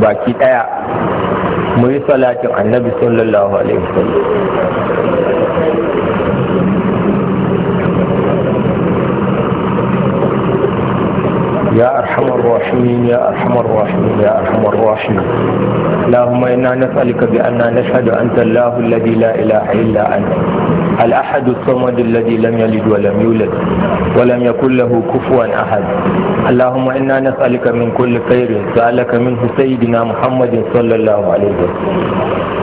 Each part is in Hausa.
baki ɗaya mu yi salatin annabi sallallahu alaihi wasallam يا أرحم الراحمين يا أرحم الراحمين يا أرحم الراحمين اللهم إنا نسألك بأننا نشهد أنت الله الذي لا إله إلا أنت الأحد الصمد الذي لم يلد ولم يولد ولم يكن له كفوا أحد اللهم إنا نسألك من كل خير سألك منه سيدنا محمد صلى الله عليه وسلم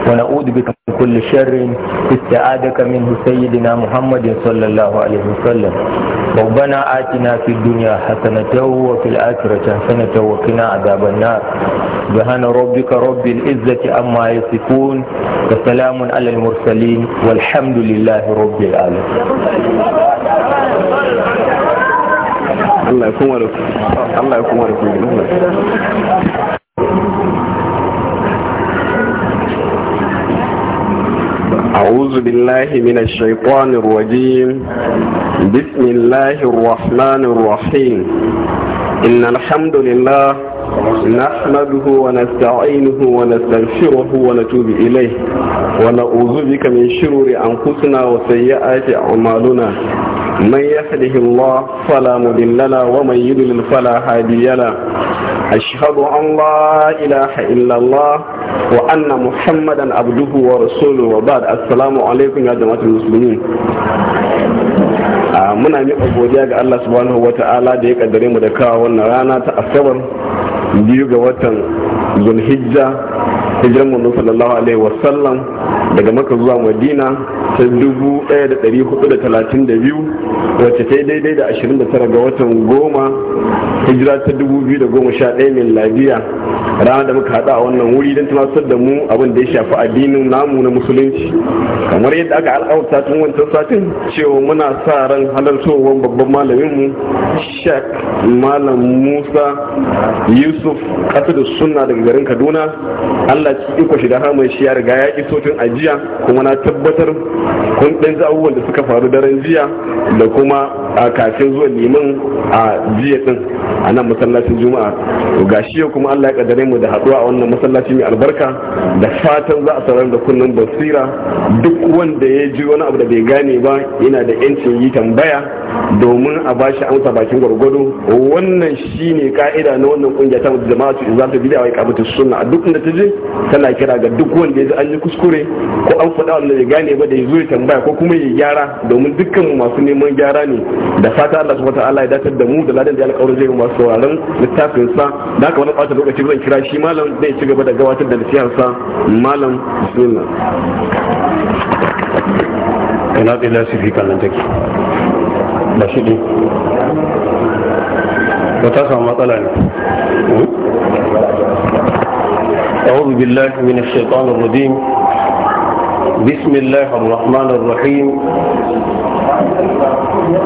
ونعوذ بك كل شر استعاذك منه سيدنا محمد صلى الله عليه وسلم ربنا آتنا في الدنيا حسنة وفي الآخرة حسنة وقنا عذاب النار سبحان ربك رب العزة أما يصفون وسلام على المرسلين والحمد لله رب العالمين الله يكون kuma الله يكون Allah أعوذ بالله من الشيطان الرجيم بسم الله الرحمن الرحيم إن الحمد لله نحمده ونستعينه ونستغفره ونتوب إليه ونعوذ بك من شرور أنفسنا وسيئات أعمالنا من يهده الله فلا مضل له ومن يضلل فلا هادي له أشهد أن لا إله إلا الله وأن محمدا عبده ورسوله وبعد السلام عليكم يا جماعة المسلمين muna miƙa godiya ga Allah subhanahu wa ta'ala da ya kaddare mu da kawo wannan rana ta asabar biyu ga watan zulhijja hijiran manzo sallallahu alaihi wasallam daga maka zuwa madina ta 1432 wacce ta yi daidai da 29 ga watan goma hijira ta 2011 min labiya rana da muka haɗa a wannan wuri don tunasar da mu abin da ya shafi addinin namu na musulunci kamar yadda aka al'auta tun wancan satin cewa muna sa ran halartowar babban malaminmu shek malam musa yusuf kasa da suna daga garin kaduna allah ci iko shiga mai shi ya riga ya ƙi tun a ajiya kuma na tabbatar kun ɗan abubuwan da suka faru daren jiya da kuma a kafin zuwa neman a jiya din a nan masallacin juma'a ga shi kuma allah ya kaddare mu da haɗuwa a wannan masallaci mai albarka da fatan za a sarar da kunnen basira duk wanda ya ji wani abu da bai gane ba yana da yancin yi tambaya domin a bashi amsa bakin gwargwado wannan shine ka'ida na wannan kungiya ta jama'a su za ta da wai kabata sunna a duk inda ta je tana kira ga duk wanda ya ji an yi kuskure ko an faɗa wanda ya gane ba da ya zo ya tambaya ko kuma ya gyara domin dukkan masu neman gyara ne da fata Allah subhanahu ta'ala ya datar da mu da ladan da ya alƙawarin zai masu sauraron littafin sa da aka wani ɓata lokaci zan kira shi malam zai ci gaba da gabatar da nasihar sa malam bismillah ina da lasifi kallon take ba shi ne ba ta samu matsala ne أعوذ بالله من الشيطان الرجيم بسم الله الرحمن الرحيم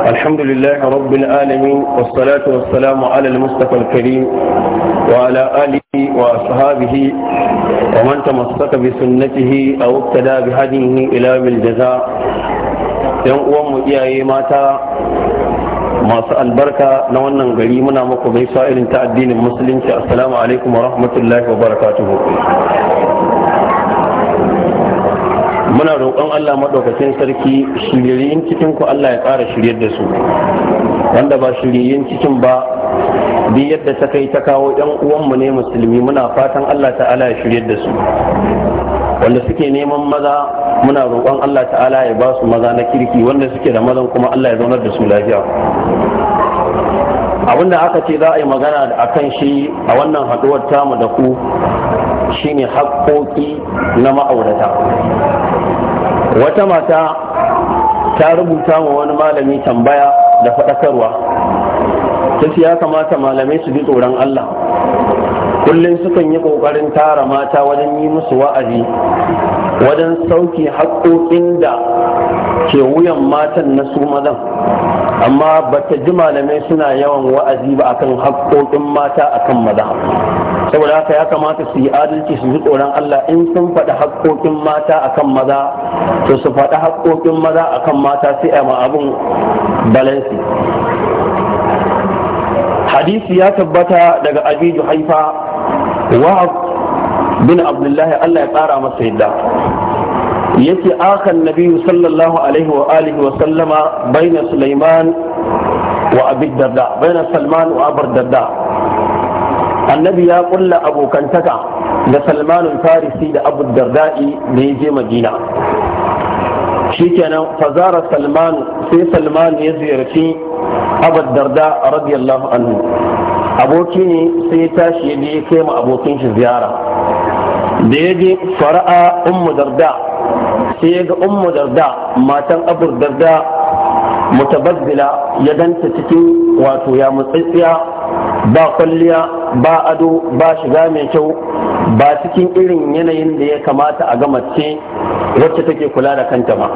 الحمد لله رب العالمين والصلاة والسلام على المصطفى الكريم وعلى آله وأصحابه ومن تمسك بسنته أو ابتدى بهديه إلى بالجزاء يوم إياه ماتا masu albarka na wannan gari muna muku gaisuwa irin ta addinin musulunci assalamu alaikum wa rahmatullahi wa barakatuhu muna roƙon Allah maɗaukacin sarki shiryayin cikin ku Allah ya ƙara shiryar da su wanda ba shiryayin cikin ba bi yadda ta kai ta kawo ɗan uwanmu ne musulmi muna fatan Allah ta'ala ya shiryar da su wanda suke neman maza muna roƙon Allah ta'ala ya ba su maza na kirki wanda suke da mazan kuma Allah ya zaunar da su lafiya abinda aka ce za a yi magana a kan shi a wannan haɗuwar tamu da ku shine haƙƙoƙi na ma'aurata wata mata ta rubuta wa wani malami tambaya da faɗakarwa ta ya kamata malamai su bi tsoron Allah kullum sukan yi ƙoƙarin tara mata wajen yi musu wa'azi wajen sauke haƙƙoƙin da ke wuyan matan na su mazan amma ba ta ji malamai suna yawan wa'azi ba akan haƙoƙin mata akan maza saboda haka ya kamata su yi adalci su ji tsoron Allah in sun faɗi haƙoƙin mata akan maza to su faɗi haƙoƙin maza akan mata sai a abun balansi hadisi ya tabbata daga abidu haifa wa bin abdullahi Allah ya tsara masa yadda yake akan nabi sallallahu alaihi wa alihi wa sallama baina sulaiman wa abi darda baina salman wa abar darda annabi ya kulla abokantaka da salmanul farisi da abu darda'i da ya je madina shikenan fazara salman sai salman ya ziyarci abu darda radiyallahu anhu aboki ne sai ya tashi ya je kai ma abokin shi ziyara da ya je fara'a ummu darda sai ya ga ummu darda matan abur darda mutabazzila ya danta cikin wato ya mutsitsiya ba kwalliya ba ado ba shiga mai kyau ba cikin irin yanayin da ya kamata a gama ce wacce take kula da kanta ba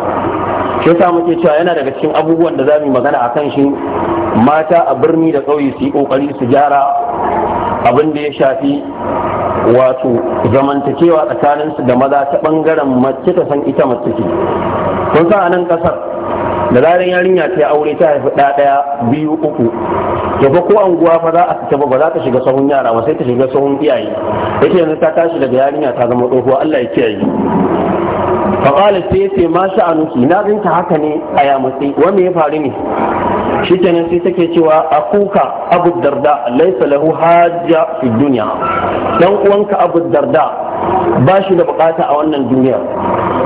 shi yasa muke cewa yana daga cikin abubuwan da za mu magana a kan shi mata a birni da ƙauye su yi ƙoƙari su gyara abin da ya shafi wato zamantakewa tsakanin su da maza ta bangaren mace ta san ita mace ce kun sa a nan kasar da zarin yarinya ta aure ta haifi ɗa ɗaya biyu uku to fa ko anguwa fa za a fita ba za ta shiga sahun yara ba sai ta shiga sahun iyaye yake yanzu ta tashi daga yarinya ta zama tsohuwa Allah ya kiyaye faƙala sai ya ce ma sha'anuki na zinta haka ne a yamutse wanda ya faru ne shi kenan sai take cewa a abu darda laisa lahu hajja fi duniya dan uwanka abu darda ba shi da bukata a wannan duniya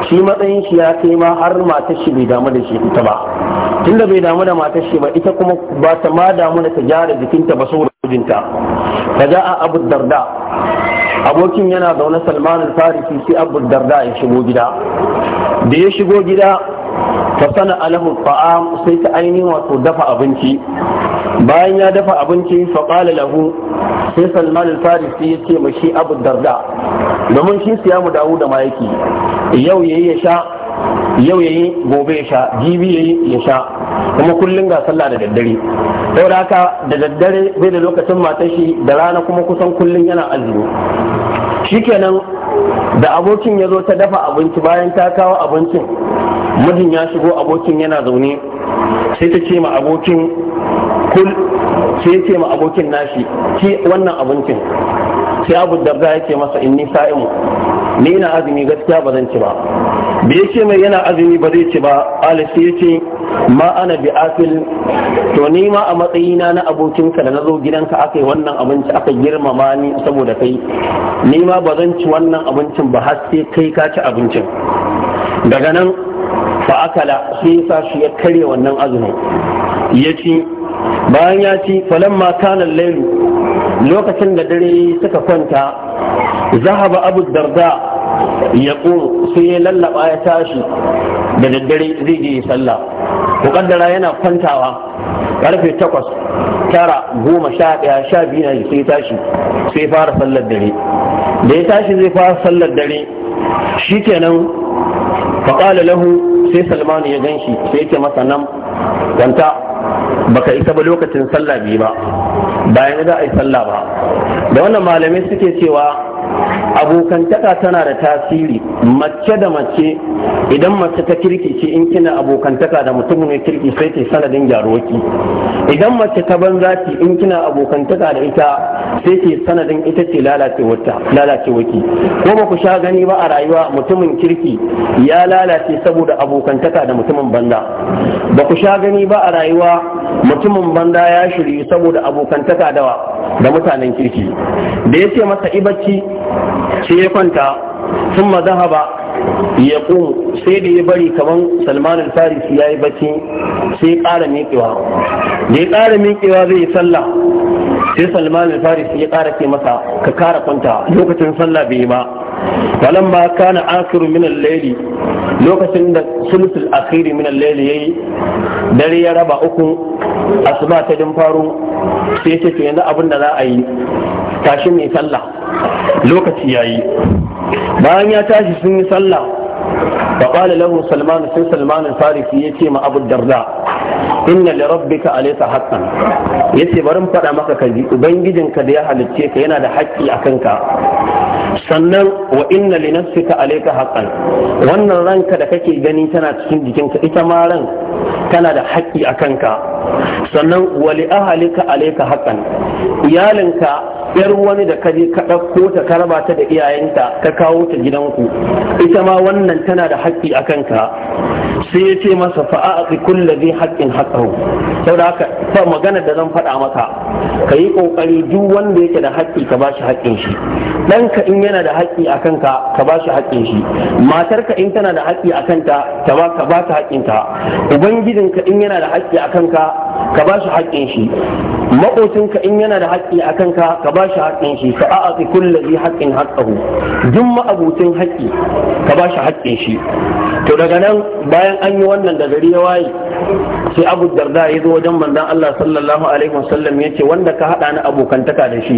shi matsayin shi ya kai ma har matar shi bai damu da shi ita ba tunda bai damu da matar shi ba ita kuma ba ta ma damu da ta gyara jikinta ba saboda mijinta kaza a abu darda abokin yana zaune salman al-farisi sai abu darda ya shigo gida da ya shigo gida ta sana alahu ta'am sai ta ainihin wato dafa abinci bayan ya dafa abinci fa qala lahu sai salman al-farisi ya ce mashi abu darda domin shi siyamu dawo da mayaki, yake yau yayi ya sha yau yayi gobe ya sha jibi yayi ya sha kuma kullum ga sallah da daddare saboda haka da daddare bai da lokacin matar shi da rana kuma kusan kullum yana azumi shikenan da abokin ya zo ta dafa abinci bayan ta kawo abincin mijin ya shigo abokin yana zaune sai ta ce ma abokin kul sai ce ma abokin nashi ki wannan abincin sai abu darda ya ce masa inni sa'imu ni ina azumi gaskiya ba zan ci ba da yake mai yana azumi ba zai ci ba alisi ya ce ma ana bi afil to ni ma a matsayina na abokinka da na zo gidanka aka yi wannan abinci aka girmama ni saboda kai ni ma ba zan ci wannan abincin ba har sai kai ka ci abincin daga nan fa akala sai sa shi ya karya wannan azumi ya ci bayan ya ci falon maka kanan lailu lokacin da dare suka kwanta zahaba abu darda ya sai ya lallaba ya tashi da daddare zai je sallah ko kaddara yana kwantawa karfe takwas tara goma sha ɗaya sha biyu na sai tashi sai fara sallar dare da ya tashi zai fara sallar dare shi kenan faƙala lahu sai salmanu ya ganshi sai yake masa nan wanta baka isa ba lokacin sallah biyu ba bayan za a yi sallah ba da wannan malamai suke cewa abokantaka tana da tasiri mace da mace idan mace ta kirki ce in kina abokantaka da mutum ne kirki sai ta sanadin gyaroki idan mace ta banza ce in kina abokantaka da ita sai ta sanadin ita ce waki ko ba ku sha gani ba a rayuwa mutumin kirki ya lalace saboda abokantaka da mutumin banza ba ku sha gani ba a rayuwa mutumin banza ya shirye saboda abokantaka da mutanen kirki da ya ce masa ibacci sai ya kwanta sun ma zahaba ya ƙun sai da ya bari kamar salman al-farisi ya yi bacci sai ya ƙara miƙewa da ya kara miƙewa zai yi sallah sai salman al-farisi ya kara ke masa ka ƙara kwanta lokacin sallah bai yi ba walan ba kana akiru min al-layli lokacin da sulusul akiri min al ya yi dare ya raba uku asuba ta din faro sai ya ce yanzu abin da za a yi tashi mai sallah lokaci yayi bayan ya tashi sun yi sallah fa qala lahu salman sai salman al-farisi yace ma abu darda inna li rabbika alayka haqqan yace bari mu faɗa maka kaji ubangijinka da ya halicce ka yana da haƙƙi akan ka sannan wa inna li nafsika alayka haqqan wannan ranka da kake gani tana cikin jikinka ita ma ran tana da haƙƙi a kanka sannan wa li ahlika alayka haqqan iyalinka yar wani da kaje ka dauko ta ka raba ta da iyayenta ka kawo ta gidanku ita ma wannan tana da haƙƙi a kanka sai ya ce masa fa'a a kulle zai haƙƙin saboda haka fa magana da zan faɗa maka ka yi ƙoƙari duk wanda yake da haƙƙi ka ba shi haƙƙin shi Dan ɗanka in yana da haƙƙi a kanka ka ba shi haƙƙin shi matarka in tana da haƙƙi a kanta ta ba ka ba ta haƙƙinta ubangijinka in yana da haƙƙi a kanka ka ba shi haƙƙin shi maƙocinka in yana da haƙƙi a kanka ka ba shi haƙƙin shi ka a'ati kullazi haƙƙin haqqahu duk ma'abucin haƙƙi ka ba shi haƙƙin shi to daga nan bayan an yi wannan da gari ya waye sai Abu Darda ya zo wajen manzon Allah sallallahu alaihi wasallam yace wanda ka hada ni abokantaka da shi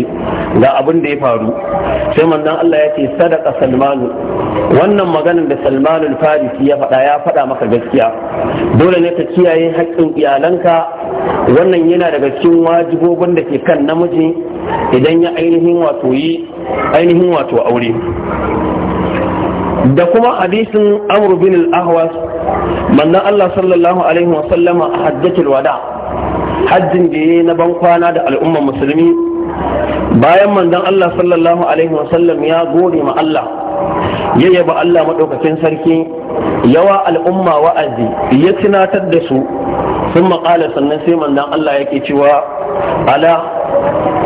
ga abin da ya faru sai manzon manzon Allah ya ce sadaka salmanu wannan maganar da salmanu farisi ya faɗa ya faɗa maka gaskiya dole ne ka kiyaye haƙƙin iyalanka wannan yana daga cikin wajibobin da ke kan namiji idan ya ainihin wato yi ainihin wato aure da kuma hadisin amru bin al-ahwas manna Allah sallallahu alaihi wa sallama a hajjatul wada hajjin da yayi na ban kwana da al'ummar musulmi bayan manzon Allah sallallahu alaihi wasallam ya gode ma Allah ya yaba Allah madaukakin sarki yawa al'umma wa'azi ya tunatar da su sun maƙala sannan sai manzon Allah yake cewa ala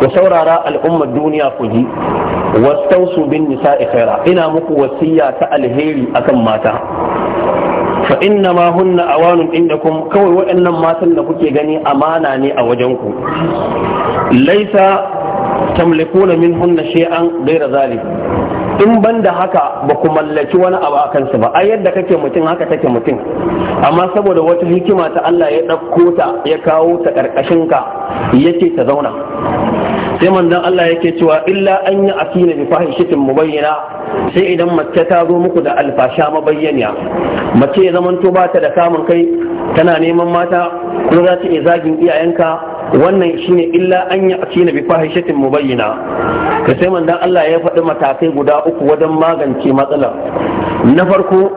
ku saurara al'ummar duniya ku ji wastausu bin nisa'i khaira ina muku wasiya ta alheri akan mata fa inna ma hunna awanun indakum kawai waɗannan matan da kuke gani amana ne a wajen ku laisa tamlikuna minhunna shay'an ghayra zalik in banda haka ba ku mallaki wani abu a kansu ba ai yadda kake mutum haka take mutum amma saboda wata hikima ta Allah ya ɗauko ta ya kawo ta karkashin ka yake ta zauna sai manzon Allah yake cewa illa an yi asina bi fahishatin mubayyana sai idan mace ta zo muku da alfasha mabayyaniya mace ya zamanto ba ta da kamun kai tana neman mata ko za ta iya zagin iyayenka wannan shine illa an a cina na bi mu bayyana ka sai dan Allah ya faɗi matakai guda uku wajen magance matsalar na farko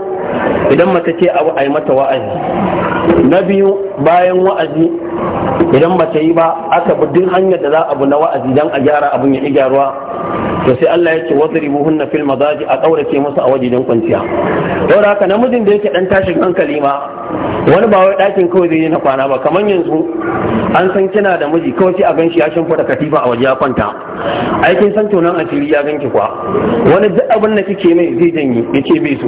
idan mace ce abu a yi mata wa'azi na biyu bayan wa'azi idan ba ta yi ba aka bi duk hanyar da za a bi na wa'azi dan a gyara abun ya gyaruwa to sai Allah ya ce wadribu hunna fil madaji a kaurace musu a wajen kwanciya don haka namijin da yake dan tashi hankali ma wani ba wai dakin kawai zai yi na kwana ba kamar yanzu an san kina da miji kawai sai a ganshi ya shimfida katifa a waje ya kwanta aikin san a asiri ya ganki kwa wani duk abin da kike mai zai janye yake bai su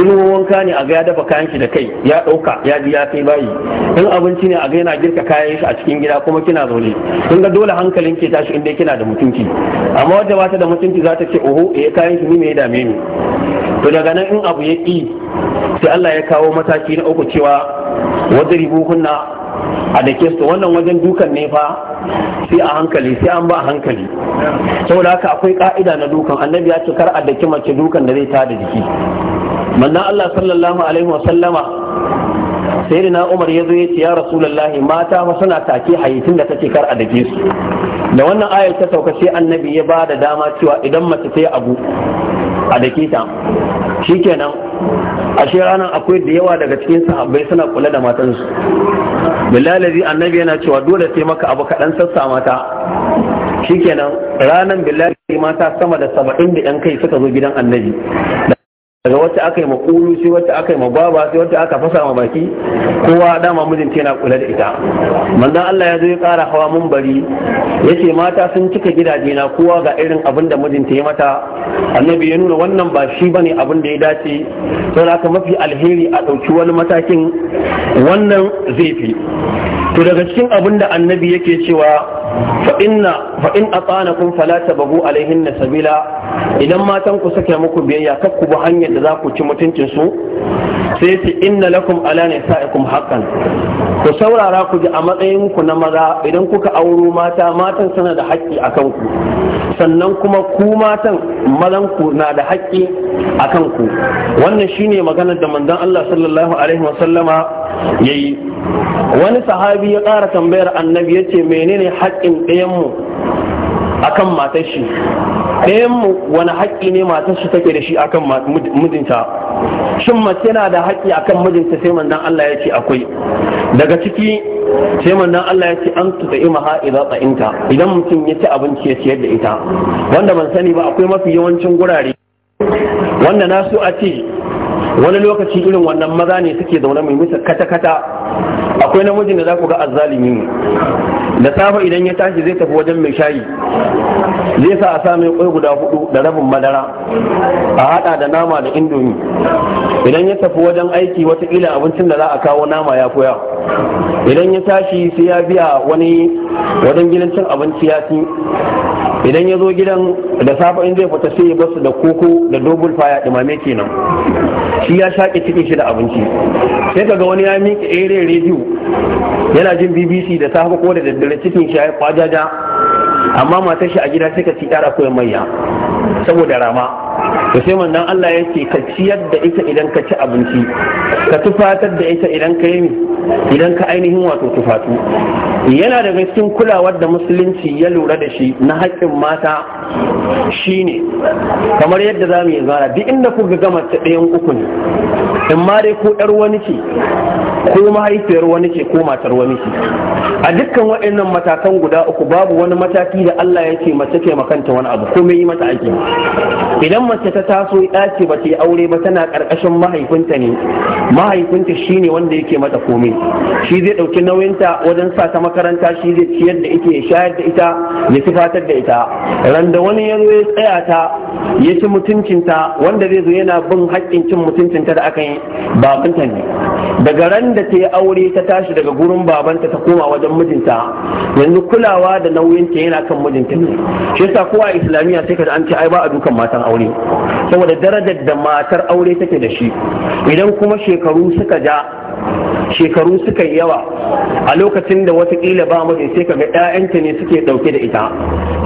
in wanka ne a ga ya dafa kayan ki da kai ya dauka ya ji ya kai bayi in abinci ne a ga yana girka ka kayan shi a cikin gida kuma kina zaune kun ga dole hankalin ke tashi inda kina da mutunci amma wata ba da mutunci za ta ce oho eh kayan shi ni me ya dame ni to daga nan in abu ya ƙi sai Allah ya kawo mataki na uku cewa ribu kunna a da kesto wannan wajen dukan ne fa sai a hankali sai an ba a hankali saboda haka akwai ka'ida na dukan annabi ya ce kar a daki mace dukan da zai ta da jiki manna Allah sallallahu alaihi wasallama sai na umar ya zo ya ce ya rasulullahi mata ma suna take hayyacin da take kar a dake su da wannan ayar ta sauka sai annabi ya ba da dama cewa idan mace ta yi abu a dake ta shikenan ashe ranar akwai da yawa daga cikin sahabbai suna kula da matansu billahi annabi yana cewa dole sai maka abu kaɗan sassa mata shikenan ranar billahi mata sama da saba'in da yan kai suka zo gidan annabi daga wata aka yi ma kulu sai wata aka yi ma baba sai wata aka fasa ma baki kowa dama mijinta yana kula da ita manzon Allah ya zo ya kara hawa mun bari yace mata sun cika gidaje na kowa ga irin abin da mijinta ya mata annabi ya nuna wannan ba shi bane abin da ya dace to haka mafi alheri a dauki wani matakin wannan zai fi to daga cikin abin da annabi yake cewa fa'in a tsanakun falata bagu alaihin na sabila idan matan ku suke muku biyayya kar ku bi hanyar da za ku ci mutuncinsu sai ce inna lakum ala nisaikum haqqan ku saurara ku ji a matsayin ku na maza idan kuka auro mata matan suna da haƙƙi akan ku sannan kuma ku matan mazan ku na da haƙƙi akan ku wannan shine maganar da manzon Allah sallallahu alaihi wasallama yayi wani sahabi ya ƙara tambayar annabi ya ce menene haƙƙin ɗayan mu akan matar shi ɗayan mu wani haƙƙi ne matar shi take da shi akan mijinta shin mace yana da haƙƙi akan mijinta sai manzon Allah ya ce akwai daga ciki sai manzon Allah ya ce an tuta'ima ha idza ta'inta idan mutum ya ci abinci ya ciyar da ita wanda ban sani ba akwai mafi yawancin gurare wanda na so a ce wani lokaci irin wannan maza ne suke zaune mai misa kata-kata akwai namijin da za ku ga azzalimi ne da safe idan ya tashi zai tafi wajen mai shayi zai sa a sami kwai guda hudu da rabin madara a hada da nama da indomi idan ya tafi wajen aiki wata watakila abincin da za a kawo nama ya koya idan ya tashi sai ya biya wani wajen gidan cin abinci ya ci idan ya zo gidan da safe in zai fita sai ya basu da koko da dogon faya dumame kenan shi ya shaƙi cikin shi da abinci sai kaga wani ya miƙa ere rediyo yana jin bbc da safa ko da daddare cikin shi ya kwajaja amma matar shi a gida sai ka ci ƙara koyon manya saboda rama to sai manzon Allah yake ka ciyar da ita idan ka ci abinci ka tufatar da ita idan ka yi idan ka ainihin wato tufatu yana da cikin kulawar da musulunci ya lura da shi na haƙƙin mata shine kamar yadda za mu yi zara duk inda kuka gama ta ɗayan uku ne in ma dai ko ɗar wani ce ko mahaifiyar wani ce ko matar wani ce a dukkan waɗannan matakan guda uku babu wani mataki da Allah ya ce mace ke makanta wani abu komai yi mata ake mijin idan mace ta taso ya ce ba ta yi aure ba tana karkashin mahaifinta ne mahaifinta shi ne wanda yake mata komai shi zai ɗauki nauyinta wajen sa ta makaranta shi zai ciyar da ita ya shayar da ita ya tufatar da ita randa wani ya zo ya tsaya ta ya ci mutuncinta wanda zai zo yana bin haƙƙin cin mutuncinta da aka yi babanta ne daga ran da ta yi aure ta tashi daga gurin babanta ta koma wajen mijinta yanzu kulawa da nauyinta yana kan mijinta ne shi yasa kowa islamiyya sai ka an ce ai ba a dukan matan aure saboda darajar da matar aure take da shi idan kuma shekaru suka ja shekaru suka yi yawa a lokacin da watakila ba mu sai kaga ƴaƴanta ne suke ɗauke da ita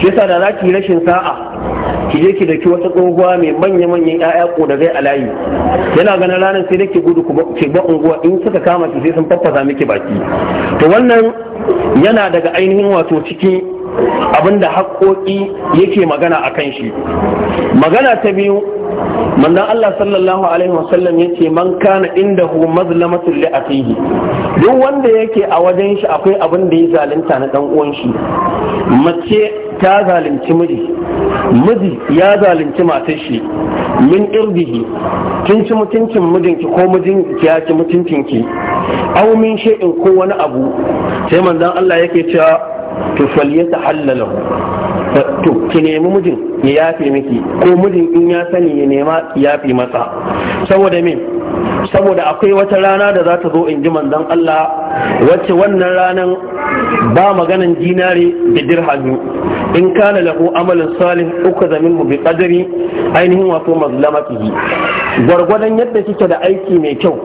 shi yasa da zaki rashin sa'a ki je ki daki wata tsohuwa mai manya manyan ƴaƴa ko da zai alayi yana ganin ranar sai dake gudu ki ba unguwa in suka kama ki sai sun faffasa miki baki to wannan yana daga ainihin wato cikin abinda haƙoƙi yake magana a kan shi magana ta biyu manzon Allah sallallahu alaihi wasallam yace man kana hu mazlamatul li akhihi duk wanda yake a wajen shi akwai abin da ya zalunta na dan uwan shi mace ta zalunci miji miji ya zalunci matar shi min irdihi kin ci mutuncin mijinki ko mijinki ya ci mutuncinki aw min shay'in ko wani abu sai manzon Allah yake cewa to falyata halala to ki nemi mijin ya yafe miki ko mijin in ya sani ya nema yafe masa saboda me saboda akwai wata rana da za ta zo in ji manzon Allah wacce wannan ranan ba maganan dinare da dirhamu in kana lahu amalin salih uku zamin bi qadari ainihin wato mazlamatihi gwargwadon yadda kike da aiki mai kyau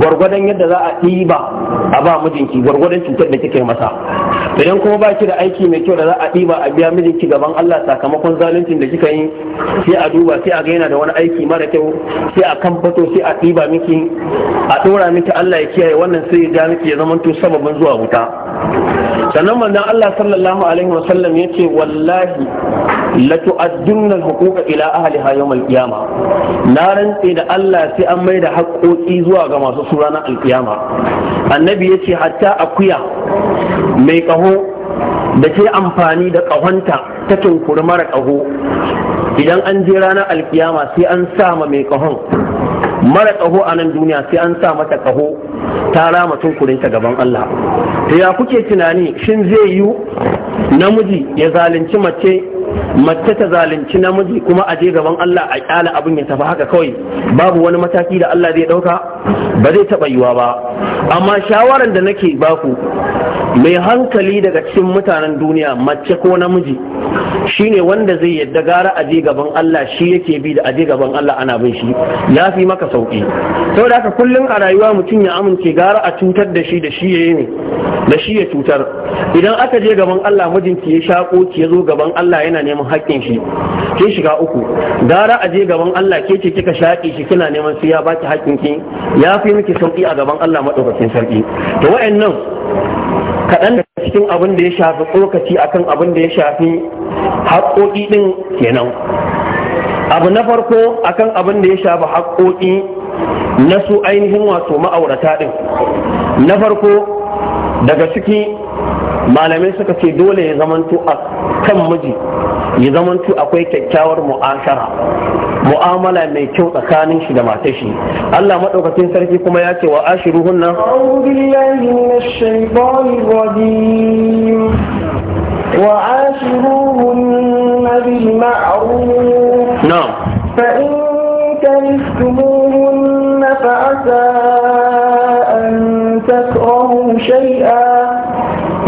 gwargwadon yadda za a ɗiba a ba mijinki gwargwadon cutar da kike masa idan kuma ba ki da aiki mai kyau da za a ɗiba a biya mijinki gaban Allah sakamakon zaluncin da kika yi sai a duba sai a ga yana da wani aiki mara kyau sai a kan fato sai a ɗiba miki a ɗora miki Allah ya kiyaye wannan sai ya ja miki ya to sababin zuwa wuta sannan manzon Allah sallallahu alaihi wasallam yace wallahi la tu'addunna al ila ahliha yawm al-qiyama na rantse da Allah sai an mai da haƙoƙi zuwa ga masu su ranar al-qiyama annabi yace hatta akuya mai kaho da ke amfani da ƙahonta ta tunkuri mara ƙaho idan an je ranar alkiyama sai an ma mai ƙahon mara kaho a nan duniya sai an sa mata kaho ta rama tunkurinta gaban Allah to ya kuke tunani shin zai yiwu namiji ya zalunci mace mace ta zalunci namiji kuma a je gaban Allah a kyala abin ya tafi haka kawai babu wani mataki da Allah zai dauka ba zai taba yiwa ba amma shawaran da nake baku mai hankali daga cikin mutanen duniya mace ko namiji shine wanda zai yadda gara a je gaban Allah shi yake bi da a je gaban Allah ana bin shi ya fi maka sauki saboda haka kullum a rayuwa mutum ya amince gara a cutar da shi da shi yayi ne da shi ya cutar idan aka je gaban Allah mijinki ya shako ki ya zo gaban Allah yana neman hakkin shi ke shiga uku gara aje gaban Allah ke ce kika shaƙi shi kina neman sai ya baki haƙƙin ki ya fi miki sauki a gaban Allah madaukakin sarki to wayannan kaɗan da cikin abin da ya shafi tsokaci akan abin da ya shafi haƙƙoƙi din kenan abu na farko akan abin da ya shafi haƙoƙi na su ainihin wato ma'aurata din na farko daga ciki malamai suka ce dole ya zamantu a kan miji ya zamantu akwai kyakkyawar mu'ashara mu'amala mai kyau tsakanin shi da matar shi Allah madaukakin sarki kuma ya ce wa ashiru hunna a'udhu billahi minash shaitanir rajim wa ashiruhun bil ma'ruf na'am fa in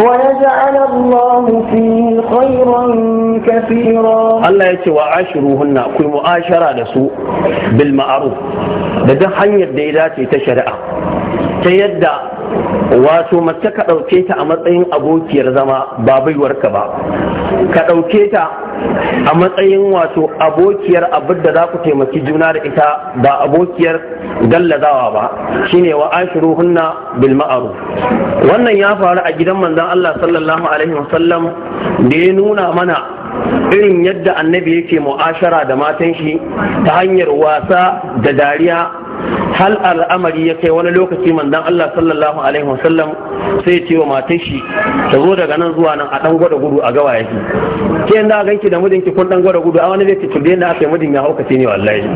ويجعل الله فيه خيرا كثيرا الله يتي وعاشروهن كل مؤاشرة لسوء بالمعروف ده hanyar da ya dace ta shari'a ta yadda wato mace ka ɗauke ta a matsayin abokiyar zama ba baiwarka ba ka ɗauke ta a matsayin wato abokiyar abin da za ku taimaki juna da ita ba abokiyar gallazawa ba shine wa ashiru hunna bil ma'ruf wannan ya faru a gidan manzon Allah sallallahu alaihi wasallam da ya nuna mana irin yadda annabi yake mu'ashara da matan shi ta hanyar wasa da dariya hal al'amari ya kai wani lokaci manzon Allah sallallahu alaihi wasallam sai ya ce wa matar shi ta zo daga nan zuwa nan a dan gwada gudu a gawa yake ke yanda ganki da mijinki kun dan gwada gudu a wani zai ce yanda aka yi mijin ya haukace ne wallahi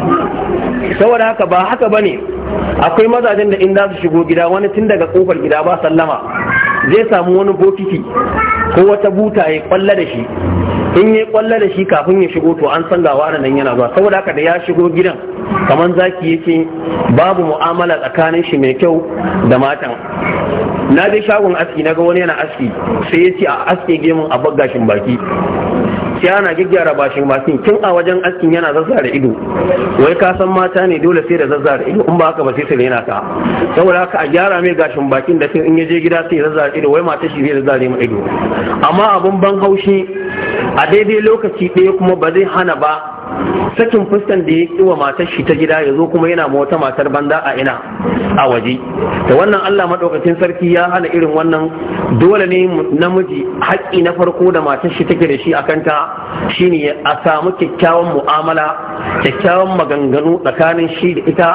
saboda haka ba haka bane akwai mazajen da in za su shigo gida wani tun daga kofar gida ba sallama zai samu wani bokiti ko wata buta ya kwalla da shi in yi kwallo da shi kafin ya shigo to an san gawa nan yana zuwa saboda haka da ya shigo gidan kamar zaki yake babu mu'amala tsakanin shi mai kyau da matan na je shagon aski na ga wani yana aski sai ya ce a aske gemun a gashin baki sai ana gyaggyara bashin bakin tun a wajen askin yana zazza da ido wai ka san mata ne dole sai da zazza da ido in ba haka ba sai sai yana ka saboda haka a gyara mai gashin bakin da sai in ya je gida sai zazza da ido wai mata shi zai zazza da ido amma abun ban haushi a daidai lokaci ɗaya kuma ba zai hana ba sakin fuskan da ya kiwa matar shi ta gida ya zo kuma yana ma wata matar banza a ina a waje da wannan Allah madaukakin sarki ya hana irin wannan dole ne namiji haƙƙi na farko da matar shi take da shi akan ta shine a samu kyakkyawan mu'amala kyakkyawan maganganu tsakanin shi da ita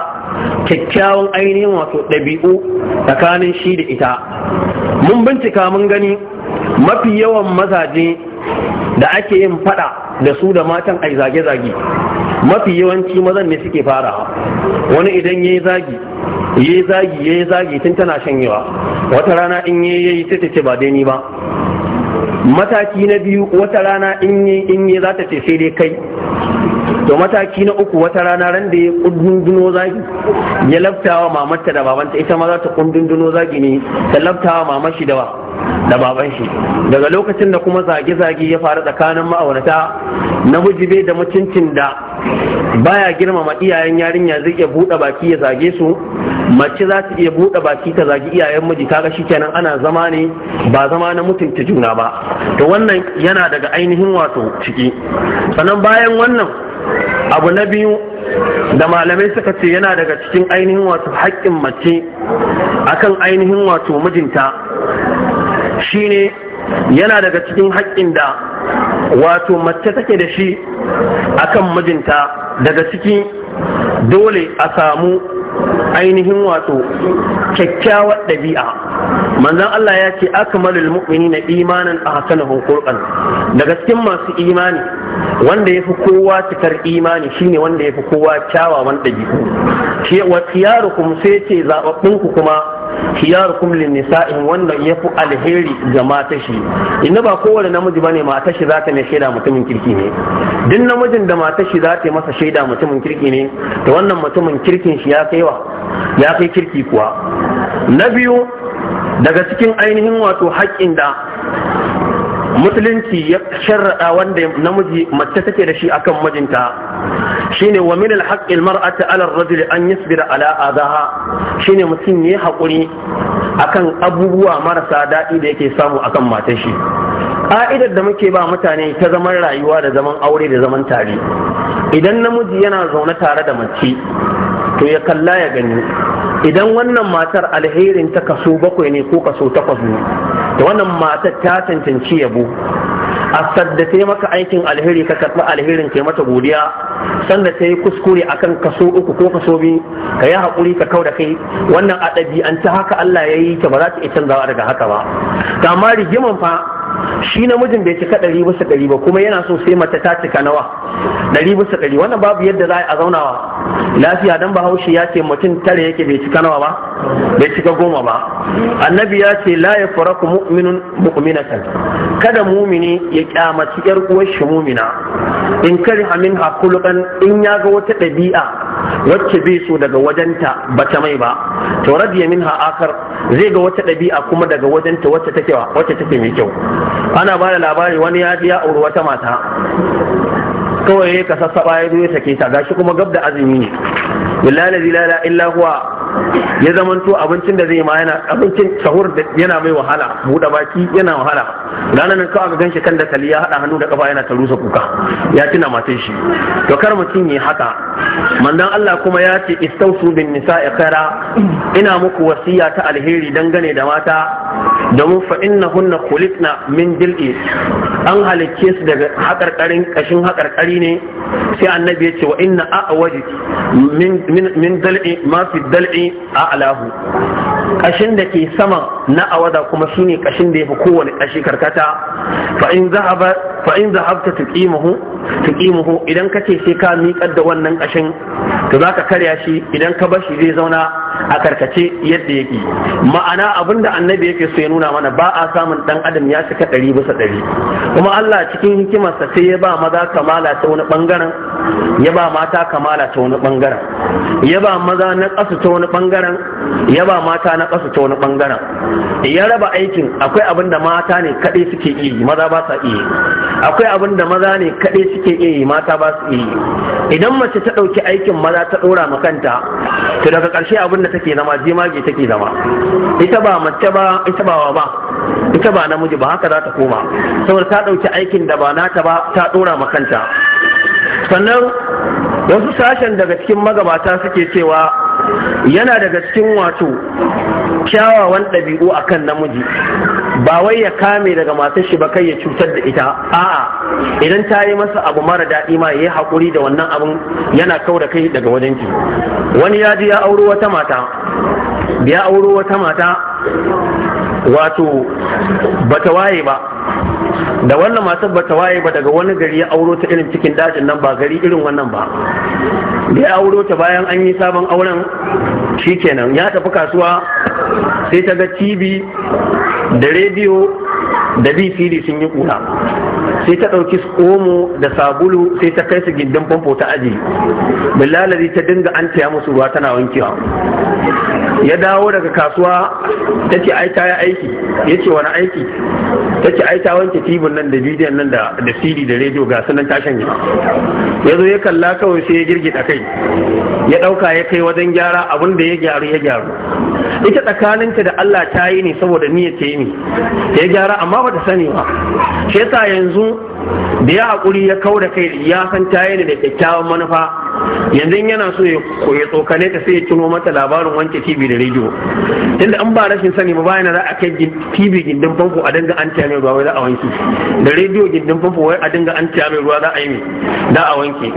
kyakkyawan ainihin wato ɗabi'u tsakanin shi da ita mun bincika mun gani mafi yawan mazaje da ake yin fada da su da matan ai zage-zage mafi yawanci mazan ne suke farawa wani idan ya yi zagi ya zagi ya zagi tun tana shanyewa wata rana in ya yi sai ta ce ba dai ni ba mataki na biyu wata rana in ya yi za ta ce sai dai kai to mataki na uku wata rana ran da ya kundunduno zagi ya labtawa mamarta da babanta ita ma za ta kundunduno zagi ne ta labtawa mamar shi da ba da baban shi daga lokacin da kuma zage-zage ya faru tsakanin ma'aurata na bujibe da mutuncin da baya girmama iyayen yarinya zai iya buɗe baki ya zage su mace za ta iya buɗe baki ta zagi iyayen miji kaga shikenan ana zama ne ba zama na mutunta juna ba to wannan yana daga ainihin wato ciki sannan bayan wannan abu na biyu da malamai suka ce yana daga cikin ainihin wato haƙƙin mace akan ainihin wato mijinta Shi ne yana daga cikin haƙƙin da wato mace take da shi akan mijinta daga cikin dole a samu ainihin wato kyakkyawar ɗabi'a manzan Allah ya ce akmalul mu'mini na imanin a hasanahun kurkan daga cikin masu imani wanda ya fi kowa cikar imani shine wanda ya fi kowa kyawawan ɗabi'u shi wa kuma sai ce zaɓaɓɓunku kuma khiyarukum kumlin nisa'in wanda yafi alheri ga matashi inda ba kowane namiji bane matashi za ta ne shaida mutumin kirki ne duk namijin da matashi za ta masa shaida mutumin kirki ne to wannan mutumin kirkin shi ya kai ya kai kirki kuwa na biyu daga cikin ainihin wato haƙƙin da musulunci ya sharaɗa wanda namiji mace take da shi akan mijinta shine wa min al-haqqi al-mar'ati 'ala ar-rajuli an yasbira 'ala adaha shine mutum yayi hakuri akan abubuwa marasa daɗi da yake samu akan matar shi ka'idar da muke ba mutane ta zaman rayuwa da zaman aure da zaman tare idan namiji yana zaune tare da mace to ya kalla ya gani idan wannan matar alherin ta kaso bakwai ne ko kaso takwas ne da wannan matar ta cancanci yabo a sadda ta maka aikin alheri ka karɓi alherin kai mata godiya sanda ta yi kuskure kan kaso uku ko kaso biyu ka yi haƙuri ka kau da kai wannan a ta haka Allah ya yi ta ba za ta iya canzawa daga haka ba amma rigiman fa shi namijin bai cika ɗari bisa ɗari ba kuma yana so sai mace ta cika nawa ɗari bisa ɗari wannan babu yadda za a zaunawa lafiya dan bahaushe ya ce mutum tare yake bai cika nawa ba bai cika goma ba annabi ya ce la yafraku mu'minun mu'minatan kada mumini ya kyamaci yar uwar shi mumina in kari amin hakulukan in ya ga wata ɗabi'a wacce bai so daga wajenta bata mai ba to ya min akar zai ga wata ɗabi'a kuma daga wajenta wacce take wacce take mai kyau ana ba da labari wani ya ji ya auri wata mata kawai ya ka sassaɓa ya zo ya sake ta gashi kuma gab da azumi ne billahi la ilaha illa huwa ya zamanto abincin da zai ma yana abincin sahur yana mai wahala buɗe baki yana wahala ranar nan kawai ganshi kan da kali ya haɗa hannu da kafa yana ta rusa kuka ya tuna matan shi to kar mutum yi haka mandan Allah kuma ya ce istausu bin nisa'i khaira ina muku wasiya ta alheri dangane da mata domin fa innahunna khuliqna min jil'i an halicce su daga hakarkarin kashin kari ne sai annabi ya ce wa inna a'awaji min min dal'i ma fi dal'i a'lahu kashin da ke sama na awada kuma shine kashin da yafi kowane kashi karkata fa in zahaba fa in zahabta tuqimuhu tuqimuhu idan kace sai ka miƙar da wannan kashin to zaka karya shi idan ka bar shi zai zauna a karkace yadda yake ma'ana abinda annabi yake so ya nuna mana ba a samun dan adam ya cika ɗari bisa ɗari kuma Allah cikin hikimarsa sai ya ba maza kamala ta wani bangaren ya ba mata kamala ta wani bangaren ya ba maza na ƙasa ta wani ɓangaren ya ba mata na ƙasa ta wani ɓangaren ya raba aikin akwai abin da mata ne kaɗai suke iya yi maza ba sa iya akwai abin da maza ne kaɗai suke iya yi mata ba su iya yi idan mace ta ɗauki aikin maza ta ɗora ma kanta to daga ƙarshe abin da take zama ke take zama ita ba mace ba ita ba wa ba ita ba namiji ba haka za ta koma saboda ta ɗauki aikin da ba nata ba ta ɗora ma kanta sannan wasu sashen daga cikin magabata suke cewa yana daga cikin wato kyawawan ɗabi'u a kan namiji ba wai ya kame daga matar shi ba kai ya cutar da ita a'a idan ta yi masa abu mara daɗi ma ya yi haƙuri da wannan abin yana kau da kai daga wajen ki wani ya ji ya auro wata mata ya auro wata mata wato bata waye ba da wannan matar bata waye ba daga wani gari ya auro ta irin cikin dajin nan ba gari irin wannan ba da ya auro ta bayan an yi sabon auren shikenan ya tafi kasuwa sai ta ga tv da rediyo da dvd sun yi kura sai ta ɗauki omo da sabulu sai ta kai su gindin famfo ta aji bilalari ta dinga an taya musu ruwa tana wankewa ya dawo daga kasuwa ta ce ta aiki ya ce wani aiki ta ce ai ta wanke tibin nan da bidiyon nan da da cd da rediyo ga sunan tashan ya ya zo ya kalla kawai sai ya girgita kai ya ɗauka ya kai wajen gyara abin da ya gyaru ya gyaru ita tsakaninta da Allah ta yi ne saboda niyyar ta yi ne ya gyara amma bata sani ba Ke sa yanzu da ya haƙuri ya kau da kai ya san ta yi ne da kyakkyawan manufa yanzu yana so ya tsokane ta sai ya tuno mata labarin wanke TV da rediyo tunda an ba rashin sani ba bayan za a kai TV gindin famfo a dinga an tiyame ruwa wai za a wanke da rediyo gindin famfo wai a dinga an tiyame ruwa za a yi da a wanke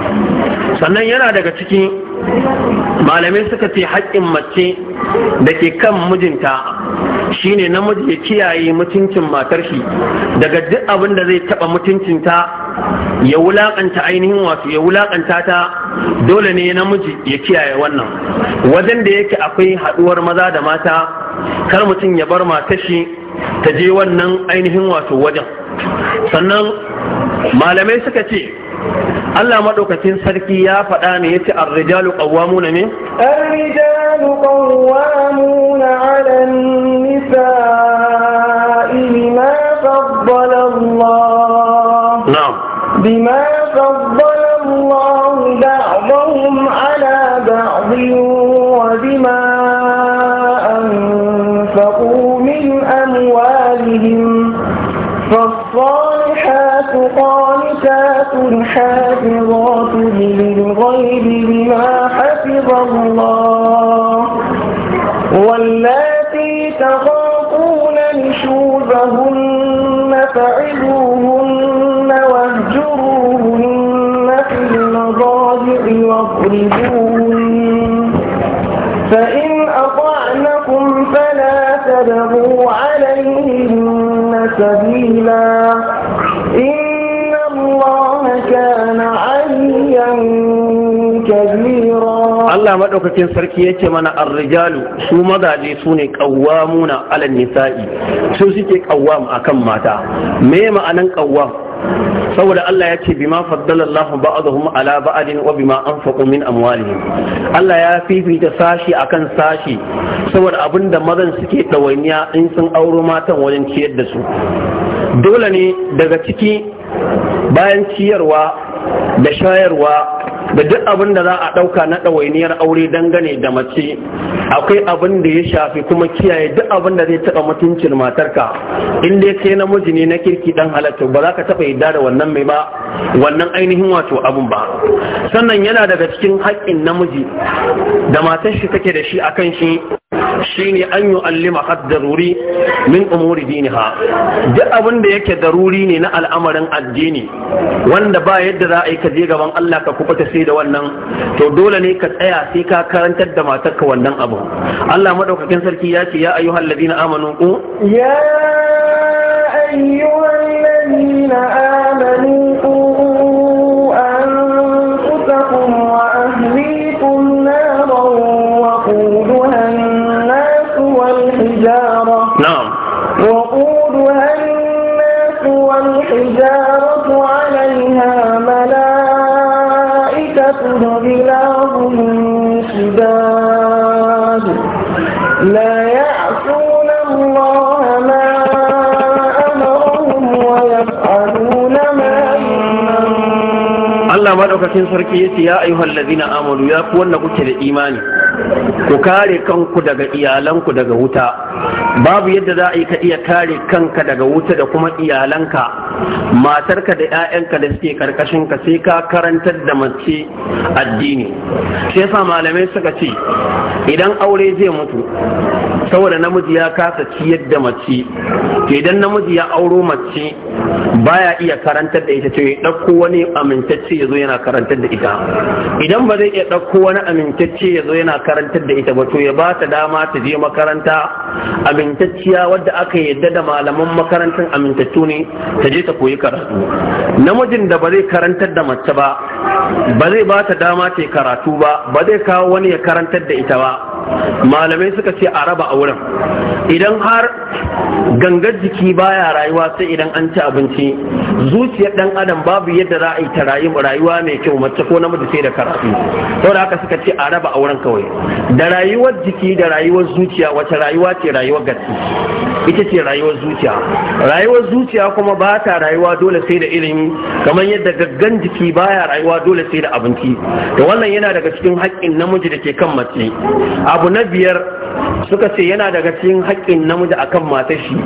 sannan yana daga cikin malamai suka ce haƙƙin mace da ke kan mijinta shine namiji ya kiyaye mutuncin matar shi daga duk abin da zai taɓa mutuncinta ya wulaƙanta ainihin wato ya wulaƙanta ta dole ne namiji ya kiyaye wannan wajen da yake akwai haduwar maza da mata kar mutum ya bar matashi ta je wannan ainihin wato wajen sannan malamai suka ce Allah maɗaukacin sarki ya faɗa ne ya ce arrijalu qawwamuna ne arrijalu qawwamuna 'ala an-nisa'i bima faddala Allah na'am بعضهم على بعض وبما أنفقوا من أموالهم فالصالحات قانتات حافظات للغيب بما حفظ الله والله تبغوا عليهن سبيلا إن الله كان عليا كبيرا Allah maɗaukacin sarki yake mana arrijalu su mazaje su ne ƙawwamuna alal nisa'i su suke ƙawwam akan mata me ma'anan ƙawwam saboda Allah ya ce bima faddala Allahu ba'dahum ala ba'din wa bima anfaqu min amwalihim Allah ya fifita sashi akan sashi saboda abinda mazan suke dawainiya in sun auro matan wajen ciyar da su dole ne daga ciki bayan ciyarwa da shayarwa da duk abin da za a ɗauka na ɗawainiyar aure dangane da mace akwai abin da ya shafi kuma kiyaye duk abin da zai taɓa mutuncin matarka in dai kai namiji ne na kirki dan halatta ba za ka taɓa yadda da wannan mai ba wannan ainihin wato abin ba sannan yana daga cikin haƙƙin namiji da matar shi take da shi akan shi shine an yu'allima had daruri min umuri ha duk abin da yake daruri ne na al'amarin addini wanda ba yadda za a yi ka je gaban Allah ka kubuta sai da wannan to dole ne ka tsaya sai ka karantar da matarka wannan abu Allah madaukakin sarki ya ce ya ayyuhal ladina amanu ku ya ayyuhal cikin sarki ya ce ya ayyuhal ladina amalu ya fi wanda kuke da imani ku kare kanku daga iyalanku daga wuta babu yadda za a ka iya kare kanka daga wuta da kuma iyalanka matarka da 'ya'yanka da suke karkashin ka sai ka karantar da mace addini sai sa malamai suka ce idan aure zai mutu saboda namiji ya kasa ciyar da mace idan namiji ya auro mace baya iya karantar da ita ce ɗauko wani amintacce ya zo yana karantar da ita idan ba zai iya ɗauko wani amintacce ya zo yana karantar da ita ba to ya ba ta dama ta je makaranta amintacciya wadda aka yadda da malaman makarantar amintattu ne ta je ta koyi karatu namijin da ba zai karantar da mace ba ba zai ba ta dama ta karatu ba ba zai kawo wani ya karantar da ita ba malamai suka ce a raba idan har gangar jiki baya rayuwa sai idan an ci abinci zuciyar dan adam babu yadda za a yi ta rayuwa mai kyau mace ko namiji sai da karatu saboda haka suka ce a raba auren kawai da rayuwar jiki da rayuwar zuciya wace rayuwa ce rayuwar gaske ita ce rayuwar zuciya rayuwar zuciya kuma ba ta rayuwa dole sai da ilimi kamar yadda gaggan jiki baya rayuwa dole sai da abinci to wannan yana daga cikin haƙƙin namiji da ke kan mace abu na biyar suka ce yana daga cikin haƙƙin namiji akan matar shi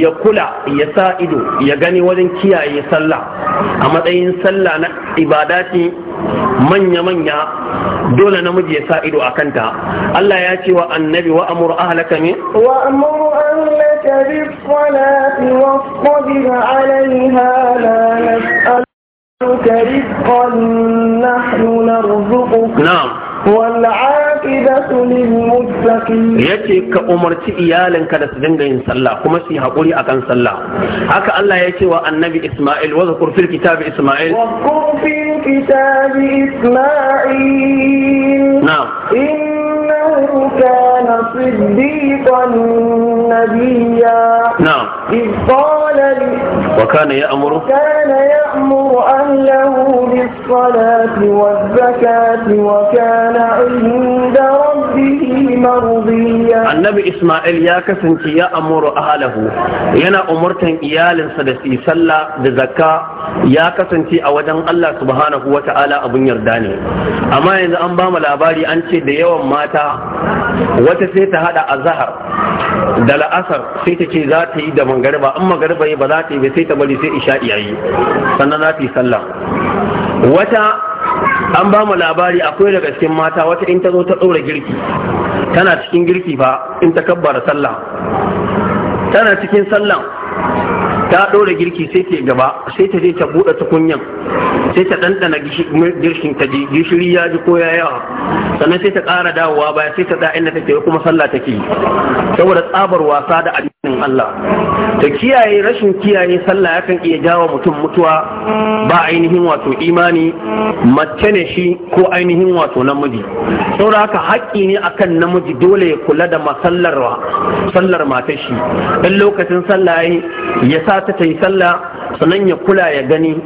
ya kula ya sa ido ya gani wajen kiyaye sallah a matsayin sallah na ibadati manya-manya dole namiji ya sa ido a kanta Allah ya ce wa annabi wa amur ahlaka min wa amur ahlaka bis salati wasbir 'alayha la nas'aluka rizqan nahnu narzuquka yace ka umarci iyalinka da su dinga yin sallah kuma su yi haƙuri akan sallah haka Allah ya ce wa annabi Ismail wa zakur fil kitabi Ismail wa zakur fil kitabi Ismail na'am أنه كان صديقا نبيا نعم إذ قال وكان يأمر كان يأمر أهله بالصلاة والزكاة وكان عند ربه annabi isma'il ya kasance ya amuru ahalahu yana umurtan iyalinsa da su sallah da zakka ya kasance a wajen Allah subhanahu wata'ala abun yarda ne amma yanzu an ba mu labari an ce da yawan mata wata sai ta hada azhar da la'asar sai ta ce za ta yi da mangariba in magariba ba za ta yi sai ta bari sai isha'i yayi sannan za ta sallah wata an ba mu labari akwai daga cikin mata wata in ta zo ta ɗora girki tana cikin girki fa in ta kabbara sallah tana cikin sallah ta ɗora girki sai ta gaba sai ta je ta buɗe tukunyan sai ta ɗanɗana girkin ta ji gishiri ya ji ko ya yawa sannan sai ta ƙara dawowa baya sai ta da inda take kuma sallah take saboda tsabar wasa da Allah da kiyaye rashin kiyaye sallah yakan iya jawo mutum mutuwa ba ainihin wato imani mace ne shi ko ainihin wato namiji Saura haka haƙƙi ne akan namiji dole ya kula da masallar sallar matar shi dan lokacin sallah ya sa ta yi sallah sannan ya kula ya gani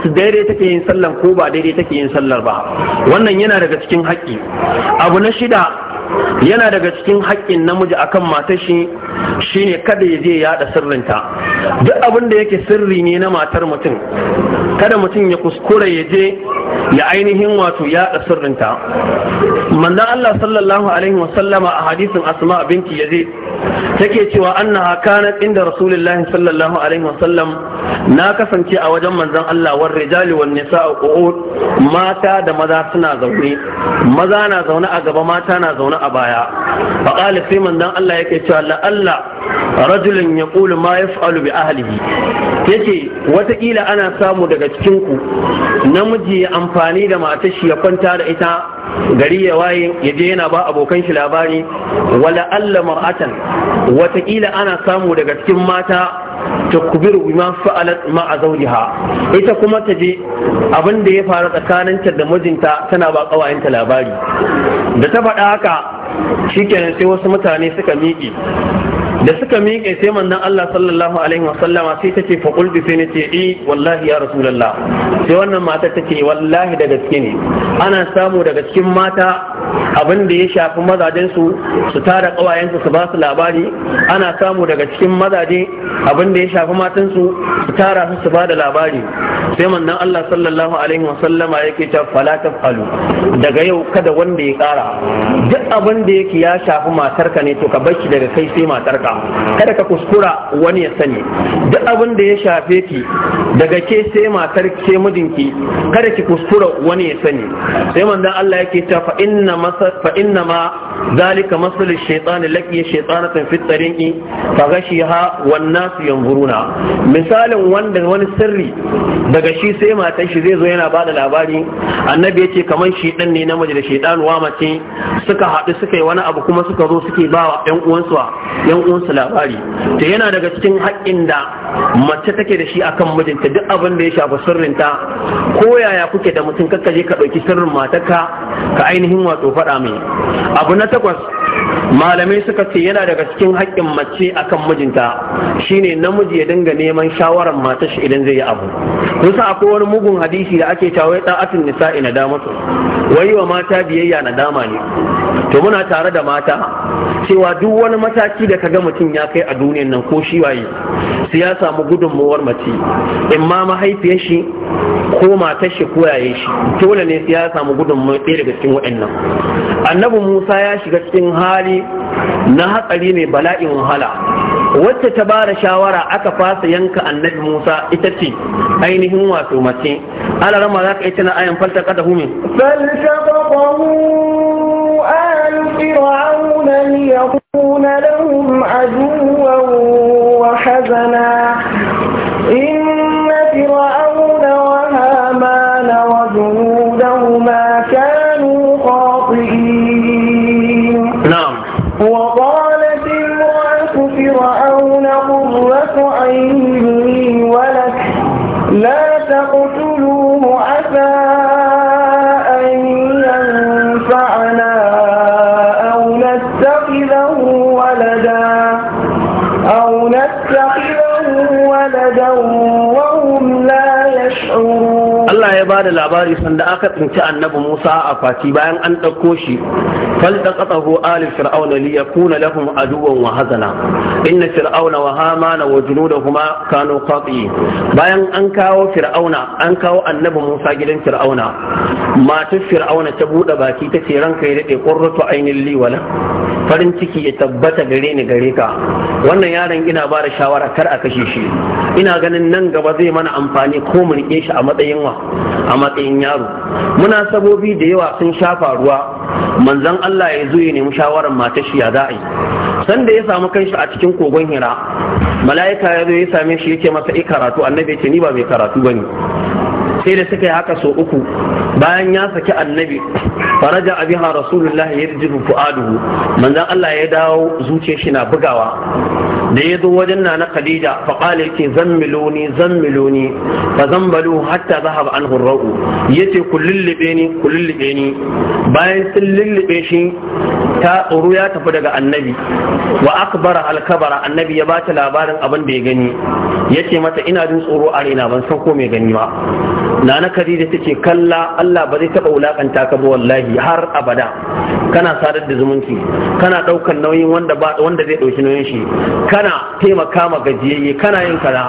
su daidai take yin sallar ko ba daidai take yin sallar ba wannan yana daga cikin haƙƙi abu na shida yana daga cikin haƙƙin namiji akan matar shi shine kada ya je ya yaɗa sirrinta duk abin da yake sirri ne na matar mutum kada mutum ya kuskura ya je ya ainihin wato yaɗa sirrinta manzon Allah sallallahu alaihi wasallama a hadisin Asma binti Yazid take cewa annaha kanat inda Rasulullahi sallallahu alaihi na kasance a wajen manzon Allah war rijali wan nisa'u mata da maza suna zaune maza na zaune a gaba mata na zaune a baya fa qala sai manzon Allah yake cewa la Allah rajulun yaqulu ma yaf'alu bi ahlihi yace wataƙila ana samu daga cikin ku namiji ya amfani da matar shi ya kwanta da ita gari ya waye ya je yana ba abokan shi labari wala Allah mar'atan wataƙila ana samu daga cikin mata takbiru bima fa'alat ma'a zawjiha ita kuma ta je abin da ya faru tsakaninta da mijinta tana ba kawayenta labari da ta faɗa haka shikenan sai wasu mutane suka miƙe da suka miƙe sai manzon Allah sallallahu alaihi wasallama sai ta ce faqul bi sai ce eh wallahi ya rasulullah sai wannan mata ta ce wallahi da gaske ne ana samu daga cikin mata abin da ya shafi mazajen su su tara kawayensu su ba su labari ana samu daga cikin mazaje abin da ya shafi matan su su tara su su ba da labari sai manzon Allah sallallahu alaihi wasallama yake ta fala tafalu daga yau kada wanda ya kara duk abin da yake ya shafi matarka ne to ka bar shi daga kai sai matarka kada ka kuskura wani ya sani duk abin da ya shafe ki daga ke sai matar ke mijinki kada ki kuskura wani ya sani sai manzon Allah yake ta fa inna فإنما ذلك مثل الشيطان لقي شيطانة في الطريق فغشيها والناس ينظرون مثال وند wani sirri daga shi sai matan zai zo yana bada labari annabi yace kamar shedan ne na da shedan wa mace suka haɗu suka yi wani abu kuma suka zo suke ba wa ƴan uwansu uwansu labari to yana daga cikin haƙƙin da mace take da shi akan mijinta duk abin da ya shafi sirrinta ko yaya kuke da mutum kakka je ka ɗauki sirrin matarka ka ainihin wato to faɗa mai abu na takwas malamai suka ce yana daga cikin haƙƙin mace akan mijinta shine namiji ya dinga neman shawarar matar shi idan zai yi abu kusa akwai wani mugun hadisi da ake cewa da atin nisa'i na dama su wai wa mata biyayya na dama ne to muna tare da mata cewa duk wani mataki da kaga mutum ya kai a duniyan nan ko shi waye sai ya samu gudunmuwar mace in ma mahaifiyar shi ko matar shi ko yaye shi dole ne sai ya samu gudunmuwar ɗaya daga cikin waɗannan annabi Musa ya shiga cikin hali na hatsari ne bala'in wahala wacce ta ba da shawara aka fasa yanka annabi musa ita ce ainihin wato mace ala rama za ka yi tana ayan falta kada hume فالتقطه آل فرعون ليكون لهم عدوا lokacin da aka tsinci annabi Musa a fati bayan an ɗauko shi ƙasa fir'auna فالتقطه آل فرعون ليكون لهم عدوا na wa فرعون da kuma kano خاطئين bayan an kawo fir'auna an kawo annabi Musa gidan fir'auna matar fir'auna ta buɗe baki ta ce ranka ya dade qurratu ainin liwala." farin ciki ya tabbata gare ni gare ka wannan yaron ina ba da shawara kar a kashe shi ina ganin nan gaba zai mana amfani ko mu rike shi a matsayin wa a matsayin yaro yaro sabobi da yawa sun sha faruwa manzan Allah ya zo ya nemi shawarar matar shi ya za a yi sanda ya samu kanshi a cikin kogon hira mala'ika ya zo ya same shi yake masa i karatu annabi ya ce ni ba mai karatu bane sai da suka yi haka so uku bayan ya saki annabi faraja abiha rasulullah ya rijibu fu'aduhu Allah ya dawo zuciyar shi na bugawa da ya zo wajen na na khadija fa qala ki zammiluni zammiluni fa zambalu hatta zahaba anhu ar yace ku lullube ni ku ni bayan sun lullube shi ta tsoro ya tafi daga annabi wa akbara alkabara annabi ya bata labarin abin da ya gani yace mata ina jin tsoro a raina ban san ko me gani ba nana khadija tace kalla Allah ba zai taba wulakanta ka ba wallahi har abada kana sadar da zumunci kana daukar nauyin wanda ba wanda zai dauki nauyin shi kana taimaka ma gajiyayye kana yin kaza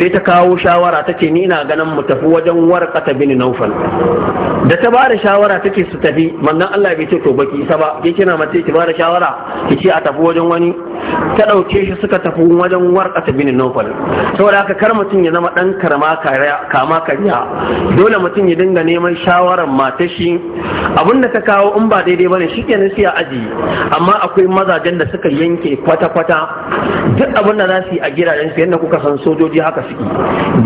sai ta kawo shawara tace ni ina ganin mu tafi wajen warqata bin naufal da ta bada shawara take su tafi manzon Allah bai ce to baki isa ba ke kina mace ki bada shawara ki ce a tafi wajen wani ta dauke shi suka tafi wajen warqata bin naufal saboda haka kar mutum ya zama dan karama kama kariya dole mutum ya dinga neman shawarar matashi abinda ta kawo in ba daidai bane shi ke nasi a aji amma akwai mazajen da suka yanke kwata-kwata duk abinda za su yi a gidajen su yadda kuka san sojoji haka suke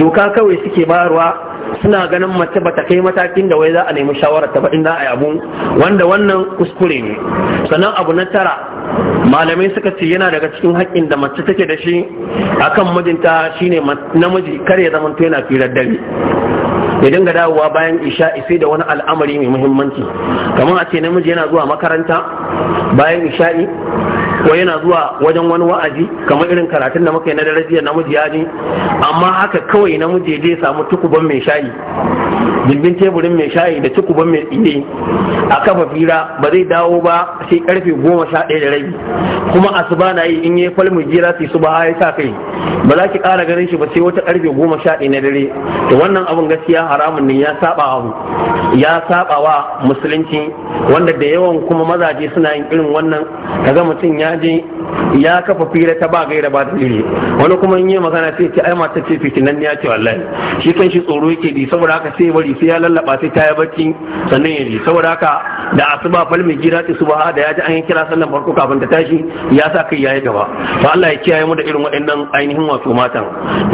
doka kawai suke bayarwa suna ganin mace bata kai matakin da wai za a nemi shawarar ta faɗin za a yi abu wanda wannan kuskure ne sannan abu na tara malamai suka ce yana daga cikin haƙƙin da mace take da shi akan mijinta shine namiji kar ya yana firar dare ya dinga dawowa bayan isha sai da wani al'amari mai muhimmanci kamar a ce namiji yana zuwa makaranta bayan isha'i ko yana zuwa wajen wani wa'azi kamar irin karatun da muka yi na darajiyar namiji ya ji amma haka kawai namiji ya je samu tukuban mai sha'i. jirgin teburin mai shayi da tukuban mai tsire a kafa fira ba zai dawo ba sai karfe goma sha ɗaya da rabi kuma asuba na yi in yi falmi jira su ba ya sa kai ba za ki ƙara ganin shi ba sai wata karfe goma sha ɗaya na dare to wannan abin gaskiya gaskiya haramun ne ya saba wa ya saba wa musulunci wanda da yawan kuma mazaje suna yin irin wannan kaga mutum ya je ya kafa fira ta ba gaira ba dalili wani kuma in yi magana sai ce ai mata ce fitinan ya ce wallahi shi kan shi tsoro yake bi saboda haka sai bari sai ya lallaba sai ta yi bacci sannan ya ji saboda haka da asuba falmi gida gira ta subaha da ya ji an yi kira sallan farko kafin ta tashi ya sa kai yayi gaba to Allah ya kiyaye mu da irin waɗannan ainihin wato matan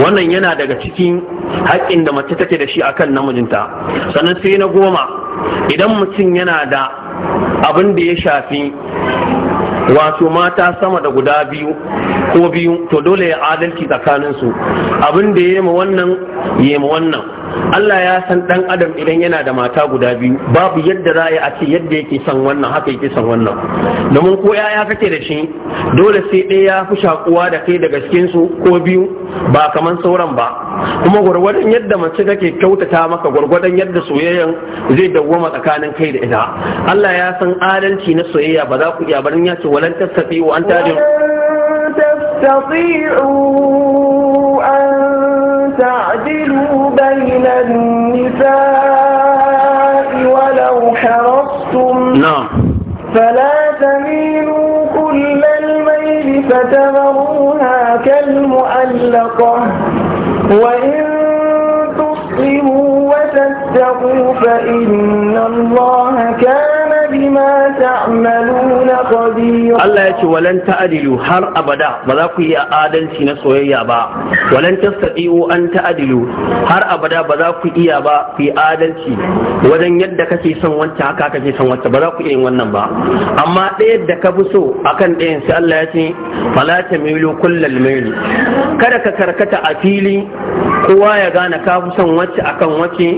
wannan yana daga cikin haƙƙin da mace take da shi a kan namijinta sannan sai na goma idan mutum yana da abin da ya shafi wato mata sama da guda biyu ko biyu to dole ya adalci tsakaninsu abin da ya yi ma wannan ya yi ma wannan Allah ya san ɗan adam idan yana da mata guda biyu babu yadda za a ce yadda yake son wannan haka yake son wannan domin ko yaya kake da shi dole sai ɗaya ya fi shakuwa da kai daga cikin su ko biyu ba kaman sauran ba kuma gwargwadon yadda mace take kyautata maka gwargwadon yadda soyayyan zai dawwama tsakanin kai da ita Allah ya san adalci na soyayya ba za ku iya barin ya ce walan tasafi wa an tajin تعدلوا بين النساء ولو حرصتم نعم فلا تميلوا كل الميل فتذروها كالمؤلقة وإن تصلموا وتتقوا فإن الله كان بما تعملون Allah ya ce walan ta'adilu har abada ba za ku yi adalci na soyayya ba walan tastati'u an ta'adilu har abada ba za ku iya ba ku yi adalci wajen yadda kake son wancan haka kake son wancan ba za ku yin wannan ba amma ɗaya da ka fi so akan ɗayan sai Allah ya ce fala ta milu kullal kada ka karkata a fili kowa ya gane ka fi son wacce akan wacce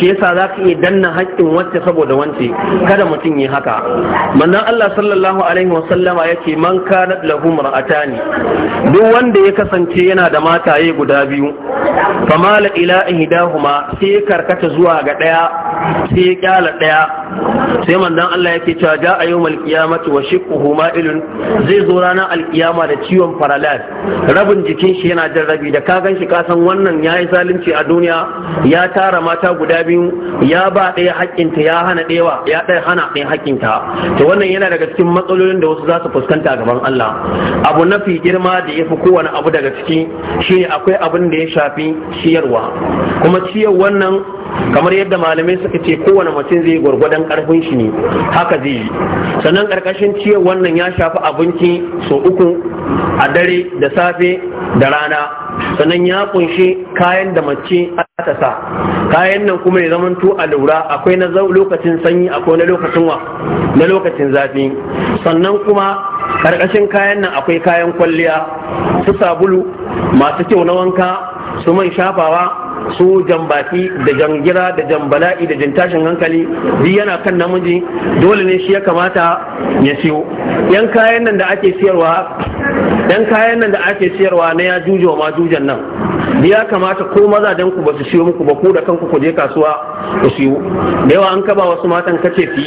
shi yasa za ka iya danna haƙƙin wacce saboda wance kada mutum yi haka manzon Allah sallallahu sallallahu alaihi wasallama yake man kana lahu mar'atani duk wanda ya kasance yana da mataye guda biyu famala ila ihdahuma sai karkata zuwa ga daya sai ya kyala daya sai manzon Allah yake cewa ja a yawmal qiyamati wa shiqquhu ma'ilun zai zo rana alkiyama da ciwon paralyze rabin jikin shi yana jin rabi da ka gan shi ka san wannan yayi zalunci a duniya ya tara mata guda biyu ya ba daya haƙƙinta ya hana daya ya daya hana daya haƙƙinta to wannan yana daga cikin matsalolin da wasu za su fuskanta gaban Allah abu na fi girma da ya fi kowane abu daga ciki shine akwai abin da ya shafi ciyarwa kuma ciyar wannan kamar yadda malamai suka ce kowane mutum zai gwargwadon karfin shi ne haka zai yi sannan karkashin ciyar wannan ya shafi abinci sau uku a dare da safe da rana sannan ya kunshi kayan da mace ta sa kayan nan kuma ya zama to a lura akwai na lokacin sanyi akwai na lokacin wa na lokacin zafi sannan kuma karkashin kayan nan akwai kayan kwalliya su sabulu masu kyau na wanka su man shafawa su jambaki da jangira da jambala'i da jantashin hankali duk yana kan namiji dole ne shi ya kamata ya siyo yan kayan nan da ake siyarwa dan kayan nan da ake siyarwa na ya jujo ma jujan nan ya kamata ko maza dan ku ba su siyo muku ba ku da kanku ku je kasuwa ku siyo da yawa an kaba wasu matan kace fi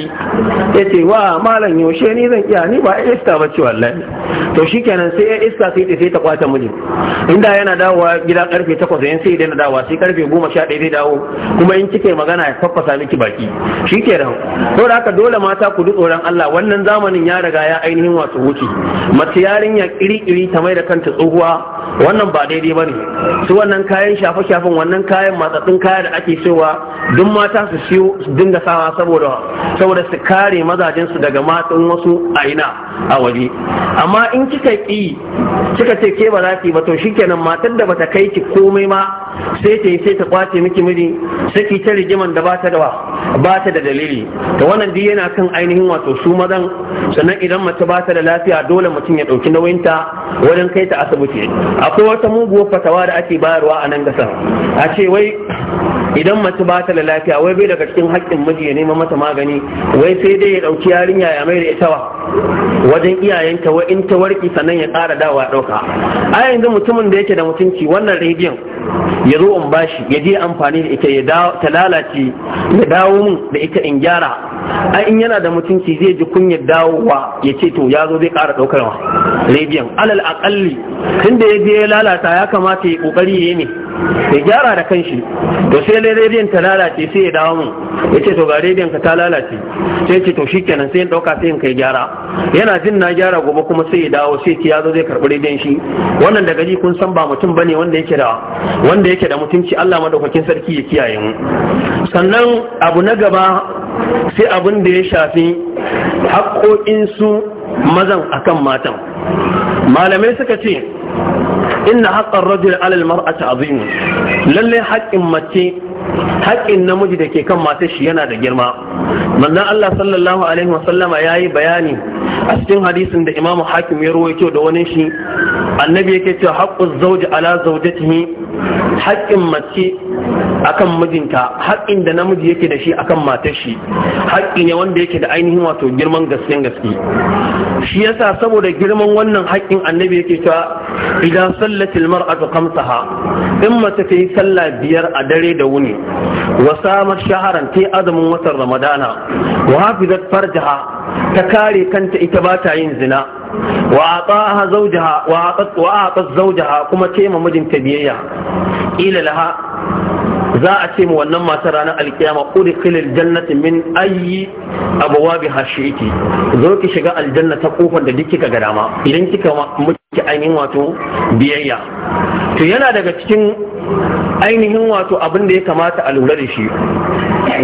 yace wa malam yaushe ni zan iya ni ba iska ba ce wallahi to shikenan sai ya iska sai ta sai ta kwata mijin inda yana dawowa gida karfe 8 yan sai na dawowa sai karfe 11 sai dawo kuma in kike magana ya faffasa miki baki shikenan to da haka dole mata ku dutse tsoron Allah wannan zamanin ya riga ya ainihin wato wuce mace yarinya kiri iri-iri ta mai da kanta tsohuwa wannan ba daidai ba ne su wannan kayan shafe-shafen wannan kayan matsatsun kaya da ake cewa duk mata su siyo su dinga sawa saboda saboda su kare mazajensu daga matan wasu a ina a waje amma in kika ki kika ce ke ba za ki ba to shikenan matar da bata kai ki komai ma sai ta yi sai ta kwace miki miji sai ki ta rigiman da bata da ba ta da dalili to wannan duk yana kan ainihin wato su mazan sannan idan mace bata da lafiya dole mutum ya dauki nauyinta wajen kai ta asibiti akwai wata muguwar fatawa da ake bayarwa a nan gasar a ce wai idan mace ba ta da lafiya wai bai daga cikin haƙƙin miji ya nema mata magani wai sai dai ya ɗauki yarinya ya mai da ita wa wajen iyayenta wai in ta warki sannan ya ƙara dawa ɗauka a yanzu mutumin da yake da mutunci wannan rediyon ya zo in bashi ya je amfani da ita ta lalace ya dawo min da ita in gyara ai in yana da mutunci zai ji kunyar dawowa ya ce to ya zo zai kara daukar wa rabiyan alal aƙalli tunda ya je ya lalata ya kamata ya ƙoƙari ya yi ne ya gyara da kanshi to sai rediyon ta lalace sai ya dawo mu ya ce to ga rediyon ka ta lalace sai ce to shikenan sai ya dauka sai in gyara yana jin na gyara gobe kuma sai ya dawo sai ya zo zai karbi rediyon shi wannan daga ji kun san ba mutum bane wanda yake da wanda yake da mutunci Allah madaukakin sarki ya kiyaye mu sannan abu na gaba sai abin da ya shafi haƙoƙin su mazan akan matan malamai suka ce inna haƙar rajul alal al-mar'ati 'azim lalle haƙƙin mace haƙƙin namiji da ke kan matar shi yana da girma manzon Allah sallallahu alaihi wasallama yayi bayani a cikin hadisin da Imam Hakim ya rawaito da wani shi annabi yake cewa haqquz zauje ala zawjatihi haƙƙin mace akan mijinta haƙƙin da namiji yake da shi akan matar shi haƙƙi ne wanda yake da ainihin wato girman gasken gaske shi yasa saboda girman wannan haƙƙin annabi yake cewa idan sallatil mar'atu khamsaha in mace ta yi sallah biyar a dare da wuni wa samar shaharan ta azumin watan ramadana wa hafizat farjaha ta kare kanta ita ba ta yin zina wa ataha zawjaha wa zawjaha kuma ta mijinta biyayya ila laha za a ce mu wannan mata ranar alkiyama kuri filin jannati min ayi abuwa bi hashiki zo ki shiga aljanna ta kofar da duk kika ga dama idan kika miki ainihin wato biyayya to yana daga cikin ainihin wato abin da ya kamata a lura da shi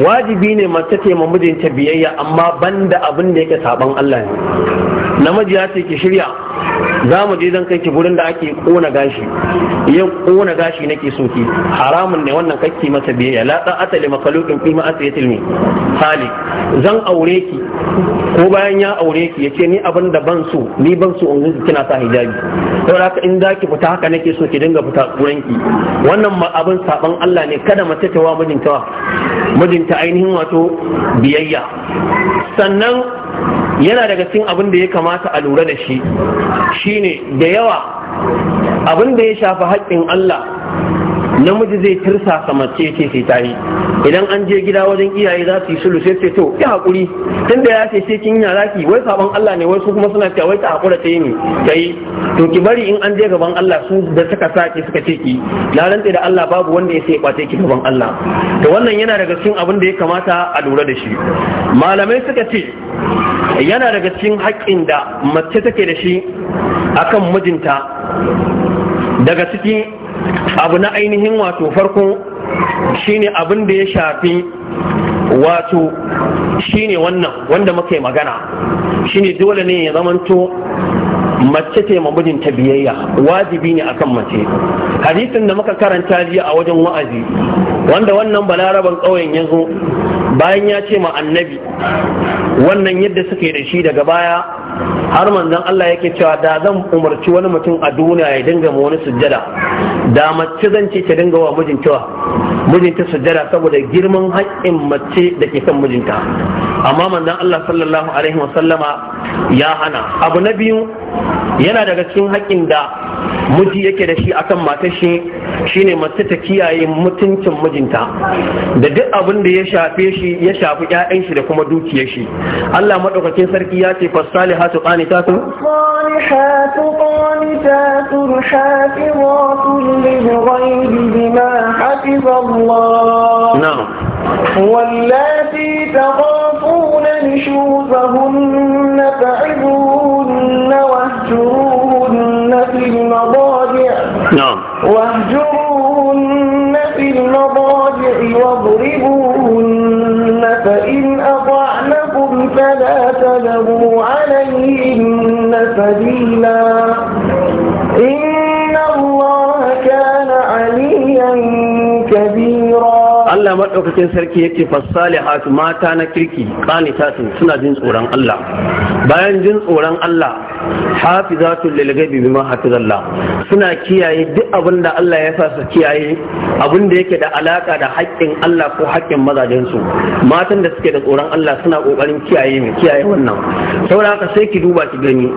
wajibi ne mace ta ma ta biyayya amma banda abin da yake saban Allah ne namiji ya ce ki shirya za mu je zan kai ki gurin da ake kona gashi yin kona gashi nake so ki haramun ne wannan kake masa biyayya la ta asali makalukin fi asiyatil mi hali zan aure ki ko bayan ya aure ki yace ni abin da ban so ni ban so in kina sa hijabi to da in za ki fita haka nake so ki dinga fita gurin ki wannan ma abin saban Allah ne kada mace ta wa mijinta mijinta ainihin wato biyayya sannan yana daga cikin abin da ya kamata a lura da shi shine da yawa abin da ya shafi haƙƙin Allah namiji zai tirsa samace ce sai ta yi idan an je gida wajen iyaye za su yi sulu sai ce to ya hakuri tunda ya ce sai kin yara ki wai sabon Allah ne wai su kuma suna cewa wai ta hakura ta yi ne ta yi to ki bari in an je gaban Allah su da suka sake suka ce ki na rantse da Allah babu wanda ya sai kwace ki gaban Allah to wannan yana daga cikin abin da ya kamata a lura da shi malamai suka ce yana daga cikin haƙƙin da mace take da shi akan mijinta daga cikin abu na ainihin wato farko shine abin da ya shafi wato shine wannan wanda muka yi magana shine dole ne ya zamanto mace ce ma mijinta biyayya wajibi ne akan mace hadisin da muka karanta jiya a wajen wa'azi wanda wannan balaraban ƙauyen ya zo bayan ya ce ma annabi wannan yadda suke da shi daga baya har manzon Allah yake cewa da zan umarci wani mutum a duniya ya dinga ma wani sujjada da mace zan ce ta dinga wa mijinta mijinta sujjada saboda girman haƙƙin mace da ke kan mijinta amma manzon Allah sallallahu alaihi wasallama ya hana abu na biyu yana daga cikin haƙƙin da muji yake da shi akan matar shi shine mace ta kiyaye mutuncin mijinta da duk abin da ya shafe shi ya shafi ƴaƴan shi da kuma dukiyar shi Allah madaukakin sarki ya ce fasalihatu qanitatu salihatu qanitatu hafizatun lil ghaibi bima hafiz Allah na'am wallati taqafuna nushuzahun نعم واهجرهن في المضاجع واضربوهن فإن أطعنكم فلا تلبوا علي Allah maɗaukakin sarki yake fassalihat mata na kirki qanitatun suna jin tsoron Allah bayan jin tsoron Allah hafizatul lil ghaibi bima hafizallah suna kiyaye duk abin da Allah ya sa su kiyaye abin da yake da alaka da haƙƙin Allah ko haƙƙin mazajen su matan da suke da tsoron Allah suna kokarin kiyaye mai kiyaye wannan saboda haka sai ki duba ki gani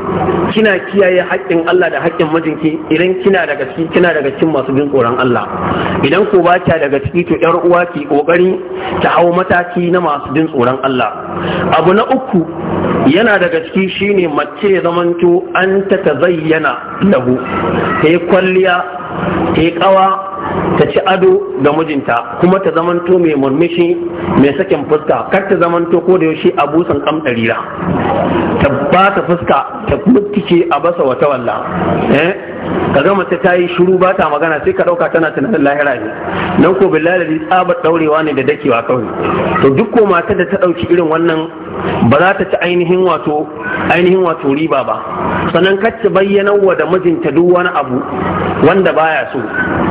kina kiyaye haƙƙin Allah da haƙƙin mijinki idan kina daga cikin kina daga cikin masu jin tsoron Allah idan ko ba kya daga ciki to yar uwa ki kokari ta hau mataki na masu jin tsoron Allah abu na uku yana daga ciki shine mace ya zamanto an ta ta zayyana lahu ta yi kwalliya ta yi kawa ta ci ado ga mijinta kuma ta zamanto mai murmushi mai sakin fuska kar ta zamanto ko da yaushe a busan kamtarira ta ba ta fuska ta kuma a basa wata walla eh? ka ga mace ta yi shiru ba ta magana sai ka ɗauka tana tunanin lahira ne nan ko billahi tsabar ɗaurewa ne da dakewa kawai to duk ko matar da ta ɗauki irin wannan ba za ta ci ainihin wato ainihin wato riba ba sannan kar ta bayyana wa da mijinta duk wani abu wanda baya so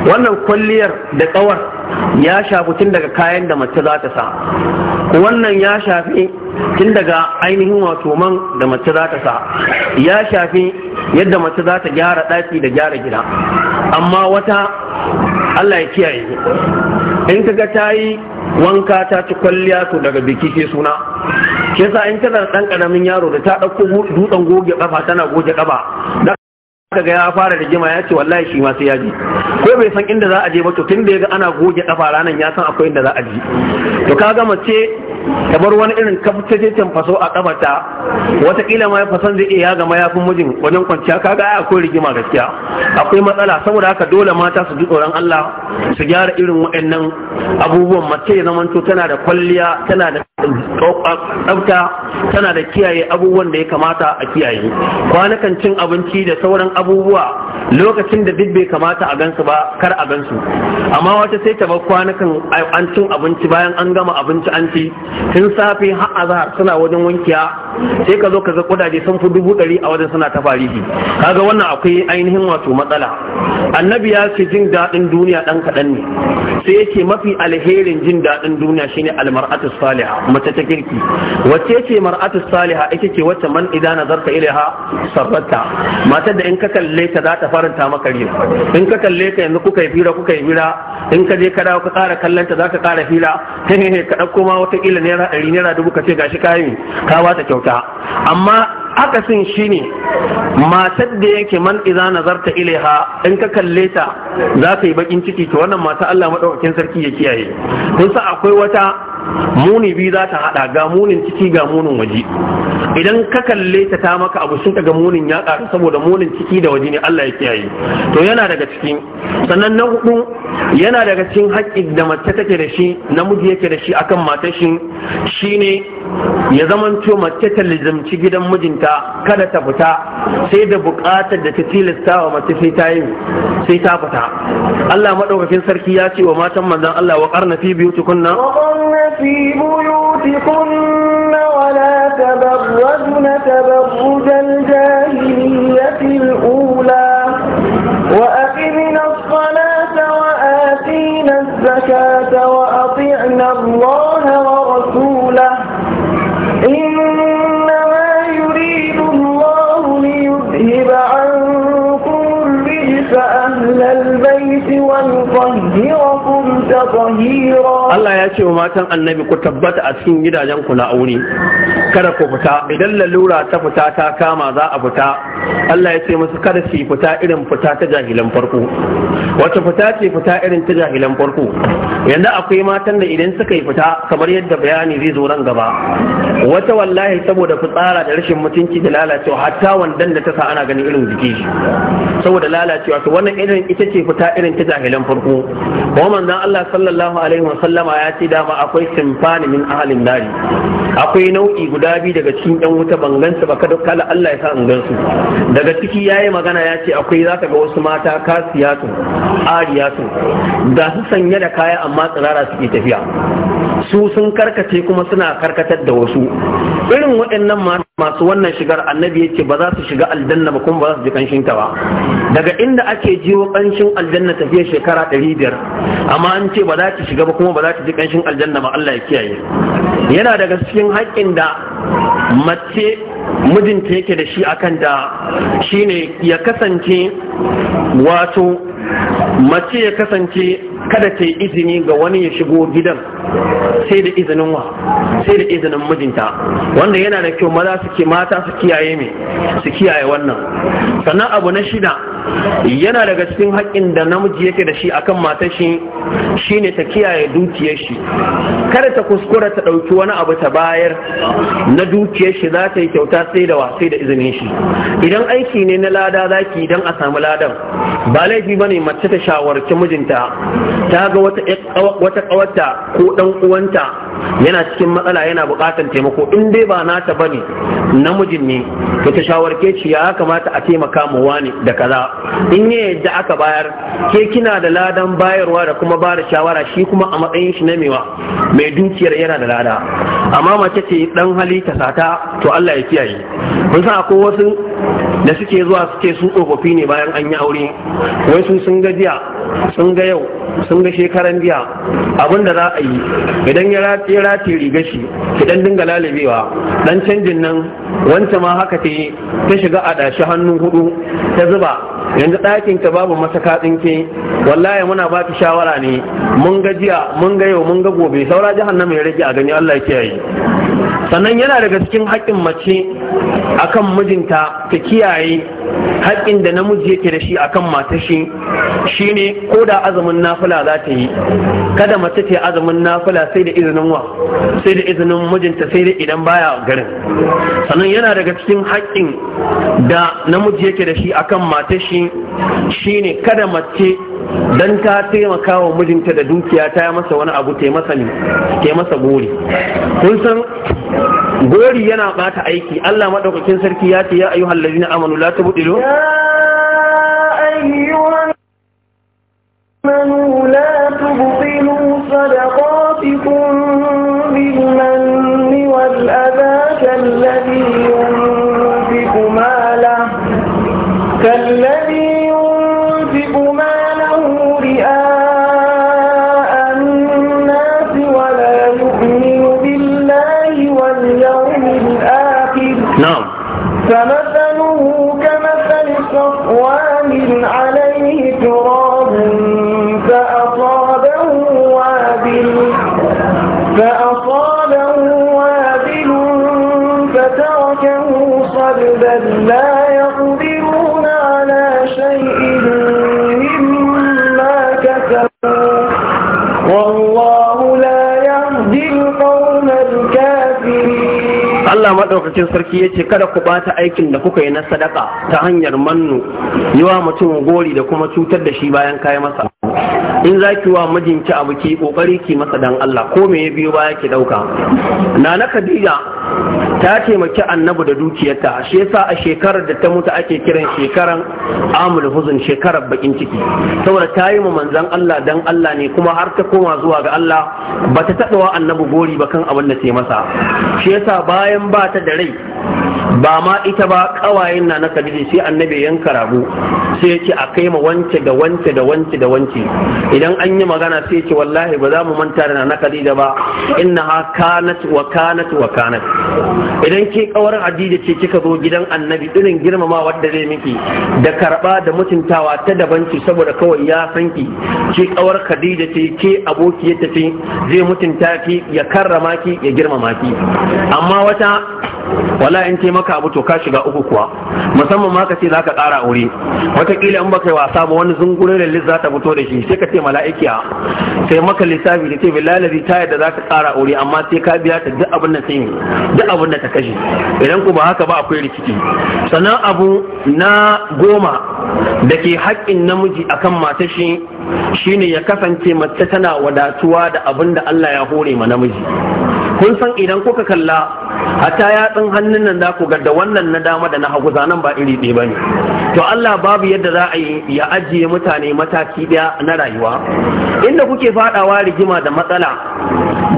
wannan kwalliyar da tsawar ya shafi tun daga kayan da mace za ta sa wannan ya shafi tun daga ainihin wato man da mace za ta sa ya shafi yadda mace za ta gyara ɗaki da gyara gida amma wata Allah ya kiyaye in kaga ta yi wanka ta ci kwalliya to daga biki ke suna ke sa in tana ɗan ƙaramin yaro da ta ɗauko dutsen goge ƙafa tana goge ƙafa aka ga ya fara rigima ya ce wallahi shi ma sai ya je ko bai san inda za a je ba to tun da ya ga ana goge kafa ranan ya san akwai inda za a je to kaga mace ta bar wani irin kaftacecen faso a kabata watakila ma fasan zai iya ga mayafin mijin wajen kwanciya kaga ga akwai rigima gaskiya akwai matsala saboda haka dole mata su ji tsoron Allah su gyara irin waɗannan abubuwan mace ya zamanto tana da kwalliya tana da tsafta tana da kiyaye abubuwan da ya kamata a kiyaye kwanakan cin abinci da sauran abubuwa lokacin da duk bai kamata a gansu ba kar a gansu amma wata sai ta bar kwanukan an cin abinci bayan an gama abinci an ci tun safe har azhar suna wajen wankiya sai ka zo ka ga kudaje sun fi dubu ɗari a wajen suna ta farihi kaga wannan akwai ainihin wato matsala annabi ya ce jin daɗin duniya ɗan kaɗan ne sai yake mafi alherin jin daɗin duniya shine almar'atu salihah mace ta kirki wacce ce mar'atu salihah ita ce wacce man idan nazarta ilaiha sarrata matar da in ka ka kalle ta za ta faranta maka riya in ka kalle ka yanzu kuka yi fira kuka yi fira in ka je ka dawo ka ƙara kallon ta za ka ƙara fira ta ka ɗauko ma wata ƙila naira ɗari naira dubu ka ce gashi kayan ka ta kyauta amma akasin shine matar da yake man iza nazarta ilaiha in ka kalle ta za ka yi bakin ciki to wannan mata Allah madaukakin sarki ya kiyaye kun sa akwai wata muni bi za ta hada ga munin ciki ga munin waje idan ka kalle ta ta maka abu sun ga munin ya karu saboda munin ciki ciki da waje ne Allah ya kiyaye to yana daga cikin sannan na hudu yana daga cikin haƙƙi da mace take da shi namiji yake da shi akan matar shi shine ya to mace ta lizamci gidan mijinta kada ta fita sai da buƙatar da ta tilasta wa mace sai ta yi sai ta fita Allah madaukakin sarki ya ce wa matan manzon Allah wa qarna fi buyutikunna wa qarna fi buyutikunna wala tabarrajna tabarrujal الزكاة وأطعنا الله ورسوله إنما يريد الله ليذهب عنكم الرجس أهل البيت ويطهركم تطهيرا Allah ya ce wa matan annabi ku tabbata a cikin gidajen ku na aure kada ku fita idan lalura ta fita ta kama za a fita Allah ya ce musu kada su fita irin fita ta jahilan farko wata fita ce fita irin ta jahilan farko yanda akwai matan da idan suka yi fita kamar yadda bayani zai zo nan gaba wata wallahi saboda fitsara da rashin mutunci da lalacewa hatta wandan da ta sa ana ganin irin jiki saboda lalacewa to wannan irin ita ce fita irin ta jahilan farko kuma manzon Allah sallallahu alaihi sallama ya ce dama akwai simfani min ahalin nari akwai nau'i guda biyu daga cikin yan wuta ban gansu ba kada kala Allah ya sa in gansu daga ciki yayi magana ya ce akwai za ka ga wasu mata kasiyatu ariyatu da su sanye da kaya amma tsirara suke tafiya su sun karkace kuma suna karkatar da wasu irin waɗannan mata masu wannan shigar annabi yake ba za su shiga aljanna ba kuma ba za su ji kanshin ta ba daga inda ake jiwo kanshin aljanna ta fiye shekara 500 amma an ce ba za ki shiga ba kuma ba za ki ji kanshin aljanna ba Allah ya kiyaye yana daga cikin haƙƙin da mace mijinta yake da shi akan da shine ya kasance wato mace ya kasance kada ta yi izini ga wani ya shigo gidan sai da izinin wa sai da izinin mijinta wanda yana da kyau maza suke mata su kiyaye mai su kiyaye wannan sannan abu na shida yana daga cikin haƙƙin da namiji yake da shi akan matashi shi shine ta kiyaye dukiyar shi kada ta kuskura ta ɗauki wani abu ta bayar na dukiyar shi za ta yi kyauta sai da wasai da izinin shi idan aiki ne na lada za ki idan a samu ladan ba laifi ba ne mace ta shawarci mijinta ta ga wata kawarta ko dan uwanta yana cikin matsala yana bukatar taimako in dai ba nata ba ne namijin ne ka ta shawarce shi ya kamata a taimaka mu wani da kaza in ya yadda aka bayar ke kina da ladan bayarwa da kuma ba da shawara shi kuma a matsayin shi na mewa mai dukiyar yana da lada amma mace ce dan hali ta sata to Allah ya kiyaye mun san akwai wasu da suke zuwa suke su tsofaffi ne bayan an yi aure wai sun sun ga jiya sun ga yau sun ga shekaran jiya abin za a yi idan ya rati riga shi idan dinga lalabewa dan canjin nan wancan ma haka ta ta shiga a dashi hannu hudu ta zuba yanzu ɗakin ka babu masaka tsinke wallahi muna ba ki shawara ne mun ga jiya mun ga yau mun ga gobe saura jahannama ya rage a gani Allah Allah ya kiyaye sannan yana daga cikin haƙƙin mace akan mijinta ta kiyaye haƙƙin da namiji yake da shi akan mata shi shine ko da azumin nafila za ta yi kada mace ta azumin nafila sai da izinin wa sai da izinin mijinta sai da idan baya garin sannan yana daga cikin haƙƙin da namiji yake da shi akan mata shi shine kada mace dan ta taimaka wa mijinta da dukiya ta yi masa wani abu ta masa ne ta masa gori kun san gori yana bata aiki Allah madaukakin sarki ya ce ya ayyuhal ladina amanu la tubdilu ya amanu la tubdilu sadaqatikum bil manni wal Allah maɗaukacin sarki ya ce kada ku bata aikin da kuka yi na sadaka ta hanyar mannu yi wa mutum gori da kuma cutar da shi bayan kayan masa in za ki wa mijinki abu ki kokari ki masa dan Allah ko me ya biyo baya ki dauka nana Kadija ta taimaki annabi da dukiyarta shi yasa a shekarar da ta mutu ake kiran shekaran amul huzun shekarar bakin ciki saboda ta yi manzon Allah dan Allah ne kuma har ta koma zuwa ga Allah ba ta taɓa wa annabi gori ba kan abin da ta masa shi yasa bayan ba ta da rai ba ma ita ba kawayen na na sai annabi yanka rabu sai ya ce a kai ma wance da wance da wance da wance idan an yi magana sai ce wallahi ba za mu manta da na da ba ha kanat wa kanat wa kanat idan ke kawarin ce kika zo gidan Annabi irin girmama wanda zai miki da karba da mutuntawa ta daban ce saboda kawai ya san ki ke kawar Khadija ce ke abokiyar ta ce zai mutunta ki ya karrama ki ya girmama ki amma wata wala in ce maka abu to ka shiga uku kuwa musamman ma ka ce zaka kara aure wataƙila in baka yi wasa ba wani zungurin da za ta fito da shi sai ka ce mala'ikiya sai maka lissafi da ce bilalazi ta yadda za ka tsara aure amma sai ka biya ta duk abin da sai duk abin da ta kashe idan ku ba haka ba akwai rikici sannan abu na goma da ke haƙƙin namiji akan matar shi shine ya kasance mace tana wadatuwa da abin da Allah ya hore ma namiji kun san idan kuka kalla hatta yatsun hannun nan da ku ga da wannan na dama da na hagu zanen ba iri ɗaya bane to Allah babu yadda za a yi ya ajiye mutane mataki ɗaya na rayuwa inda kuke fadawa rigima da matsala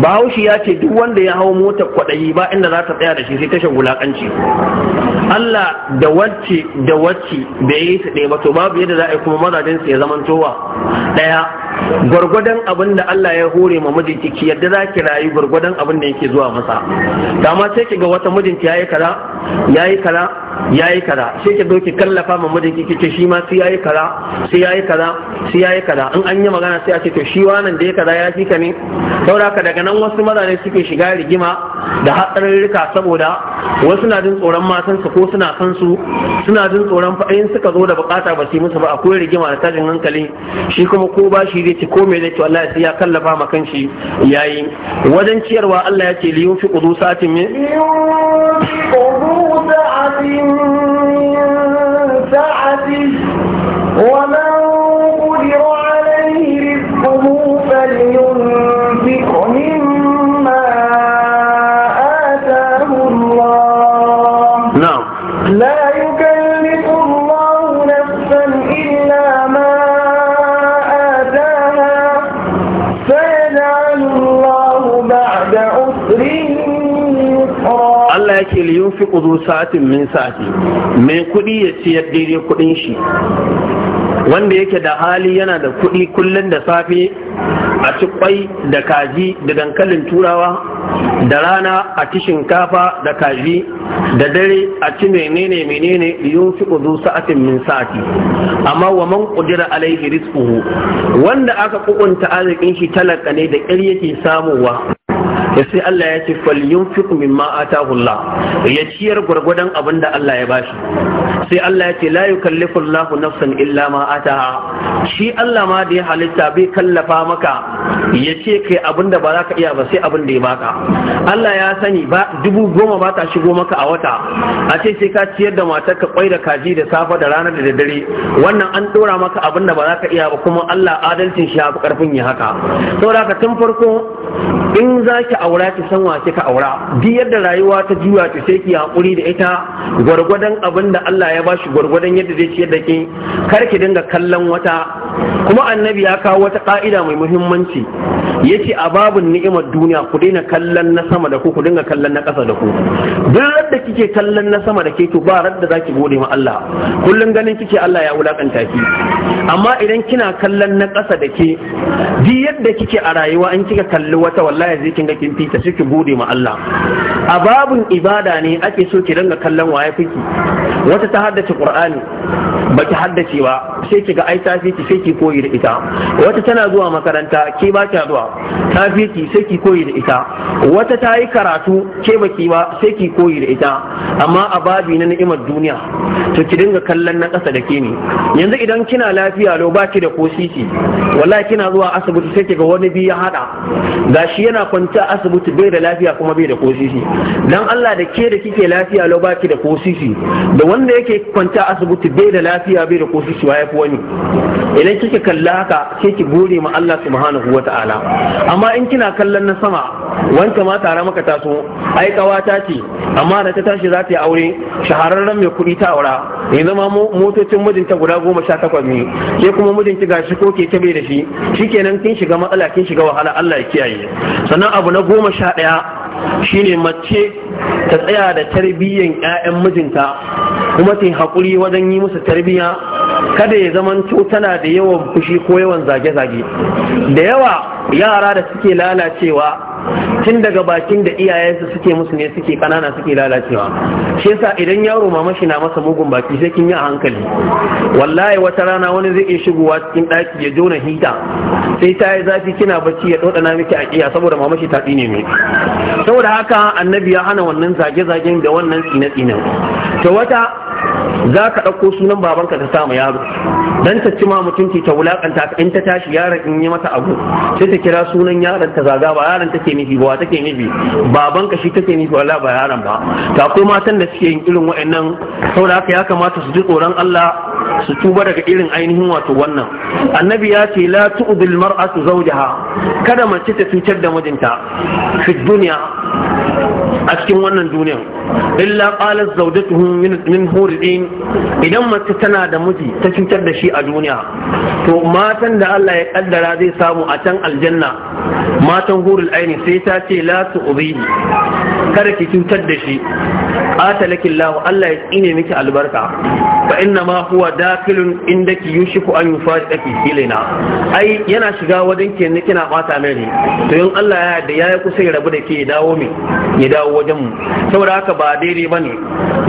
bahaushe ya ce duk wanda ya hau mota kwaɗayi ba inda za ta tsaya da shi sai tashin wulaƙanci. Allah da wacce da wacce bai yi su ɗaya ba to babu yadda za a yi kuma mazajen su ya zamantowa ɗaya gwargwadon abin da Allah ya hore ma mijinki ki yadda za ki rayu gwargwadon abin da yake zuwa masa dama sai ki ga wata mijinki yayi kaza yayi kaza yayi kaza sai ki doki kallafa ma mijinki ce shi ma sai yayi kaza sai yayi kaza sai yayi kaza in an yi magana sai a ce to shi wannan da ya kaza ya fi ka ne saboda daga nan wasu mazane suke shiga rigima da hatsarurruka saboda wasu na jin tsoron matansu ko suna san su suna jin tsoron fa'in suka zo da bukata ba su musu ba akwai rigima da tajin hankali shi kuma ko ba shi zai ci ko me zai ci Allah sai ya kallafa ma kanshi yayi wajen ciyarwa Allah ya ce liyun fi qudu satin min qudu min sa'ati wa yunfiqu zu sa'atin min sa'ati mai kuɗi ya ciyar daidai kuɗin shi wanda yake da hali yana da kuɗi kullum da safe a ci kwai da kaji da dankalin turawa da rana a ci shinkafa da kaji da dare a ci menene menene yun fi sa'atin min sa'ati amma wa man ƙudira alaihi rizquhu wanda aka kukunta arzikin shi talaka ne da ƙir ke samuwa da sai Allah ya ce falyunfiq mimma atahu Allah ya ciyar gwargwadon abin da Allah ya bashi sai Allah ya ce la yukallifu Allahu nafsan illa ma ataha shi Allah ma da ya halitta bai kallafa maka ya ce kai abin da ba za ka iya ba sai abin da ya baka Allah ya sani ba dubu goma ba ta shigo maka a wata a ce sai ka ciyar da matarka kwai da kaji da safa da ranar da dare wannan an dora maka abin da ba za ka iya ba kuma Allah adalcin shi ya fi karfin ya haka saboda ka tun farko in za ki aura ki san wa kika aura duk yadda rayuwa ta juya ki sai ki hakuri da ita gwargwadon abinda da Allah ya bashi gwargwadon yadda zai ciyar da ki kar ki dinga kallon wata kuma annabi ya kawo wata ka'ida mai muhimmanci yace a babun ni'imar duniya ku daina kallon na sama da ku ku dinga kallon na ƙasa da ku duk radda kike kallon na sama da ke to ba radda zaki gode ma Allah kullun ganin kike Allah ya wulakanta ki amma idan kina kallon na ƙasa da ke duk yadda kike a rayuwa an kika kalli wata wallahi zai kinga ki kin ta suke gode ma Allah a babun ibada ne ake so ki dinga kallon waye fiki wata ta haddace Qur'ani baki haddace ba sai ki ga ai ta fiki sai ki koyi da ita wata tana zuwa makaranta ke ba ta zuwa ta fiki sai ki koyi da ita wata ta yi karatu ke baki ba sai ki koyi da ita amma a babi na ni'imar duniya to ki dinga kallon na ƙasa da ke ne yanzu idan kina lafiya lo ba ki da ko sisi wallahi kina zuwa asibiti sai ki ga wani biyu ya hada gashi yana kwanta a asibiti bai da lafiya kuma bai da kosisi dan Allah da ke da kike lafiya lau baki da kosisi da wanda yake kwanta asibiti bai da lafiya bai da kosisi wa yafi wani idan kike kalla haka sai ki gode ma Allah subhanahu wata'ala amma in kina kallon na sama wanda ma tare maka taso ai kawata ce amma da ta tashi za ta yi aure shahararren mai kuɗi ta aura ya zama motocin mijinta guda goma sha takwas ne sai kuma mijinki gashi ko keke bai da shi shikenan kin shiga matsala kin shiga wahala Allah ya kiyaye sannan abu na goma sha ɗaya shine mace ta tsaya da tarbiyyan 'ya'yan mijinta kuma ta haƙuri wajen yi musu tarbiyya kada ya zamanto tana da yawan fushi ko yawan zage-zage da yawa yara da suke lalacewa tun daga bakin da iyayensa suke musu ne suke kanana suke lalacewa shi yasa idan yaro mamashi na masa mugun baki sai kin yi a hankali wallahi wata rana wani zai iya shigowa cikin daki ya jona hita sai ta yi zafi kina bacci ya na miki a kiya saboda mamashi ta tsine mai saboda haka annabi ya hana wannan zage-zagen da wannan tsine-tsinen to wata za ka ɗauko sunan babanka ta samu yaro dan ta cima mutunci ta wulakanta in ta tashi yaron in yi mata abu sai ta kira sunan yaron ta zaga ba yaron take nufi ba take nufi babanka shi take nufi wala ba yaron ba ta akwai matan da suke yin irin wa'annan saboda haka ya kamata su ji tsoron Allah su tuba daga irin ainihin wato wannan annabi ya ce la tu'dil mar'atu zawjaha kada mace ta cutar da mijinta fi dunya a cikin wannan duniyar illa qala zawjatuhu min min murdin idan mace tana da miji ta cutar da shi a duniya to matan da Allah ya kaddara zai samu a can aljanna matan hurul aini sai ta ce la ubidi kada ki cutar da shi qatalaki Allah ya tsine miki albarka fa inna ma huwa dakilun indaki yushiku an yufariki ilaina ai yana shiga wajen ke ne kina bata mai ne to in Allah ya yarda yayi kusa ya rabu da ke ya dawo mi ya dawo wajen mu saboda haka ba daidai bane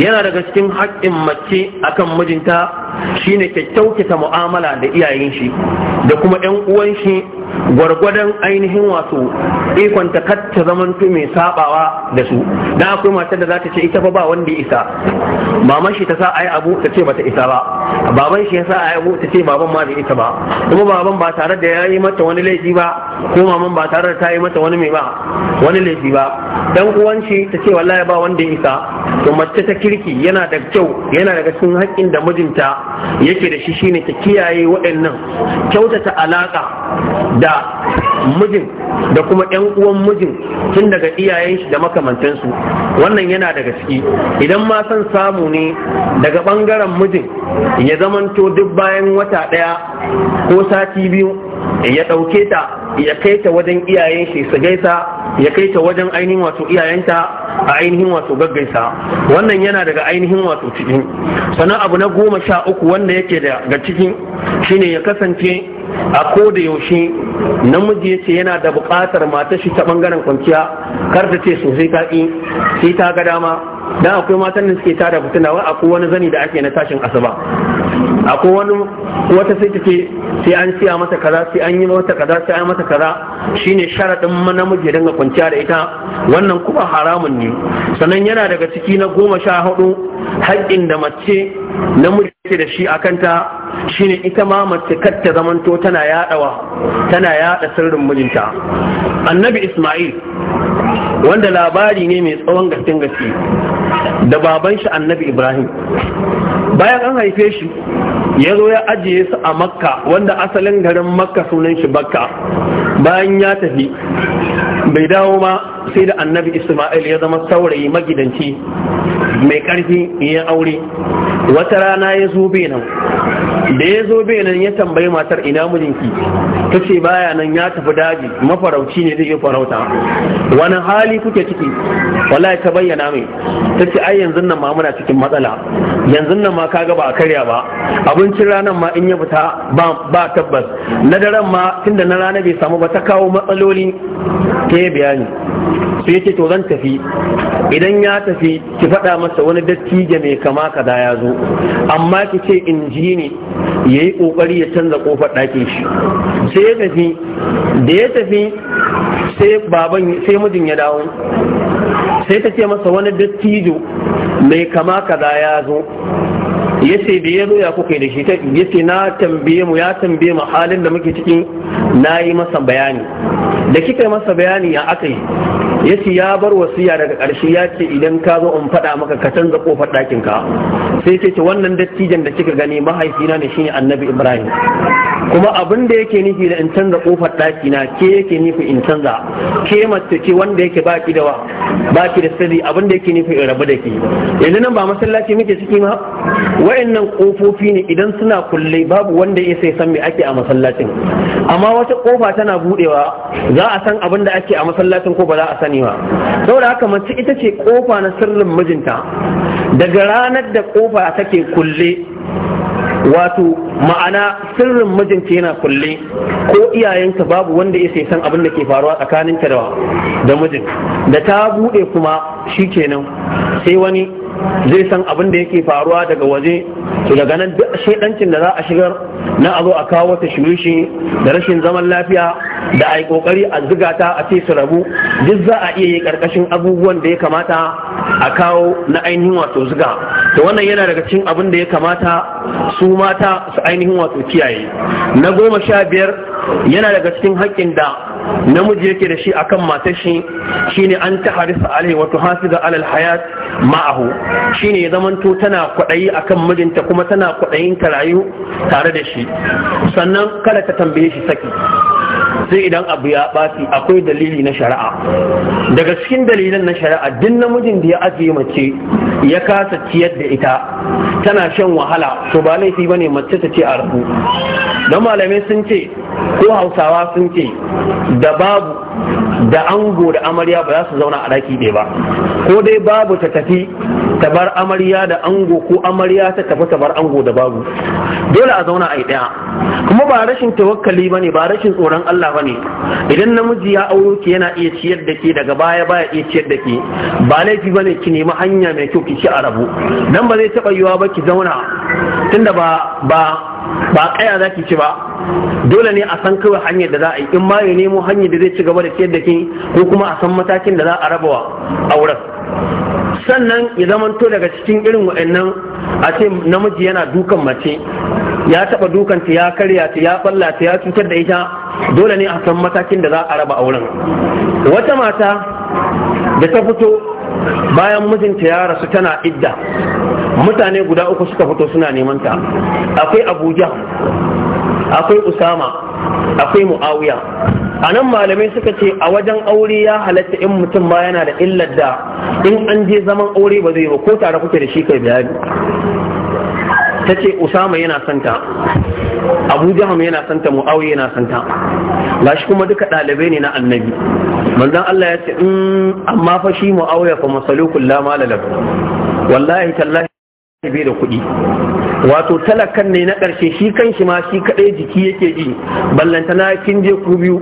yana daga cikin haƙƙin haƙƙin mace akan mijinta shine kyakkyauta mu'amala da iyayen shi da kuma yan uwan shi gwargwadon ainihin wato ikon ta zaman zamantu mai sabawa da su Da akwai matar da za ta ce ita fa ba wanda isa maman shi ta sa yi abu ta ce bata isa ba baban shi ya sa yi abu ta ce baban ma da isa ba kuma baban ba tare da yayi mata wani laifi ba ko maman ba tare da ta yi mata wani mai ba wani laifi ba dan uwan shi ta ce wallahi ba wanda isa to mace ta kirki yana da kyau yana daga cikin haƙƙin da mijinta yake da shi shine ta kiyaye waɗannan kyautata alaƙa da mijin da kuma ƴan uwan mijin tun daga iyayen shi da makamantansu wannan yana daga ciki idan ma san samu ne daga ɓangaren mijin ya zamanto duk bayan wata ɗaya ko sati biyu ya ɗauke ta ya kai ta wajen iyayen shi su gaisa ya kai ta wajen ainihin wato iyayenta a ainihin wato gaggaisa wannan yana daga ainihin wato cikin sannan abu na goma sha uku wanda yake daga cikin shine ya kasance a ko da yaushe namiji ya ce yana da bukatar mata shi ta bangaren kwanciya kar ta ce sosai ta ƙi sai ta ga dama dan akwai matan da suke tada fitina wai akwai wani zani da ake na tashin asuba akwai wani wata sai ta ce sai an siya mata kaza sai an yi mata kaza sai an mata mata kaza shine sharadin namiji dinga kwanciya da ita wannan kuma haramun ne sannan yana daga ciki na goma sha hudu haƙƙin da mace namiji ce da shi a kanta shine ita ma mace kar ta zamanto tana yadawa tana yada sirrin mijinta annabi isma'il wanda labari ne mai tsawon gaske gaske da baban shi annabi ibrahim bayan an haife shi ya zo ya ajiye su a makka wanda asalin garin makka sunan shi bakka bayan ya tafi bai dawo ma sai da annabi isma'il ya zama saurayi magidanci mai karfi ya aure wata rana ya zo nan da ya zo nan ya tambayi matar ina mijinki ta ce baya nan ya tafi daji mafarauci ne zai yi farauta wani hali kuke ciki wallahi ta bayyana mai ta ce ai yanzu nan ma muna cikin matsala yanzu nan ma kaga ba a karya ba abincin ranar ma in ya fita ba tabbas na daren ma tunda na rana bai samu ba ta kawo matsaloli ta bayani sai ce to zan tafi idan ya tafi ki faɗa masa wani dattijo mai kama kaza ya zo amma ki ce in ji ne ya yi ƙoƙari ya canza ƙofar ɗakin shi sai ya tafi da ya tafi sai baban sai mijin ya dawo sai ta ce masa wani dattijo mai kama kaza ya zo yace da yazo ya kuka da shi yace na tambaye mu ya tambaye mu halin da muke cikin nayi masa bayani da kika masa bayani ya akai yace ya bar wasiya daga karshe ya ce idan ka zo in faɗa maka ka canza kofar ɗakin ka sai ce ce wannan dattijan da kika gani mahaifina ne shine annabi ibrahim kuma abin da yake nufi da in canza kofar ɗakina na ke yake nufi in canza ke mace ce wanda yake baki da wa baki da sirri abin da yake nufi in rabu da ke yanzu nan ba masallaci muke ciki ma wayannan kofofi ne idan suna kulle babu wanda ya sai san me ake a masallacin amma wata kofa tana budewa za a san abin da ake a masallacin ko ba za a sani ba saboda haka mace ita ce kofa na sirrin mijinta daga ranar da kofa take kulle wato ma'ana sirrin mijinta yana kulle ko iyayenka babu wanda ya sai san abin da ke faruwa tsakanin da da mijin da ta bude kuma shikenan sai wani zai san abin da yake faruwa daga waje to daga nan duk da za a shigar na a zo a kawo ta shirishi da rashin zaman lafiya da a yi kokari a ziga ta a ce su rabu duk za a iya yi karkashin abubuwan da ya kamata a kawo na ainihin wato ziga to wannan yana daga cikin abin da ya kamata su mata su ainihin wato kiyaye na goma sha biyar yana daga cikin haƙƙin da namiji yake da shi akan matar shi shine an ta harisa alai wato hasiza alal hayat ma'ahu shine ya zamanto tana kwaɗayi akan mijinta kuma tana kwaɗayin ta rayu tare da shi sannan kada ta tambaye shi saki sai idan abu ya ɓaci akwai dalili na shari'a daga cikin dalilan na shari'a duk namijin da ya ajiye mace ya kasa ciyar da ita tana shan wahala to ba laifi ne mace ta ce a rabu don malamai sun ce ko hausawa sun ce da babu da ango da amarya ba za su zauna a daki ɗaya ba ko dai babu ta tafi ta bar amarya da ango ko amarya ta tafi ta bar ango da babu dole a zauna a yi ɗaya kuma ba rashin tawakkali ba ne ba rashin tsoron Allah ba ne idan namiji ya auro ki yana iya ciyar da ke daga baya baya iya ciyar da ke ba laifi ba ne ki nemi hanya mai kyau ki ci a rabu Nan ba zai taɓa yiwa ba ki zauna tunda ba ba ba kaya za ki ci ba dole ne a san kawai hanyar da za a yi in ma ya nemo hanyar da zai ci gaba da ciyar da ke ko kuma a san matakin da za a rabawa auren sannan ya zamanto daga cikin irin wa'annan a ce namiji yana dukan mace ya taba dukanta ya karya ta ya balla ta ya cutar da ita dole ne a san matakin da za a raba auren wata mata da ta fito bayan mijinta ya rasu tana idda mutane guda uku suka fito suna neman ta akwai abuja akwai usama akwai muawiya a nan malamai suka ce a wajen aure ya halatta in mutum ba yana da illar da in an je zaman aure ba zai ba ko tare kuke da shi kai bayani ta ce usama yana santa abu jaham yana santa mu'awi yana santa shi kuma duka ɗalibai ne na annabi manzon Allah ya ce mm, amma fa shi mu'awiya fa masalukul la malalahu wallahi tallahi bai da kuɗi wato talakan ne na ƙarshe shi kan shi ma shi kaɗai jiki yake ji ballanta na kin je ku biyu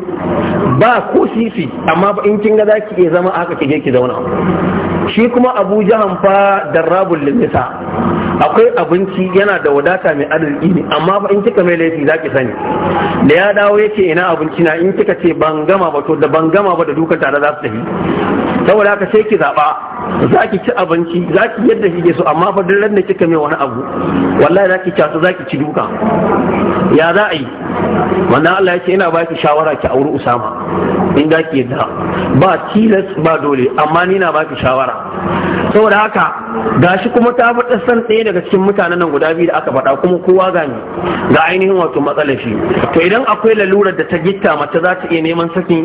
ba ko sisi amma in kin ga zaki iya zama haka kike ki zauna shi kuma abu jahan fa darrabul limisa akwai abinci yana da wadata mai arziki ne amma fa in kika mai laifi zaki sani da ya dawo yake ina abinci na in kika ce ban gama ba to da ban gama ba da duka tare za su tafi saboda haka sai ki zaba za ki ci abinci za ki yadda kike so amma fa duk da kika mai wani abu wallahi za ki ci za ki ci duka ya za a yi wannan Allah ya ce ina ba ki shawara ki auri Usama in da ki yadda ba tilas ba dole amma ni na ba ki shawara saboda haka gashi kuma ta faɗa san ɗaya daga cikin mutanen nan guda biyu da aka faɗa kuma kowa gani ga ainihin wato matsalar shi to idan akwai lalurar da ta gitta mace za ta iya neman sakin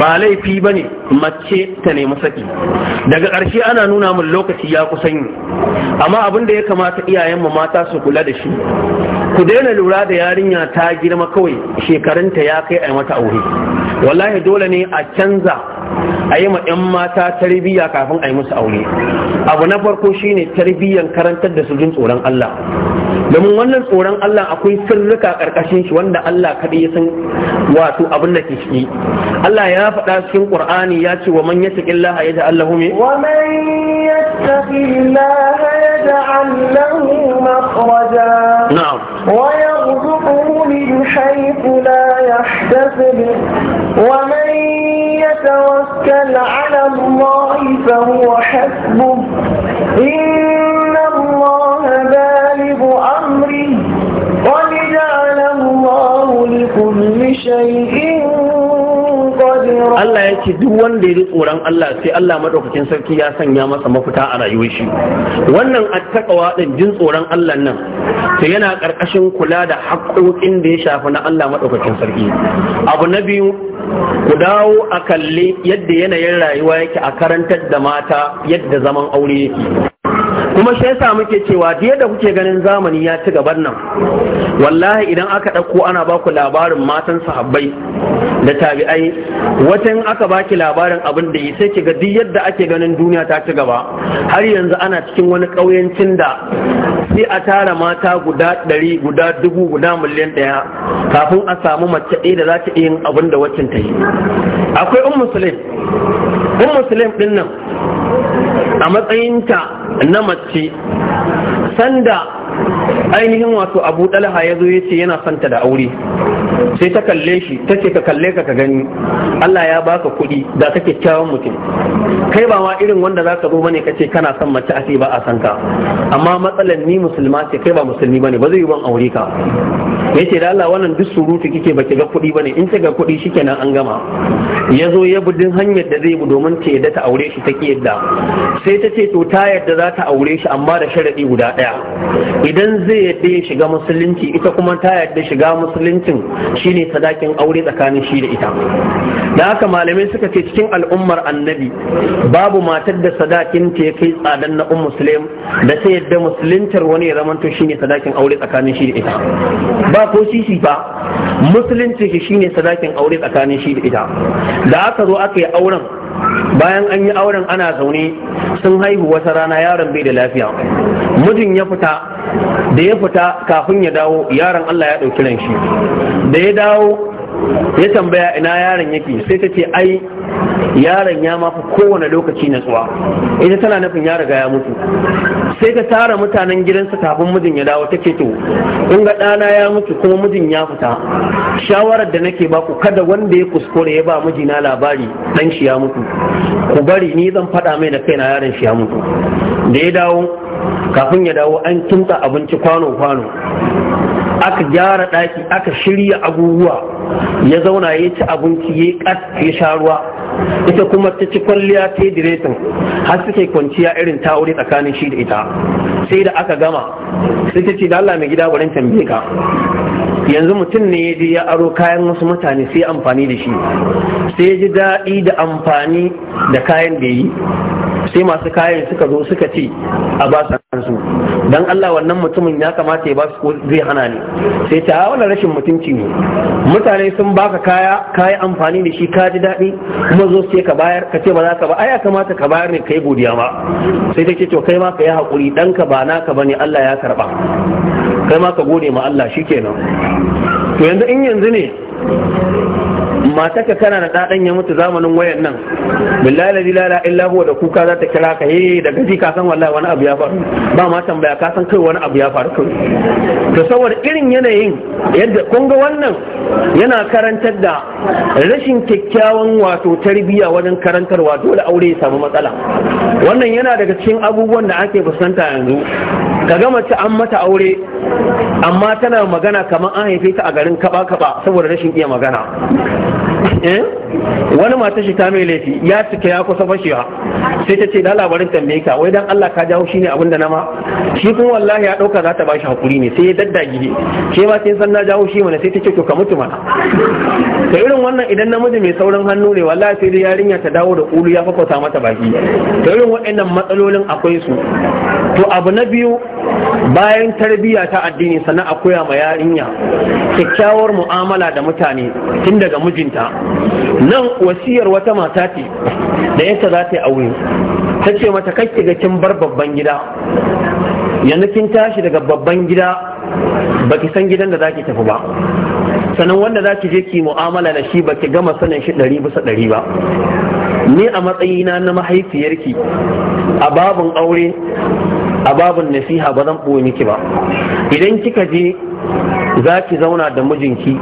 ba laifi bane mace ta nemi samu daga ƙarshe ana nuna min lokaci ya kusan yi amma abin da ya kamata iyayenmu mata su kula da shi ku daina lura da yarinya ta girma kawai shekarunta ya kai a mata aure wallahi dole ne a canza a yi ma 'yan mata tarbiyya kafin a yi musu aure abu na farko shine tarbiyyan karantar da su jin tsoron Allah domin wannan tsoron Allah akwai sirrika karkashin shi wanda Allah kadai ya san wato abin da ke ciki Allah ya faɗa cikin Qur'ani ya ce wa man yattaqillaha yaj'al lahu min wa man yattaqillaha yaj'al lahu makhraja na'am wa yarzuquhu min haythu la yahtasib wa man yatawakkal 'ala Allah fa huwa hasbuh قد جعل Allah ya ce duk wanda ya ji tsoron Allah sai Allah madaukakin sarki ya sanya masa mafita a rayuwar shi wannan attaqwa din jin tsoron Allah nan to yana karkashin kula da haƙoƙin da ya shafi na Allah madaukakin sarki abu na biyu ku dawo a kalli yadda yanayin rayuwa yake a karantar da mata yadda zaman aure yake kuma shi yasa muke cewa da yadda kuke ganin zamani ya ci gaban nan wallahi idan aka ɗauko ana ba ku labarin matan sahabbai da tabi'ai wata in aka baki labarin abin da sai ki ga duk yadda ake ganin duniya ta ci gaba har yanzu ana cikin wani ƙauyancin da sai a tara mata guda ɗari guda dubu guda miliyan ɗaya kafin a samu mace ɗaya da za ta yin abin da waccan ta yi akwai un musulun un musulun ɗin nan a matsayinta na mace sanda ainihin wato abu ɗalha ya zo ya ce yana santa da aure sai ta kalle shi ta ce ka kalle ka ka gani Allah ya baka kuɗi da ka kyakkyawan mutum kai ba ma irin wanda za ka zo bane ka ce kana son mace a ce ba a san ka amma matsalar ni musulma ce kai ba musulmi bane ba zai yi ban aure ka yace da Allah wannan duk surutu kike ba ki ga kuɗi bane in ki ga kuɗi shikenan an gama ya zo ya budin hanyar da zai bi domin ta yadda ta aure shi ta ke yadda sai ta ce to ta yadda za ta aure shi amma da sharadi guda ɗaya idan zai yadda ya shiga musulunci ita kuma ta yadda shiga musuluncin shine sadakin aure tsakanin shi da ita da haka malamai suka ce cikin al'ummar annabi babu matar da sadakin ta kai tsadan na um da ta yadda musuluntar wani ya zamanto shine sadakin aure tsakanin shi da ita ba ko sisi ba musulunci shine sadakin aure tsakanin shi da ita da aka zo aka yi auren bayan an yi auren ana zaune sun haihu wata rana yaron bai da lafiya mijin ya fita da ya fita kafin ya dawo yaron Allah ya ɗauki ran shi da ya dawo ya tambaya ina yaron yake sai ta ce ai yaron ya mafi kowane lokaci na natsuwa ita tana nufin ya riga ya mutu sai ta tara mutanen gidansa kafin mijin ya dawo take to in ga ɗana ya mutu kuma mijin ya fita shawarar da nake ku kada wanda ya kuskure ya ba mijina labari dan shi ya mutu ku bari ni zan faɗa mai da kaina yaron shi ya mutu da ya dawo kafin ya dawo an kinta abinci kwano-kwano aka gyara ɗaki aka shirya abubuwa ya zauna ya ci abinci ya ya sha ruwa ita kuma ta ci kwalliya ta diretin har suke kwanciya irin ta wuri tsakanin shi da ita sai da aka gama sai ta ce da Allah mai gida wurin tambaye ka yanzu mutum ne ya je ya aro kayan wasu mutane sai amfani da shi sai ya ji daɗi da amfani da kayan da yi sai masu kayan suka zo suka ci a ba su dan Allah wannan mutumin ya kamata ya ba su ko zai hana ne sai ta ah, wannan rashin mutunci ne mutane sun baka kaya kayi amfani da shi ka ji daɗi kuma zo sai ka bayar ka ce ba za ka ba ai ya kamata ka bayar ne kai godiya ba sai take to kai ma ka yi hakuri dan ka ba naka bane Allah ya karba kai ma ka gode ma Allah shikenan to yanzu in yanzu ne mataka kana da ɗaɗan ya mutu zamanin wayan nan billahi la ilaha illa huwa da kuka za ta kira ka he eh, da gaji ka san wallahi wani abu ya faru ba ma tambaya ka san kai wani abu ya faru kai to saboda irin yanayin yadda kun ga wannan yana karantar da rashin kyakkyawan wato tarbiyya wajen karantarwa dole aure ya samu matsala wannan yana daga cikin abubuwan da ake fuskanta yanzu ka ga mace an mata aure amma tana magana kamar an haife ta a garin kaba kaba saboda rashin iya magana Eh? wani mata shi ta mai laifi ya cika ya kusa fashewa sai ta ce da labarin tambaye ka wai dan Allah ka jawo shine abin da nama shi kuma wallahi ya dauka za ta bashi hakuri ne sai ya daddage ke ba sai san na jawo shi mana sai ta ce to ka mutu mana to irin wannan idan namiji mai sauran hannu ne wallahi sai dai yarinya ta dawo da kulu ya fakwata mata baki to irin waɗannan matsalolin akwai su to abu na biyu bayan tarbiyya ta addini sannan a ma yarinya kyakkyawar mu'amala da mutane tun daga mijinta nan wasiyar wata mata ce da yanta za ta yi aure ta ce mata kake ga kin bar babban gida yanzu kin tashi daga babban gida baki san gidan da zaki tafi ba sannan wanda za ki je ki mu'amala da shi baki gama sanin shi ɗari bisa ɗari ba ni a matsayina na mahaifiyarki a babin aure a babin nasiha ba zan ɓoye miki ba idan kika je za ki zauna da mijinki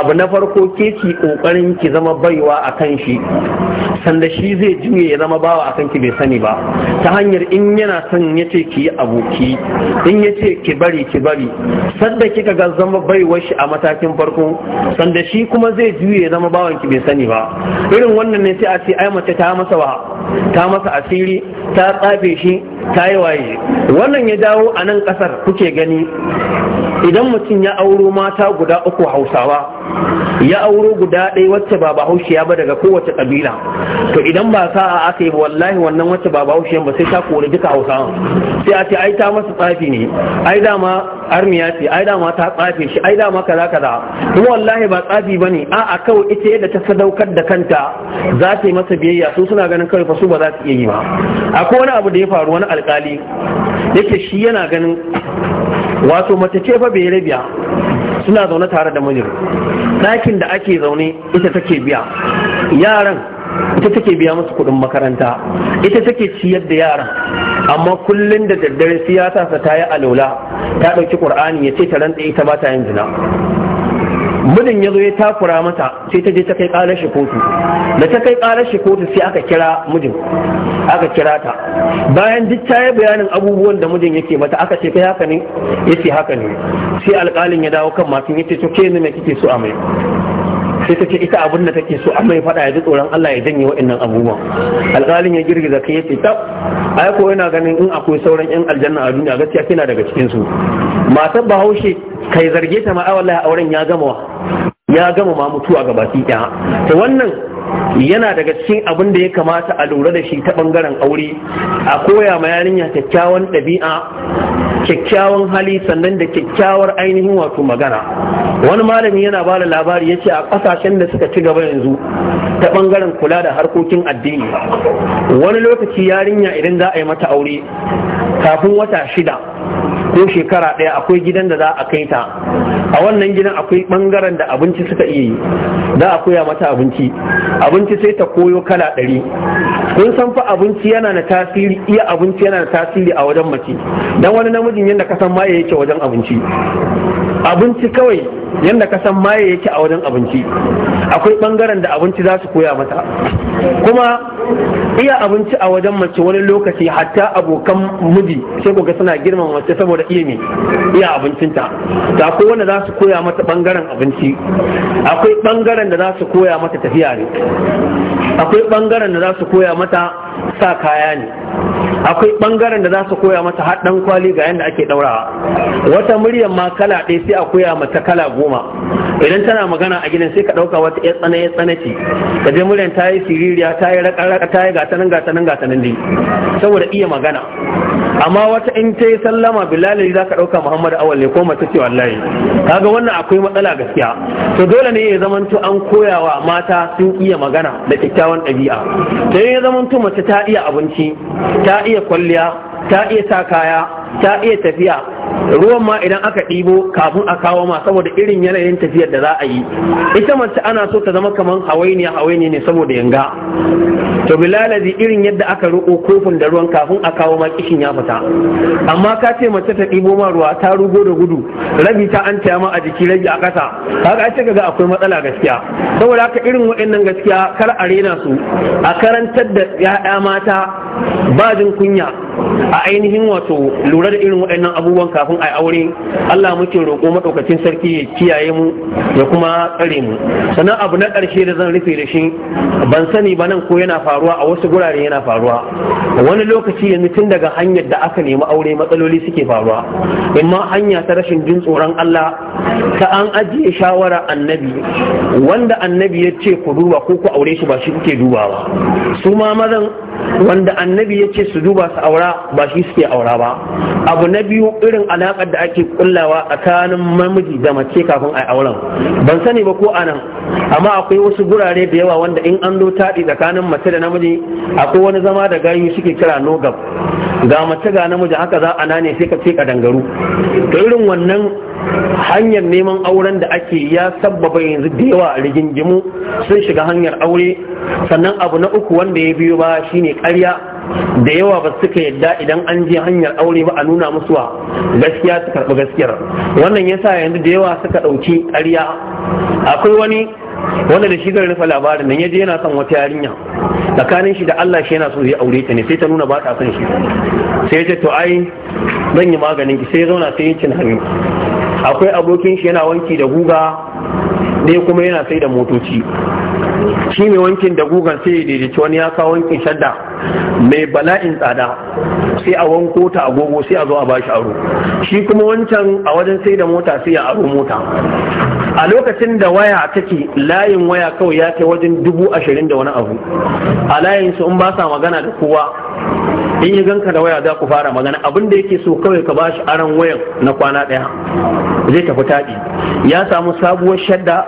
abu na farko ke ki kokarin ki zama baiwa a kan shi sanda shi zai juye ya zama bawa a kanki bai sani ba ta hanyar in yana son ya ce ki yi aboki in ya ce ki bari ki bari sanda kika ga zama baiwa shi a matakin farko sanda shi kuma zai juye ya zama bawan bai sani ba irin wannan ne sai a ce ai mace ta masa wa ta masa asiri ta tsafe shi ta yi waye wannan ya dawo a nan kasar kuke gani idan mutum lokacin ya auro mata guda uku hausawa ya auro guda ɗaya wacce ba bahaushiya ba daga kowace ƙabila to idan ba sa'a aka yi wallahi wannan wacce ba ba sai ta kori duka hausawa sai a ce ai ta masa tsafi ne ai dama armiya ce ai dama ta tsafe shi ai dama kaza kaza kuma wallahi ba tsafi bane a'a kawai ita yadda ta sadaukar da kanta za ta yi masa biyayya su suna ganin kawai fa su ba za su iya yi ba akwai wani abu da ya faru wani alkali yake shi yana ganin wato mace ce fa bai rabiya suna zaune tare da mijin ɗakin da ake zaune ita take biya yaran ita take biya musu kuɗin makaranta ita take ciyar da yaran amma kullum da daddare siyasa ta yi alola ta ɗauki ƙur'ani ya ce ta rantsa ita ba ta yin zina mijin ya zo ya takura mata sai ta je ta kai kalar shi kotu da ta kai kalar shi kotu sai aka kira mijin aka kira ta bayan duk ta yi bayanin abubuwan da mijin yake mata aka ce kai haka ne yace haka ne sai alƙalin ya dawo kan matan yace to ke ne me kike so a mai sai ta ce ita abin da take so amma ya faɗa ya ji tsoron Allah ya janye waɗannan abubuwan alƙalin ya girgiza kai ya ce ta ai ko yana ganin in akwai sauran yan aljanna a duniya gaskiya kina daga cikin su matar bahaushe kai zarge ta ma ai wallahi auren ya gama ya gama ma mutuwa gabaki ɗaya to wannan yana daga cikin abin da ya kamata a lura da shi ta bangaren aure a koya ma yarinya kyakkyawan ɗabi'a kyakkyawan hali sannan da kyakkyawar ainihin wato magana wani malami yana ba da labari ya ce a ƙasashen da suka ci gaba yanzu ta bangaren kula da harkokin addini wani lokaci yarinya idan za a yi mata aure kafin wata shida ko shekara ɗaya akwai gidan da za a kai ta a wannan gidan akwai ɓangaren da abinci suka iya yi za a koya mata abinci abinci sai ta koyo kala ɗari kun san fa abinci yana da tasiri iya abinci yana da tasiri a wajen mace dan wani namijin yadda ka san maye yake wajen abinci abinci kawai yadda ka san maye yake a wajen abinci akwai ɓangaren da abinci za su koya mata kuma iya abinci a wajen mace wani lokaci hatta abokan miji sai ku ga suna girmama mace saboda iya iya abincinta ta ko wanda za su koya mata bangaren abinci akwai bangaren da za su koya mata tafiya ne akwai bangaren da za su koya mata sa kaya ne akwai bangaren da za su koya mata haɗan kwali ga yadda ake ɗaurawa wata muryar ma kala ɗaya sai a koya mata kala goma idan tana magana a gidan sai ka ɗauka wata ya tsana ya tsana ce ka je muryar ta yi siririya ta yi raƙa ta yi gatanan gatanan gatanan dai saboda iya magana amma wata in ta yi sallama bilal za ka ɗauka muhammad awal ne ko mace ce wallahi kaga wannan akwai matsala gaskiya to dole ne ya zamanto an koyawa mata sun iya magana da kyakkyawan ɗabi'a to ya zamanto mace ta iya abinci ta iya kwalliya ta iya sa kaya ta iya tafiya ruwan ma idan aka ɗibo kafin a kawo ma saboda irin yanayin tafiyar da za a yi ita mace ana so ta zama kamar hawainiya hawaini ne saboda yanga to bilalazi irin yadda aka ruko kofin da ruwan kafin a kawo ma kishin ya fita amma ka ce mace ta ɗibo ma ruwa ta rugo da gudu rabi ta an taya ma a jiki rabi a ƙasa kaga ai kaga akwai matsala gaskiya saboda haka irin waɗannan gaskiya kar a rena su a karantar da 'ya'ya mata ba jin kunya a ainihin wato lura da irin waɗannan abubuwan kafin a aure Allah muke roƙo madaukakin sarki ya kiyaye mu ya kuma tsare mu sannan abu na ƙarshe da zan rufe da shi ban sani ba nan ko yana faruwa a wasu gurare yana faruwa wani lokaci yanzu tun daga hanyar da aka nemi aure matsaloli suke faruwa imma hanya ta rashin jin tsoron Allah ta an ajiye shawara annabi wanda annabi ya ce ku duba ko ku aure shi ba shi kuke dubawa su ma mazan wanda annabi ya ce su duba su aura ba shi suke aura ba abu na biyu irin alaƙar da ake kullawa tsakanin mamiji da mace kafin a auren ban sani ba ko anan amma akwai wasu gurare da yawa wanda in an zo taɗi tsakanin mace da namiji akwai wani zama da gayu suke kira nogab ga mace ga namiji haka za a nane sai ka ce ka dangaru to irin wannan hanyar neman auren da ake ya sabbaba yanzu da yawa rigingimu sun shiga hanyar aure sannan abu na uku wanda ya biyo ba shine ƙarya da yawa ba suka yadda idan an je hanyar aure ba a nuna musu wa gaskiya su karɓi gaskiyar wannan yasa yanzu da yawa suka ɗauki ƙarya akwai wani wanda da shi zai rufe labarin nan je yana son wata yarinya tsakanin shi da Allah shi yana so zai aure ta ne sai ta nuna ba ta son shi sai ta to ai zan yi maganin ki sai zauna sai ya cin hannu akwai abokin shi yana wanki da guga ne kuma yana sai da motoci shi mai wankin da gugan sai ya daidaici wani ya kawo wankin shadda mai bala'in tsada sai a wanko ta agogo sai a zo a bashi aro shi kuma wancan a wajen sai da mota sai ya aro mota a lokacin da waya take layin waya kawai ya kai wajen dubu ashirin da wani abu a layin su in ba sa magana da kowa in yi ganka da waya za ku fara magana abin da yake so kawai ka bashi aron wayan na kwana daya, zai tafi taɗi ya samu sabuwar shadda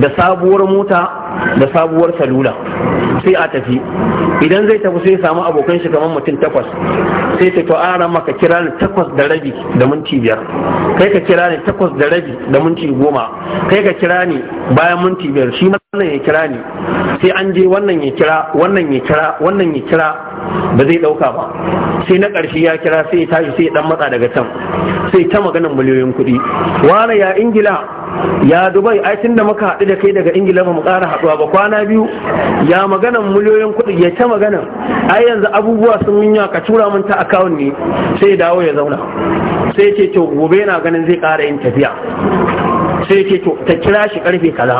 da sabuwar mota da sabuwar salula sai a tafi idan zai tafi sai samu abokan shi kamar mutum takwas sai ta ta'ara maka kira ni takwas da rabi da minti biyar kai ka kira ni takwas da rabi da minti goma kai ka kira ni bayan minti biyar shi wannan ya kira ni sai an je wannan ya kira wannan ya kira wannan ya kira ba zai dauka ba sai na ƙarshe ya kira sai ya tashi sai ya dan matsa daga can sai ta maganan miliyoyin kuɗi wani ya ingila ya dubai ai tunda muka haɗu da kai daga ingila ba mu ƙara haɗuwa ba kwana biyu ya magana miliyoyin kuɗi ya ta magana? ai yanzu abubuwa sun yi ka tura mun ta akawun ne sai dawo ya zauna sai ce to gobe na ganin zai ƙara yin tafiya sai ke to ta kira shi karfe kaza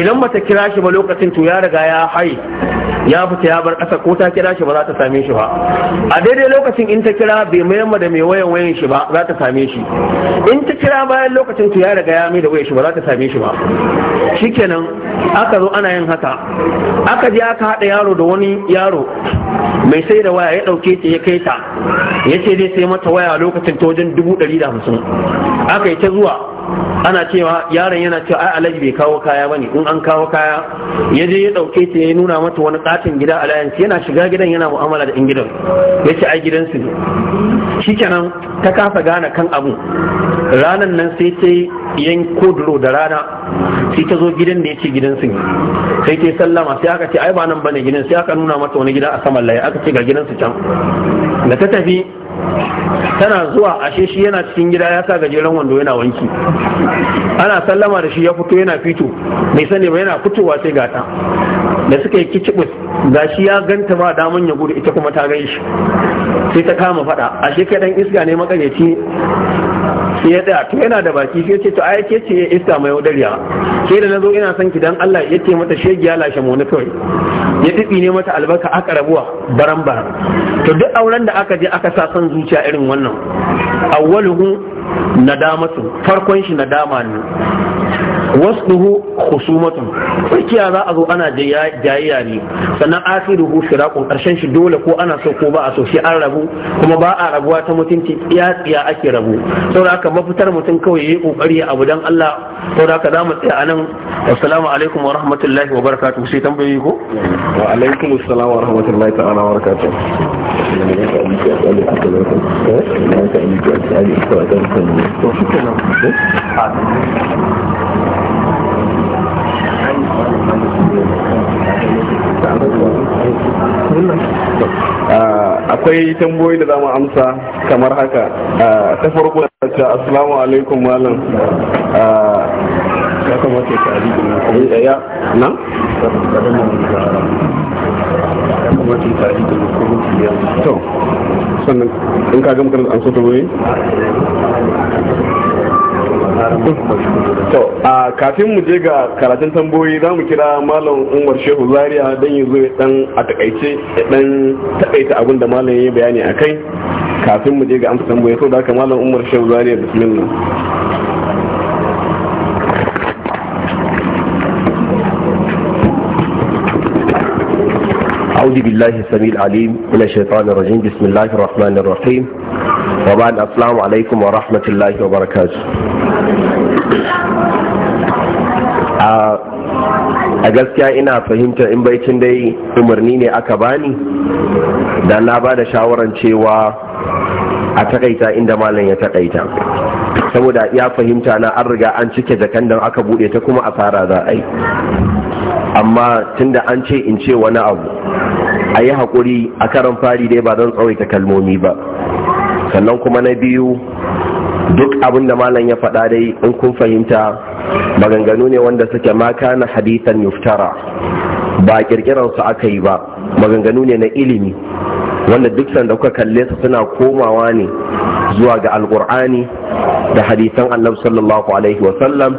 idan ba ta kira shi ba lokacin to ya riga ya hai ya fita ya bar kasa ko ta kira shi ba za ta same shi ba a daidai lokacin in ta kira bai mayamma da mai wayan wayan shi ba za ta same shi in ta kira bayan lokacin to ya riga ya mai da wayan shi ba za ta same shi ba shikenan aka zo ana yin haka aka je aka hada yaro da wani yaro mai sai da waya ya dauke ta ya kai ta ya ce zai sai mata waya lokacin ta wajen dubu ɗari da hamsin aka yi ta zuwa ana cewa yaron yana cewa ai alaji bai kawo kaya bane in an kawo kaya ya je ya dauke ta ya nuna mata wani katin gida alliance yana shiga gidan yana mu'amala da in gidan ce ai gidansu ne shikenan ta kafa gane kan abu ranan nan sai ta yan kodro da rana sai ta zo gidan da yake gidansu ne sai ta sallama sai aka ce ai ba nan bane gidan sai aka nuna mata wani gida a saman laye aka ce ga gidansu can da ta tafi tana zuwa ashe shi yana cikin gida ya sa gajeren wando yana wanki ana sallama da shi ya fito yana fito bai sani ba yana fitowa sai gata da suka yi kicibus ga shi ya ganta ba daman ya gudu ita kuma ta gai shi sai ta kama fada ashe shekai dan iska ne makareci sai ya tsaya to yana da baki sai ce to a ke ce iska mai wadariya sai da nazo ina son ki dan Allah ya ce mata shegiya lashe mu kawai ya tibi ne mata albarka aka rabuwa baran baran to duk auren da aka je aka sa son son zuciya irin wannan awwaluhu nadamatu farkon shi nadama ne wasduhu khusumatun tsakiya za a zo ana jayayya ne sannan akhiruhu firaqun karshen shi dole ko ana so ko ba a so shi, an rabu kuma ba a rabuwa ta mutunci iya tsiya ake rabu saboda haka mafitar mutum kawai yayi kokari abu dan Allah saboda haka zamu tsaya anan assalamu alaikum wa rahmatullahi wa barakatuh sai tambayoyi ko wa alaikum assalam wa rahmatullahi ta'ala wa barakatuh eh? Thank akwai tamboyi da zamu amsa kamar haka ta farko da ta assalamu alaikum malam ya kamata ta aliki na ya na ya kamata ta aliki na kuma ya to sannan in ka ga muka an tamboyi to a kafin mu je ga karatun tamboyi za mu kira malam umar shehu zaria don yi zo dan a takaice dan takaita abin da malam ya bayani a kai kafin mu je ga amsa tamboyi ko da malam umar shehu zaria bismillah أعوذ بالله السميع العليم من الشيطان الرجيم بسم الله الرحمن الرحيم wa ba da alaikum wa rahmatullahi wa barakatu a gaskiya ina fahimtar in baicin dai umarni ne aka bani da na ba da shawaran cewa a takaita inda malam ya takaita saboda ya fahimta na an riga an cike jakan aka bude ta kuma a fara za a yi amma tunda an ce in ce wani abu a yi haƙuri a karan fari dai ba zan tsawaita kalmomi ba sannan kuma na biyu duk abin da malam ya faɗa dai in kun fahimta maganganu ne wanda suke maka na hadithan yuftara ba su aka yi ba maganganu ne na ilimi wanda duk sanda kuka kalle su suna komawa ne zuwa ga alkur'ani da hadisan annabi sallallahu alaihi wasallam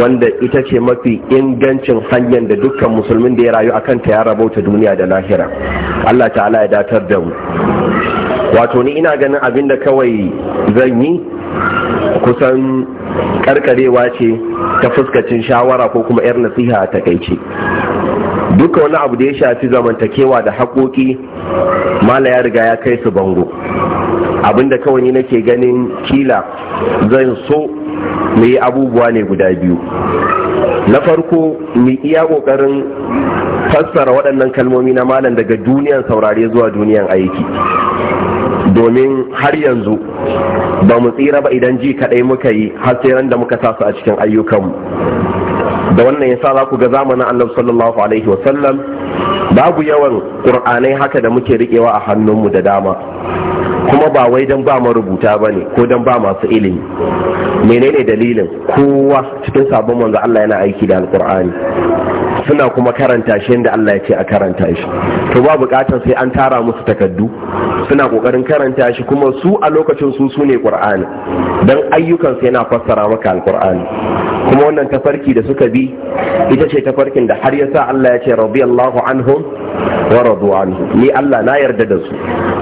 wanda ita ce mafi ingancin hanyar da dukkan musulmin da ya rayu a kanta ya rabauta duniya da lahira Allah ta'ala ya datar da mu wato ni ina ganin abin da kawai zan yi kusan karkarewa ce ta fuskacin shawara ko kuma 'yar nasiha a takaice duka wani abu da ya shafi zamantakewa da haƙoƙi mala ya riga ya kai su bango Abin da kawai ni nake ganin kila zan so mu yi abubuwa ne guda biyu na farko mu iya ƙoƙarin fassara waɗannan kalmomi na malam daga duniyan saurare zuwa duniyan aiki domin har yanzu ba mu tsira ba idan ji kaɗai muka yi har sai ran da muka sa a cikin ayyukanmu da wannan yasa za ku ga zamanin Allah sallallahu alaihi babu yawan ƙur'anai haka da muke riƙewa a hannunmu da dama kuma ba wai dan ba marubuta ba ne ko don ba masu ilimi menene dalilin kowa cikin sabon manzo Allah yana aiki da alƙur'ani suna kuma karanta shi yadda Allah ya ce a karanta shi to ba bukatar sai an tara musu takaddu suna kokarin karanta shi kuma su a lokacin su su ne qur'ani dan ayyukan sai yana fassara maka alqur'ani kuma wannan tafarki da suka bi ita ce tafarkin da har yasa Allah ya ce radiyallahu anhum wa radu anhu ni Allah na yarda da su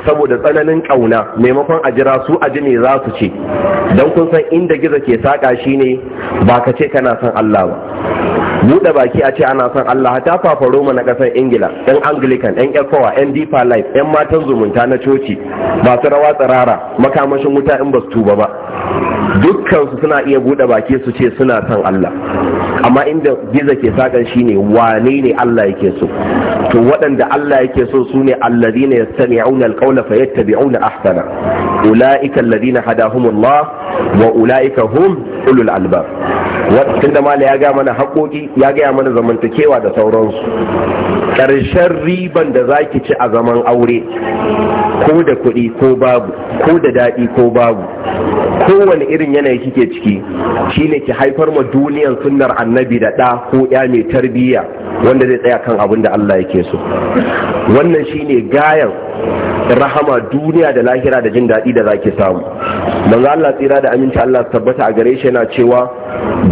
saboda tsananin kauna maimakon a jira su a ne za su ce dan kun san inda gizo ke saka shine ba ka ce kana son Allah ba buɗe baki a ce ana son Allah ta fafaro na ƙasar Ingila ɗan Anglican ɗan Ekowa ɗan Deeper Life ɗan matan zumunta na coci masu rawa tsirara makamashin wuta in ba su tuba ba dukkansu suna iya buɗe baki su ce suna son Allah amma inda giza ke sakan ne, wane ne Allah yake so to waɗanda Allah yake so su ne alladhina yastami'una bi auna ahsana ulaika hada humullah wa ulaika hum ulul albab tun da mala ya ga mana haƙoƙi ya gaya mana zamantakewa da sauransu ƙarshen riban da za ki ci a zaman aure ko da kuɗi ko babu ko da daɗi ko babu kowane irin yanayi kike ciki shine ki haifar ma duniyan sunnar annabi da ɗa ko ya mai tarbiyya wanda zai tsaya kan abin da Allah yake so wannan shine gayan rahama duniya da lahira da jin daɗi da zaki samu manzo Allah tsira da aminci Allah tabbata a gare shi yana cewa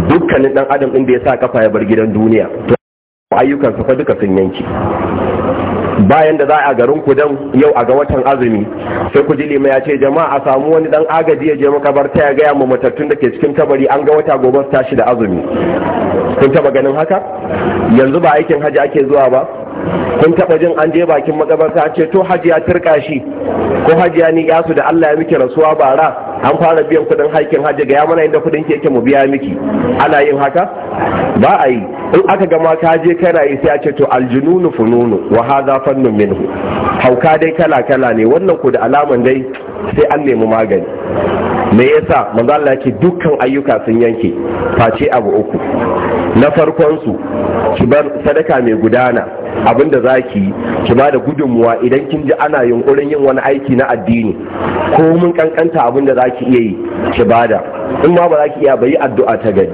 dukkanin dan adam ɗin da ya sa kafa ya bar gidan duniya to ayyukansa fa duka sun yanki bayan da za a garin ku dan yau a ga watan azumi sai ku ji lima ya ce jama'a a samu wani dan agaji ya je makabarta ya gaya ma matattun da ke cikin kabari an ga wata gobe tashi da azumi kun taba ganin haka yanzu ba aikin haji ake zuwa ba kun taba jin an je bakin makabarta a ce to hajiya turka shi ko hajiya ni su da Allah ya miki rasuwa bara an fara biyan kudin haikin hajji ga ya mana inda kudin ke yake mu biya miki ana yin haka ba a yi in aka gama ka je kana yi sai a ce to aljununu fununu wa hadha fannun minhu hauka dai kala kala ne wannan ku da alaman dai sai an nemi magani me yasa manzo Allah yake dukkan ayyuka sun yanke face abu uku na farkon su ki bar sadaka mai gudana abinda zaki ki ba da gudunmuwa idan kin ji ana yunkurin yin wani aiki na addini ko mun kankanta abinda zaki iya yi ki bada in ma ba zaki iya bayi addu'a ta gari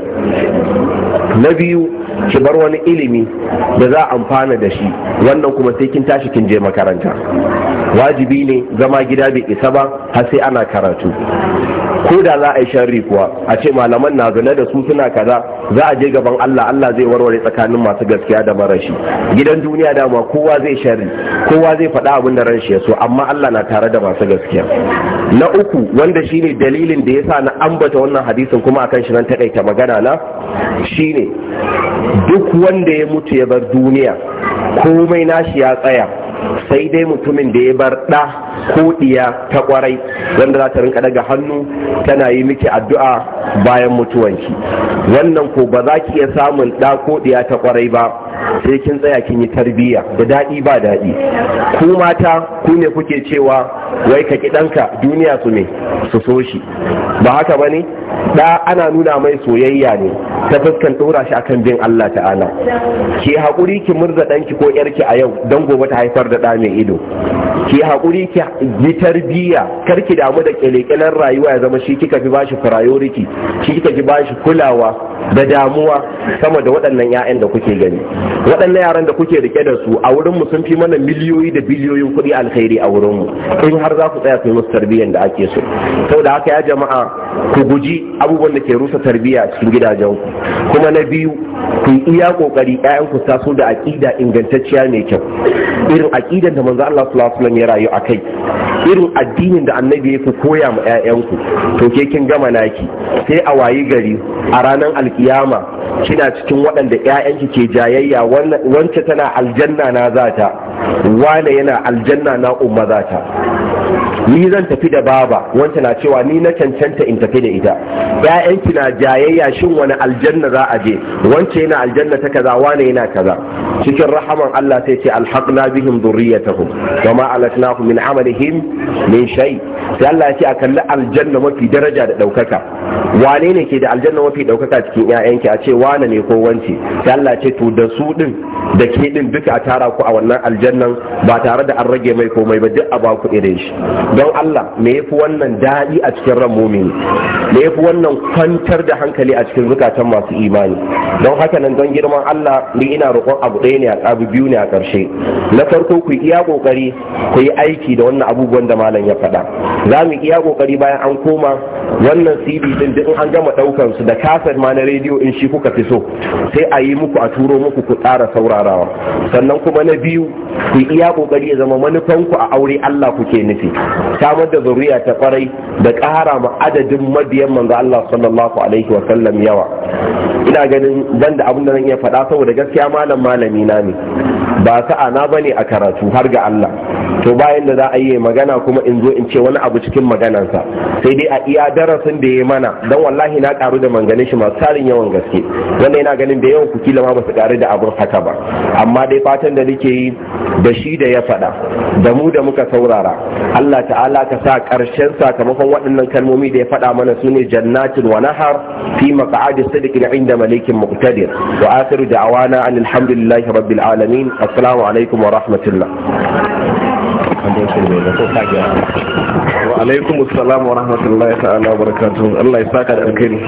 na biyu ki bar wani ilimi da za a amfana da shi wannan kuma sai kin tashi kin je makaranta wajibi ne zama gida bai isa ba har sai ana karatu ko da za a yi sharri kuwa a ce malaman na zane da su suna kaza za a je gaban Allah Allah zai warware tsakanin masu gaskiya da marashi gidan duniya dama kowa zai sharri kowa zai faɗa abin da ranshi ya so amma Allah na tare da masu gaskiya na uku wanda shine dalilin da yasa na ambata wannan hadisin kuma akan shi nan takaita magana na shine duk wanda ya mutu ya bar duniya komai nashi ya tsaya sai dai mutumin da ya bar ɗa ko ɗiya ta ƙwarai wanda za ta rinka daga hannu tana yi miki addu'a bayan mutuwanki wannan ko ba za ki iya samun ɗa ko ɗiya ta ƙwarai ba sai kin tsaya kin yi tarbiyya da daɗi ba daɗi ku mata ku ne kuke cewa wai ka ɗanka duniya su ne su so shi ba haka ba ne da ana nuna mai soyayya ne ta fuskan ɗora shi akan bin Allah ta'ala ke haƙuri ki murza ɗanki ko ƴarki a yau don gobe ta haifar da ɗa mai ido ki haƙuri ki yi tarbiyya kar ki damu da ƙyale-ƙyalen rayuwa ya zama shi kika fi bashi priority shi kika fi bashi kulawa da damuwa sama da waɗannan 'ya'yan da kuke gani waɗannan yaran da kuke rike da su a wurin mu sun fi mana miliyoyi da biliyoyin kuɗi alkhairi a wurin mu in har za ku tsaya ku yi musu tarbiyyar da ake so saboda haka ya jama'a ku guji abubuwan da ke rusa tarbiyya cikin gidajen ku kuma na biyu ku yi iya kokari ƴaƴan ku taso da aƙida ingantacciya mai kyau irin aqidan da manzo Allah sallallahu alaihi wasallam ya rayu akai irin addinin da annabi ya ku koya ma 'ya'yanku to ke kin gama naki sai a wayi gari a ranar alkiyama kina cikin waɗanda 'ya'yanki ke jayayya wance tana aljanna na zata wane yana aljanna na umma zata ni zan tafi da baba wancan na cewa ni na cancanta in tafi da ita ƴaƴanki na jayayya shin wani aljanna za a je wance yana aljanna ta kaza wane yana kaza cikin rahaman Allah sai ce alhaqna bihim dhurriyyatahum wa alatnahum min amalihim min shai sai Allah ya ce a kalli aljanna mafi daraja da daukaka wane ne ke da aljanna mafi daukaka cikin ƴaƴanki a ce wane ne ko wance sai Allah ya ce to da su din da ke din duka a tara ku a wannan aljannan ba tare da an rage mai komai ba duk a ba ku irin shi don Allah me yafi wannan daɗi a cikin ran mumini me yafi wannan kwantar da hankali a cikin zukatan masu imani don haka nan don girman Allah ni ina roƙon abu ɗaya ne a abu biyu ne a ƙarshe na farko ku iya ƙoƙari ku yi aiki da wannan abubuwan abubuwan da malam ya faɗa za mu iya kokari bayan an koma wannan cd din duk an gama daukan su da kasar ma na rediyo in shi kuka fi so sai a yi muku a turo muku ku tsara saurarawa sannan kuma na biyu ku iya kokari ya zama manufanku a aure Allah kuke nufi samar da zuriya ta kwarai da ƙara ma adadin mabiyan manzo Allah sallallahu alaihi wa sallam yawa ina ganin da abin da zan iya faɗa saboda gaskiya malam malami na ne ba sa'a na bane a karatu har ga Allah to bayan da za a yi magana magana kuma in zo in ce wani abu cikin maganansa sai dai a iya darasin da ya mana dan wallahi na karu da manganin shi masu tarin yawan gaske wanda yana ganin da yawan kuki, kila ma ba su karu da abun haka ba amma dai fatan da nake yi da shi da ya faɗa da mu da muka saurara Allah ta'ala ka sa ƙarshen sakamakon waɗannan kalmomi da ya faɗa mana su ne jannatin wa nahar fi maq'adi sadiqin inda malikin muqtadir wa akhiru da'wana alhamdulillahi rabbil alamin assalamu alaikum wa rahmatullah bashir mai wa alaikum assalam wa rahmatullahi ta'ala wa barakatuh Allah ya saka da alkhairi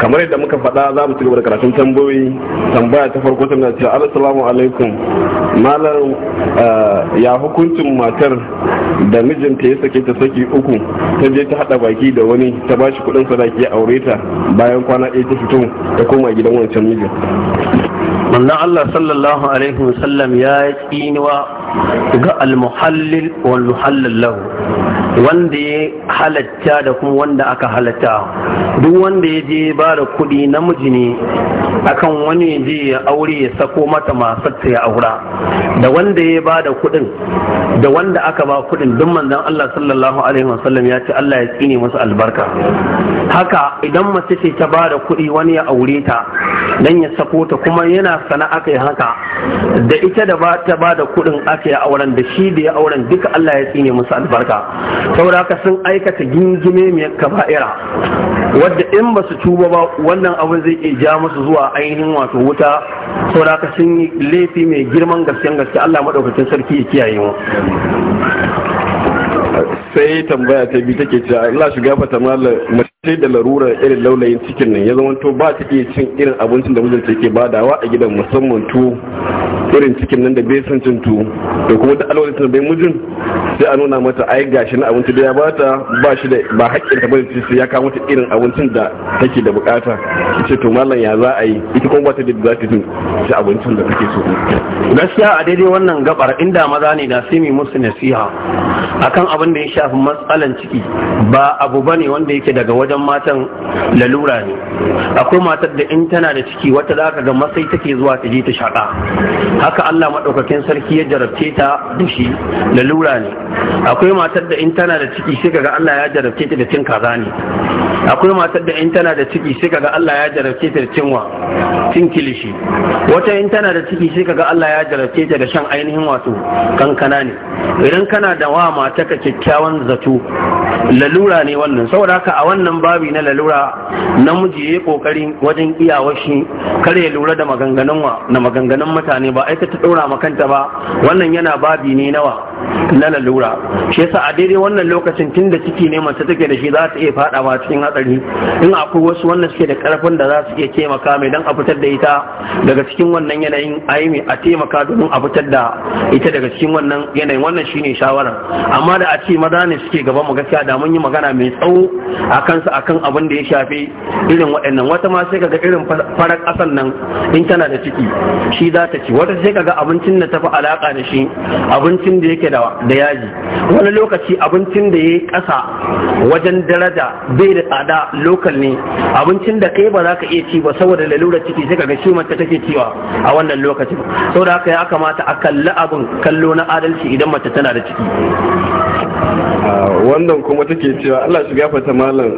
kamar yadda muka faɗa za mu cigaba da karatun tambayoyi tambaya ta farko tana cewa assalamu alaikum malam eh, ya hukuncin matar da mijinta ya sake ta saki uku ta je ta hada baki da wani ta bashi kudin sadaki ya aure ta bayan kwana ɗaya ta fito ta koma gidan wancan mijin manna Allah sallallahu alaihi wasallam ya yi tsinuwa ga al-muhallil wal muhallal lahu wanda ya halatta da kuma wanda aka halatta duk wanda ya je ba da kudi namiji ne akan wani ya je ya aure ya sako mata ta ya aura da wanda ya ba da kudin da wanda aka ba kudin duk manzon Allah sallallahu alaihi wasallam ya ce Allah ya tsine masa albarka haka idan mace ce ta ba da kudi wani ya aure ta dan ya sako ta kuma yana sana'a kai haka da ita da ba ta ba da kudin aka ya auren da shi da ya auren duka Allah ya tsine masa albarka saboda haka sun aikata gingime mai kaba'ira wadda in ba su tuba ba wannan abin zai iya ja musu zuwa ainihin wato wuta saboda haka sun yi laifi mai girman gaske gaske Allah madaukakin sarki ya kiyaye mu sai tambaya ta bi take cewa Allah shiga fata mallam mace da larura irin laulayin cikin nan ya zama to ba ta iya cin irin abincin da mijinta yake badawa a gidan musamman to irin cikin nan da bai san cin tuwo da kuma da alwalin sun bai mujin sai a nuna mata ai gashi na abinci da ya bata ba shi da ba haƙƙin ta bane sai ya kawo mata irin abincin da take da bukata ce to mallan ya za a yi ita kuma ba ta da za ta cin shi abincin da take so gaskiya a daidai wannan gabar inda maza ne da sai mu musu nasiha akan abin da ya shafi matsalan ciki ba abu bane wanda yake daga wajen matan lalura ne akwai matar da in tana da ciki wata za ka ga masai take zuwa ta je ta shaƙa haka Allah maɗaukakin sarki ya jarabce ta da lura lalura ne akwai matar da in tana da ciki sai kaga Allah ya jarabce ta da cin kaza ne akwai matar da in tana da ciki sai kaga Allah ya jarabce ta da cin wa cin kilishi wata in tana da ciki sai kaga Allah ya jarabce ta da shan ainihin wato kankana ne idan kana da wa mata ka kyakkyawan zato lalura ne wannan saboda haka a wannan babi na lalura namiji ya yi kokari wajen iyawashi kare ya lura da maganganun wa na maganganun mutane ba aika ta ɗora makanta ba wannan yana babi ne nawa na lalura shi yasa a daidai wannan lokacin tun da ciki ne mace take da shi za ta iya faɗawa cikin hatsari in akwai wasu wannan suke da ƙarfin da za su iya taimaka mai don a fitar da ita daga cikin wannan yanayin mai a taimaka domin a fitar da ita daga cikin wannan yanayin wannan shine shawara amma da a ce maza ne suke gaba mu gaskiya da mun yi magana mai tsawo a kansa akan abin da ya shafi irin waɗannan wata ma sai kaga irin farar ƙasan nan in tana da ciki shi za ta ci wata wani sai kaga abincin da tafi alaka da shi abincin da yake da yaji wani lokaci abincin da ya yi kasa wajen daraja bai da tsada lokal ne abincin da kai ba za ka iya ci ba saboda lalurar ciki sai kaga shi mace take ciwa a wannan lokacin saboda haka ya kamata a kalli abin kallo na adalci idan mace tana da ciki wannan kuma take cewa Allah shi gafata malam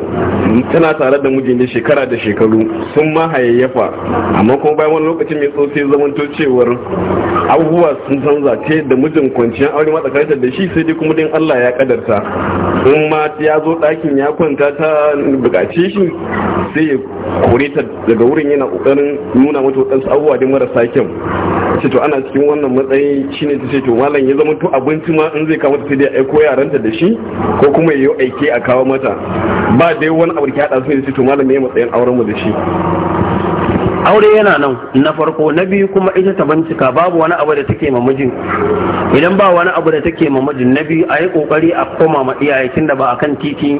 tana tare da mijin ne shekara da shekaru sun ma hayayyafa amma kuma bayan wani lokacin mai tsotsi sai abubuwa sun canza zace da mijin kwanciyar aure matsakaita da shi sai dai kuma din Allah ya kadarta in ma ya zo ɗakin ya kwanta ta bukace shi sai ya kore ta daga wurin yana ƙoƙarin nuna mata waɗansu abubuwa din marasa kyau ce to ana cikin wannan matsayi shine ta ce to malam ya zama to abinci ma in zai kawo ta sai dai aiko yaranta da shi ko kuma ya yi aike a kawo mata ba dai wani abu da ke haɗa su ne ce to malam ya yi matsayin auren mu da shi aure yana nan na farko na biyu kuma ita ta bincika babu wani abu da take ma mijin idan ba wani abu da take ma mijin na biyu a yi kokari a koma ma iyaye da ba a kan titi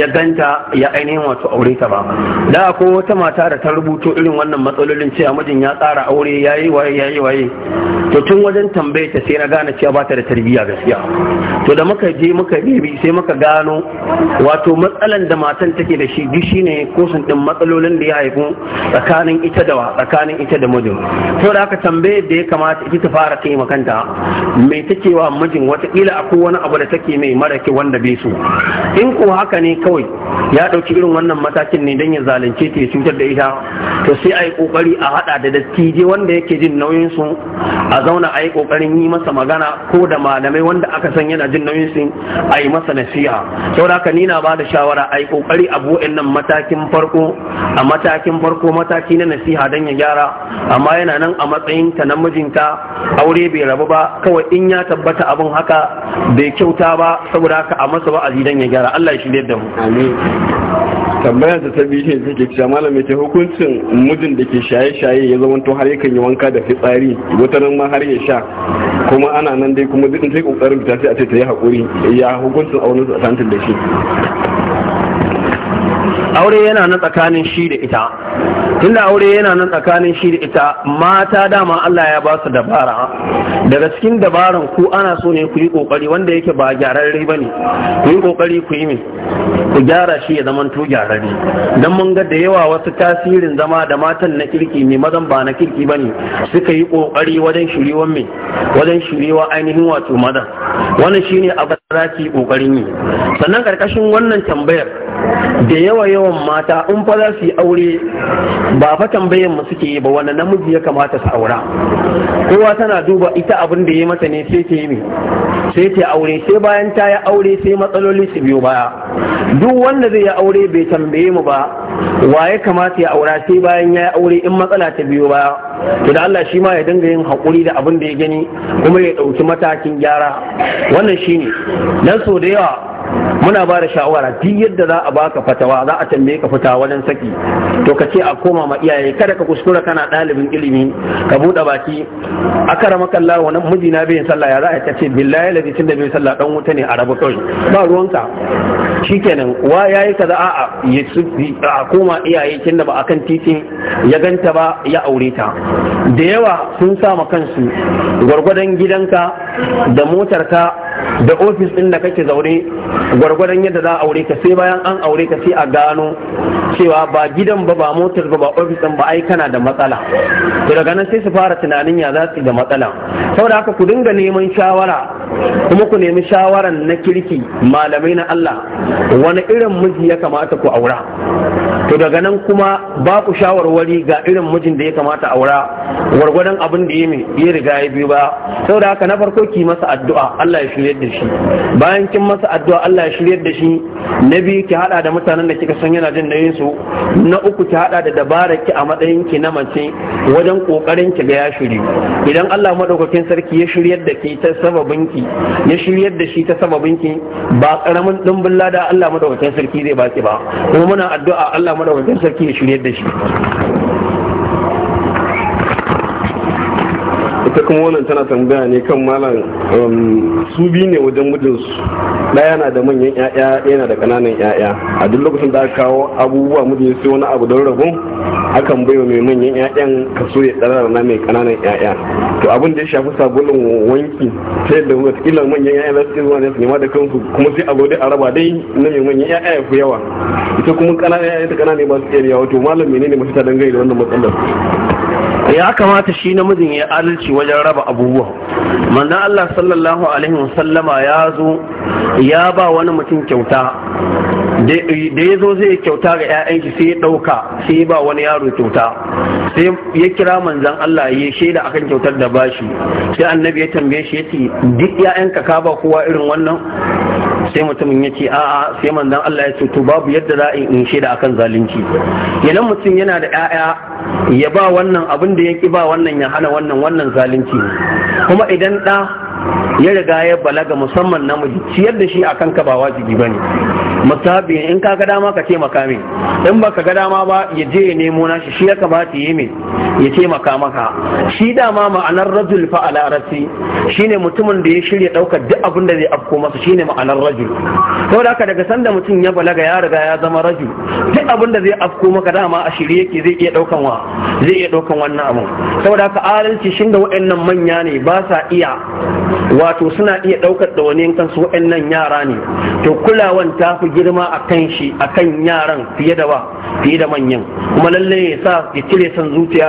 ya ganta ya ainihin wato aure ta ba da akwai wata mata da ta rubuto irin wannan matsalolin cewa mijin ya tsara aure yayi waye yayi waye to tun wajen tambaye ta sai na gane cewa ba ta da tarbiyya gaskiya to da muka je muka bibi sai muka gano wato matsalan da matan take da shi duk shine kosan din matsalolin da ya haifu tsakanin ita da wa tsakanin ita da mijin to da aka tambaye da ya kamata ita ta fara kai makanta mai take wa mijin wata watakila akwai wani abu da take mai mara ke wanda bai so in ko haka ne kawai ya dauki irin wannan matakin ne dan ya zalunce ta ya cutar da ita to sai ai kokari a hada da dattije wanda yake jin nauyin su a zauna ai kokarin yi masa magana ko da malamai wanda aka san yana jin nauyin su a masa nasiha da haka ni na bada shawara ai yi kokari a buɗe nan matakin farko a matakin farko mataki na nasiha nasiha don ya gyara amma yana nan a matsayin ta namijinta mijinta aure bai rabu ba kawai in ya tabbata abin haka bai kyauta ba saboda haka a masa ba a zidan ya gyara Allah ya shirya da mu amin tambaya ta tabi ne ke cewa malam ce hukuncin mijin da ke shaye-shaye ya zama to har yakan yi wanka da fitsari wata nan ma har ya sha kuma ana nan dai kuma duk in sai kokarin fita sai a ce ta yi hakuri ya hukuncin su a santin da shi aure yana na tsakanin shi da ita tunda aure yana na tsakanin shi da ita mata dama Allah ya ba su dabara daga cikin dabaran ku ana so ne ku yi kokari wanda yake ba gyararre bane ku yi kokari ku yi ku gyara shi ya zama to gyararre dan mun ga da yawa wasu tasirin zama da matan na kirki ne mazan ba na kirki bane suka yi kokari wajen shiriwan mai wajen shiriwa ainihin wato madan wannan shine abin da kokarin yi sannan karkashin wannan tambayar da yawa yawan mata in fa za su yi aure ba fa tambayan mu suke yi ba wanda namiji ya kamata su aura kowa tana duba ita abin da ya mata ne sai ta yi sai ta aure sai bayan ta yi aure sai matsaloli su biyo baya duk wanda zai yi aure bai tambaye mu ba wa ya kamata ya aura sai bayan ya yi aure in matsala ta biyo baya to da Allah shi ma ya dinga yin hakuri da abin da ya gani kuma ya ɗauki matakin gyara wannan shine dan so da yawa muna ba da shawara duk yadda za a baka fatawa za a tambaye ka fita wajen saki to ka ce a koma ma iyaye kada ka kuskura kana ɗalibin ilimi ka buɗe baki akara makalla wani mijina bai sallah ya za a ce billahi ladi tun da bai sallah dan wuta ne a rabu kawai ba ruwanka shikenan wa yayi kaza a'a a koma iyaye kin da ba kan titin ya ganta ba ya aure ta da yawa sun sama kansu gwargwadon gidanka da motarka da ofis ɗin da kake zaune gwargwadon yadda za a aure ka sai bayan an aure ka sai a gano cewa ba gidan ba ba motar ba ba ofis ɗin ba ai kana da matsala to daga nan sai su fara tunanin ya za su da matsala saboda haka ku dinga neman shawara kuma ku nemi shawaran na kirki malamai na Allah wani irin miji ya kamata ku aura to daga nan kuma ba ku shawarwari ga irin mijin da ya kamata aura gwargwadon abin da ya ya riga ya biyu ba saboda haka na farko ki masa addu'a Allah ya shirye da shi bayan kin masa addu'a Allah ya shiryar da shi na biyu ki hada da mutanen da kika san yana jin nauyin su na uku ki hada da dabarar ki a matsayin ki na mace wajen kokarin ki ga ya shiri idan Allah madaukakin sarki ya shiryar da ki ta sababin ki ya shiryar da shi ta sababin ki ba karamin dimbin lada Allah madaukakin sarki zai baki ba kuma muna addu'a Allah madaukakin sarki ya shiryar da shi ita kuma wannan tana tambaya ne kan malam um, su biyu ne wajen mijinsu daya na da manyan 'ya'ya yana da ƙananan 'ya'ya a duk lokacin da aka kawo abubuwa mijin sai wani abu don rabon akan bai wa mai manyan 'ya'yan kaso ya tsara na mai ƙananan 'ya'ya to abin da ya shafi sabulin wanki sai da wataƙila manyan 'ya'ya za su zuwa ne su nema da kansu kuma sai a gode a raba dai na mai manyan 'ya'ya ya fi yawa ita kuma ƙananan 'ya'ya ta ƙananan ba su iya yawa to malam menene mafita dangane da wannan matsalar ya kamata shi namijin ya adalci wajen raba abubuwa manzon Allah sallallahu alaihi wasallama ya zo ya ba wani mutum kyauta da ya zo zai kyauta ga 'ya'yan sai ya ɗauka sai ya ba wani yaro kyauta sai ya kira manzan Allah ya shaida akan kyautar da bashi sai annabi ya tambaye shi ya ce duk 'ya'yanka ka ba kowa irin wannan sai mutumin ya ce a'a sai manzan Allah ya ce to babu yadda za a in shaida akan zalunci yanan mutum yana da 'ya'ya ya ba wannan abin da ya ki ba wannan ya hana wannan wannan zalunci kuma idan ɗa ya riga ya balaga musamman na namiji ciyar da shi akan ka ba wajibi bane musabi in ka ga dama ka ce makami in baka ga dama ba ya je ya nemo nashi shi ya kamata yi me ya ce maka maka shi dama ma'anar rajul fa ala rasi shine mutumin da ya shirya daukar duk abin da zai afko masa shine ma'anar rajul saboda haka daga sanda mutum ya balaga ya riga ya zama rajul duk abin da zai afko maka dama a shirye yake zai iya daukan wa zai iya daukan wannan abun saboda haka adalci shin da waɗannan manya ne ba sa iya wato suna iya ɗaukar da wani kansu waɗannan yara ne to kulawan ta fi girma a kan shi a kan yaran fiye da ba fiye da manyan kuma lalle ya sa ya cire son zuciya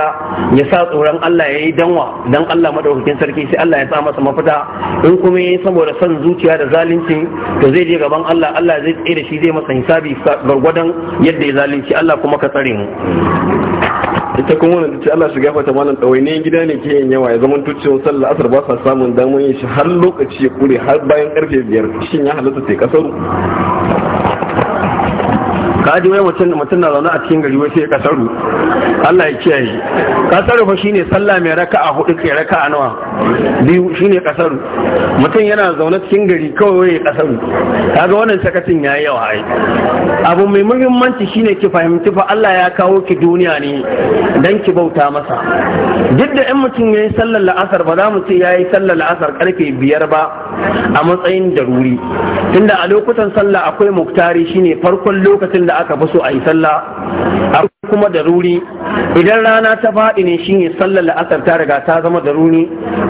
ya sa tsoron Allah ya yi danwa dan Allah madaukakin sarki sai Allah ya sa masa mafita in kuma ya saboda son zuciya da zalunci to zai je gaban Allah Allah zai tsaye da shi zai masa hisabi gargwadon yadda ya zalunci Allah kuma ka tsare mu ita kuma wannan ce Allah shi gafarta malam ne gida ne ke yin yawa ya zama wa sallah asar ba sa samun damar yin shi har lokaci ya kure har bayan karfe biyar shin ya halatta sai kasaru ka wai mutum na zaune a cikin gari wai sai kasaru Allah ya kiyaye kasaru fa shine sallah mai a hudu kai a nawa biyu shine kasaru mutum yana zaune cikin gari kawai ya kasaru kaga wannan sakacin yayi yawa ai abu mai muhimmanci shine ki fahimci fa Allah ya kawo ki duniya ne dan ki bauta masa duk da in mutum ya yi sallar la'asar ba za mu ce yayi sallar la'asar karfe biyar ba a matsayin daruri tunda a lokutan sallah akwai muktari shine farkon lokacin da aka fi so a yi sallah kuma da ruri idan rana ta faɗi ne shine sallar la'asar ta riga ta zama da ruri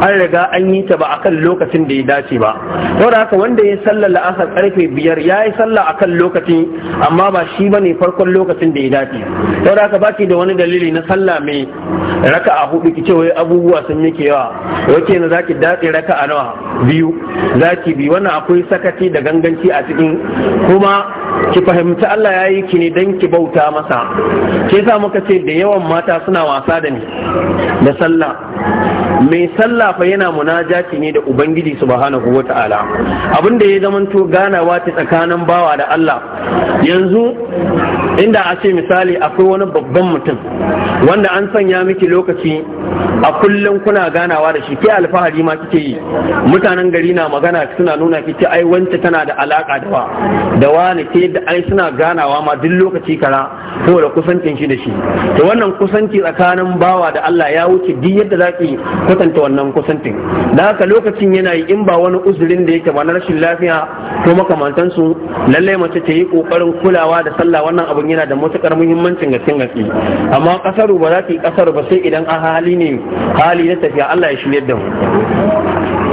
an riga an yi ta ba a kan lokacin da ya dace ba da haka wanda ya yi sallar la'asar karfe biyar ya yi sallah akan lokaci amma ba shi ba ne farkon lokacin da ya dace da haka baki da wani dalili na sallah mai raka a hudu ki ce wai abubuwa sun yake yawa ke na zaki dace raka a nawa biyu zaki bi wannan akwai sakaci da ganganci a cikin kuma ki fahimci Allah ya yi ki ne don ki bauta masa ke sa muka ce da yawan mata suna wasa da ni da sallah mai sallah fa yana munajati ne da ubangiji subhanahu wata'ala abin da ya zamanto ganawa ta tsakanin bawa da Allah yanzu inda a ce misali akwai wani babban mutum wanda an sanya miki lokaci a kullum kuna ganawa da shi ke alfahari ma kike yi mutanen gari na magana suna nuna kike ai wance tana da alaka da wa da wani ke da ai suna ganawa ma duk lokaci kara ko da kusancin shi da shi to wannan kusanci tsakanin bawa da Allah ya wuce duk yadda za ki kwatanta wannan kusancin da haka lokacin yana yi in ba wani uzurin da yake ba na rashin lafiya ko makamantan su lalle mace ta yi kokarin kulawa da sallah wannan abun yana da matukar muhimmancin gaske gaske amma kasar ba za ki kasar ba sai idan a hali ne hali na tafiya Allah ya shirye da mu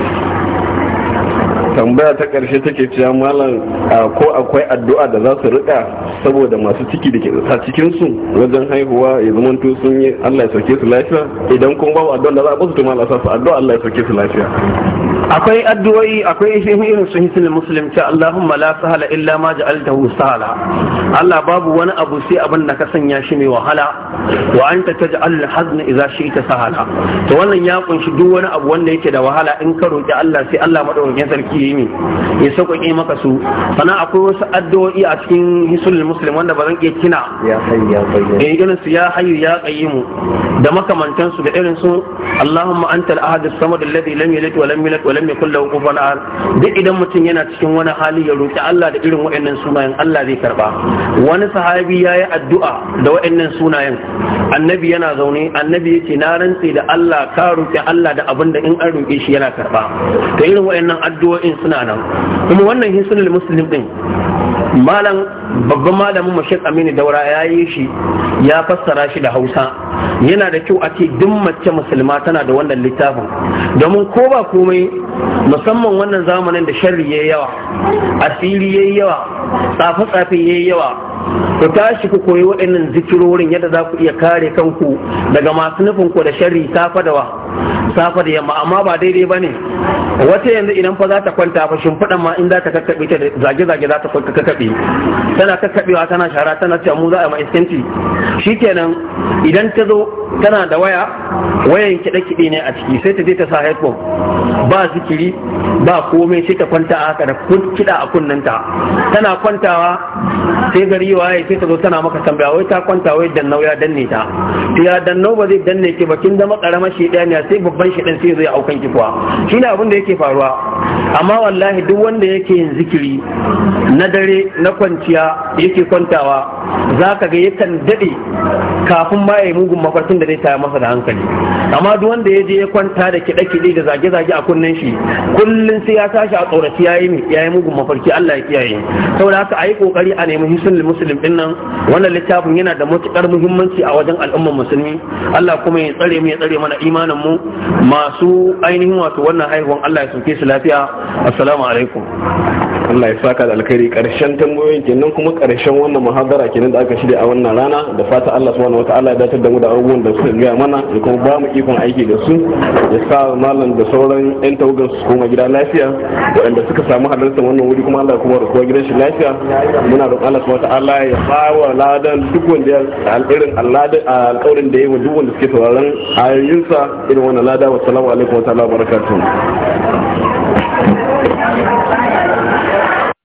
tambaya ta karshe take cewa malam ko akwai addu'a da za su rika saboda masu ciki da ke a cikin su wajen haihuwa ya zamanto sun yi Allah ya sauke su lafiya idan kun babu addu'a da za a basu to malam su addu'a Allah ya sauke su lafiya akwai addu'o'i akwai ishirin irin su hisin muslim ta Allahumma la sahala illa ma ja'altahu sahala Allah babu wani abu sai abin da ka sanya shi mai wahala wa anta taj'al al-hazn idza shi'ta sahala to wannan ya kunshi duk wani abu wanda yake da wahala in ka roki Allah sai Allah madaukakin sarki yi ne ya sauƙaƙe maka su sannan akwai wasu addu'o'i a cikin hisul muslim wanda ba zan iya kina ya eh, irin su ya hayyu ya qayyimu da makamantan su da irin su Allahumma antal ahad as-samad alladhi lam yalid wa lam yulad wa lam yakul lahu kufuwan ahad duk idan mutum yana cikin wani hali ya roki Allah da irin waɗannan sunayen Allah zai karba wani sahabi yayi addu'a da waɗannan sunayen annabi yana zaune annabi yace na rantse da Allah ka roki Allah da abin da in an roke shi yana karba to irin waɗannan addu'o'in din suna nan kuma wannan hisnul muslim din malam babban malamin mashi aminu daura ya yi shi ya fassara shi da hausa yana da kyau a ce duk mace musulma tana da wannan littafin domin ko ba komai musamman wannan zamanin da sharri ya yawa asiri ya yawa tsafe-tsafe ya yawa ku tashi ku koyi waɗannan zikirorin yadda za ku iya kare kanku daga masu nufin ku da sharri safa da wa safa yamma amma ba daidai ba ne wata yanzu idan fa za ta kwanta fa shimfiɗan ma in za ta kakkaɓe ta zage-zage za ta kakkaɓe tana kakkaɓewa tana shara tana cewa mu za a ma'iskanci shikenan idan ta zo tana da waya wayan kiɗe-kiɗe ne a ciki sai ta je ta sa headphone ba zikiri ba komai sai ta kwanta a haka da kiɗa a kunnanta tana kwantawa sai gari waye sai ta zo tana maka tambaya wai ta kwanta wai dannau ya danne ta to ya dannau ba zai danne ki ba kin zama karamar shi ɗaya ne sai babban shi ɗan sai zai aukan ki kuwa shi ne abin da yake faruwa amma amma wallahi duk wanda yake yin zikiri na dare na kwanciya yake kwantawa za ka ga yakan daɗe kafin ma ya yi mugun mafarkin da zai taya masa da hankali amma duk wanda ya je ya kwanta da kiɗe-kiɗe da zage-zage a kunnen shi kullum sai ya tashi a tsoraci ya yi ya mugun mafarki Allah ya kiyaye saboda haka a yi kokari a nemi hisun muslim din nan wannan littafin yana da matuƙar muhimmanci a wajen al'ummar musulmi Allah kuma ya tsare mu ya tsare mana imanin mu masu ainihin wato wannan haihuwan Allah ya sauke su lafiya assalamu alaikum Allah ya saka da alkhairi karshen tambayoyin kenan kuma karshen wannan muhadara kenan da aka shirya a wannan rana da fata Allah subhanahu ta'ala ya dace da mu da abubuwan da suka gaya mana ya kuma ba mu ikon aiki da su ya sa malam da sauran yan tawagan su koma gida lafiya waɗanda suka samu halartar wannan wuri kuma Allah kuma rasuwa gidan shi lafiya muna roƙon Allah subhanahu ta'ala ya bawa ladan duk wanda ya alƙirin alƙawarin da ya wa duk wanda suke sauraron ayoyinsa irin wannan lada wa salamu alaikum wa ta'ala barakatuhu Thank you.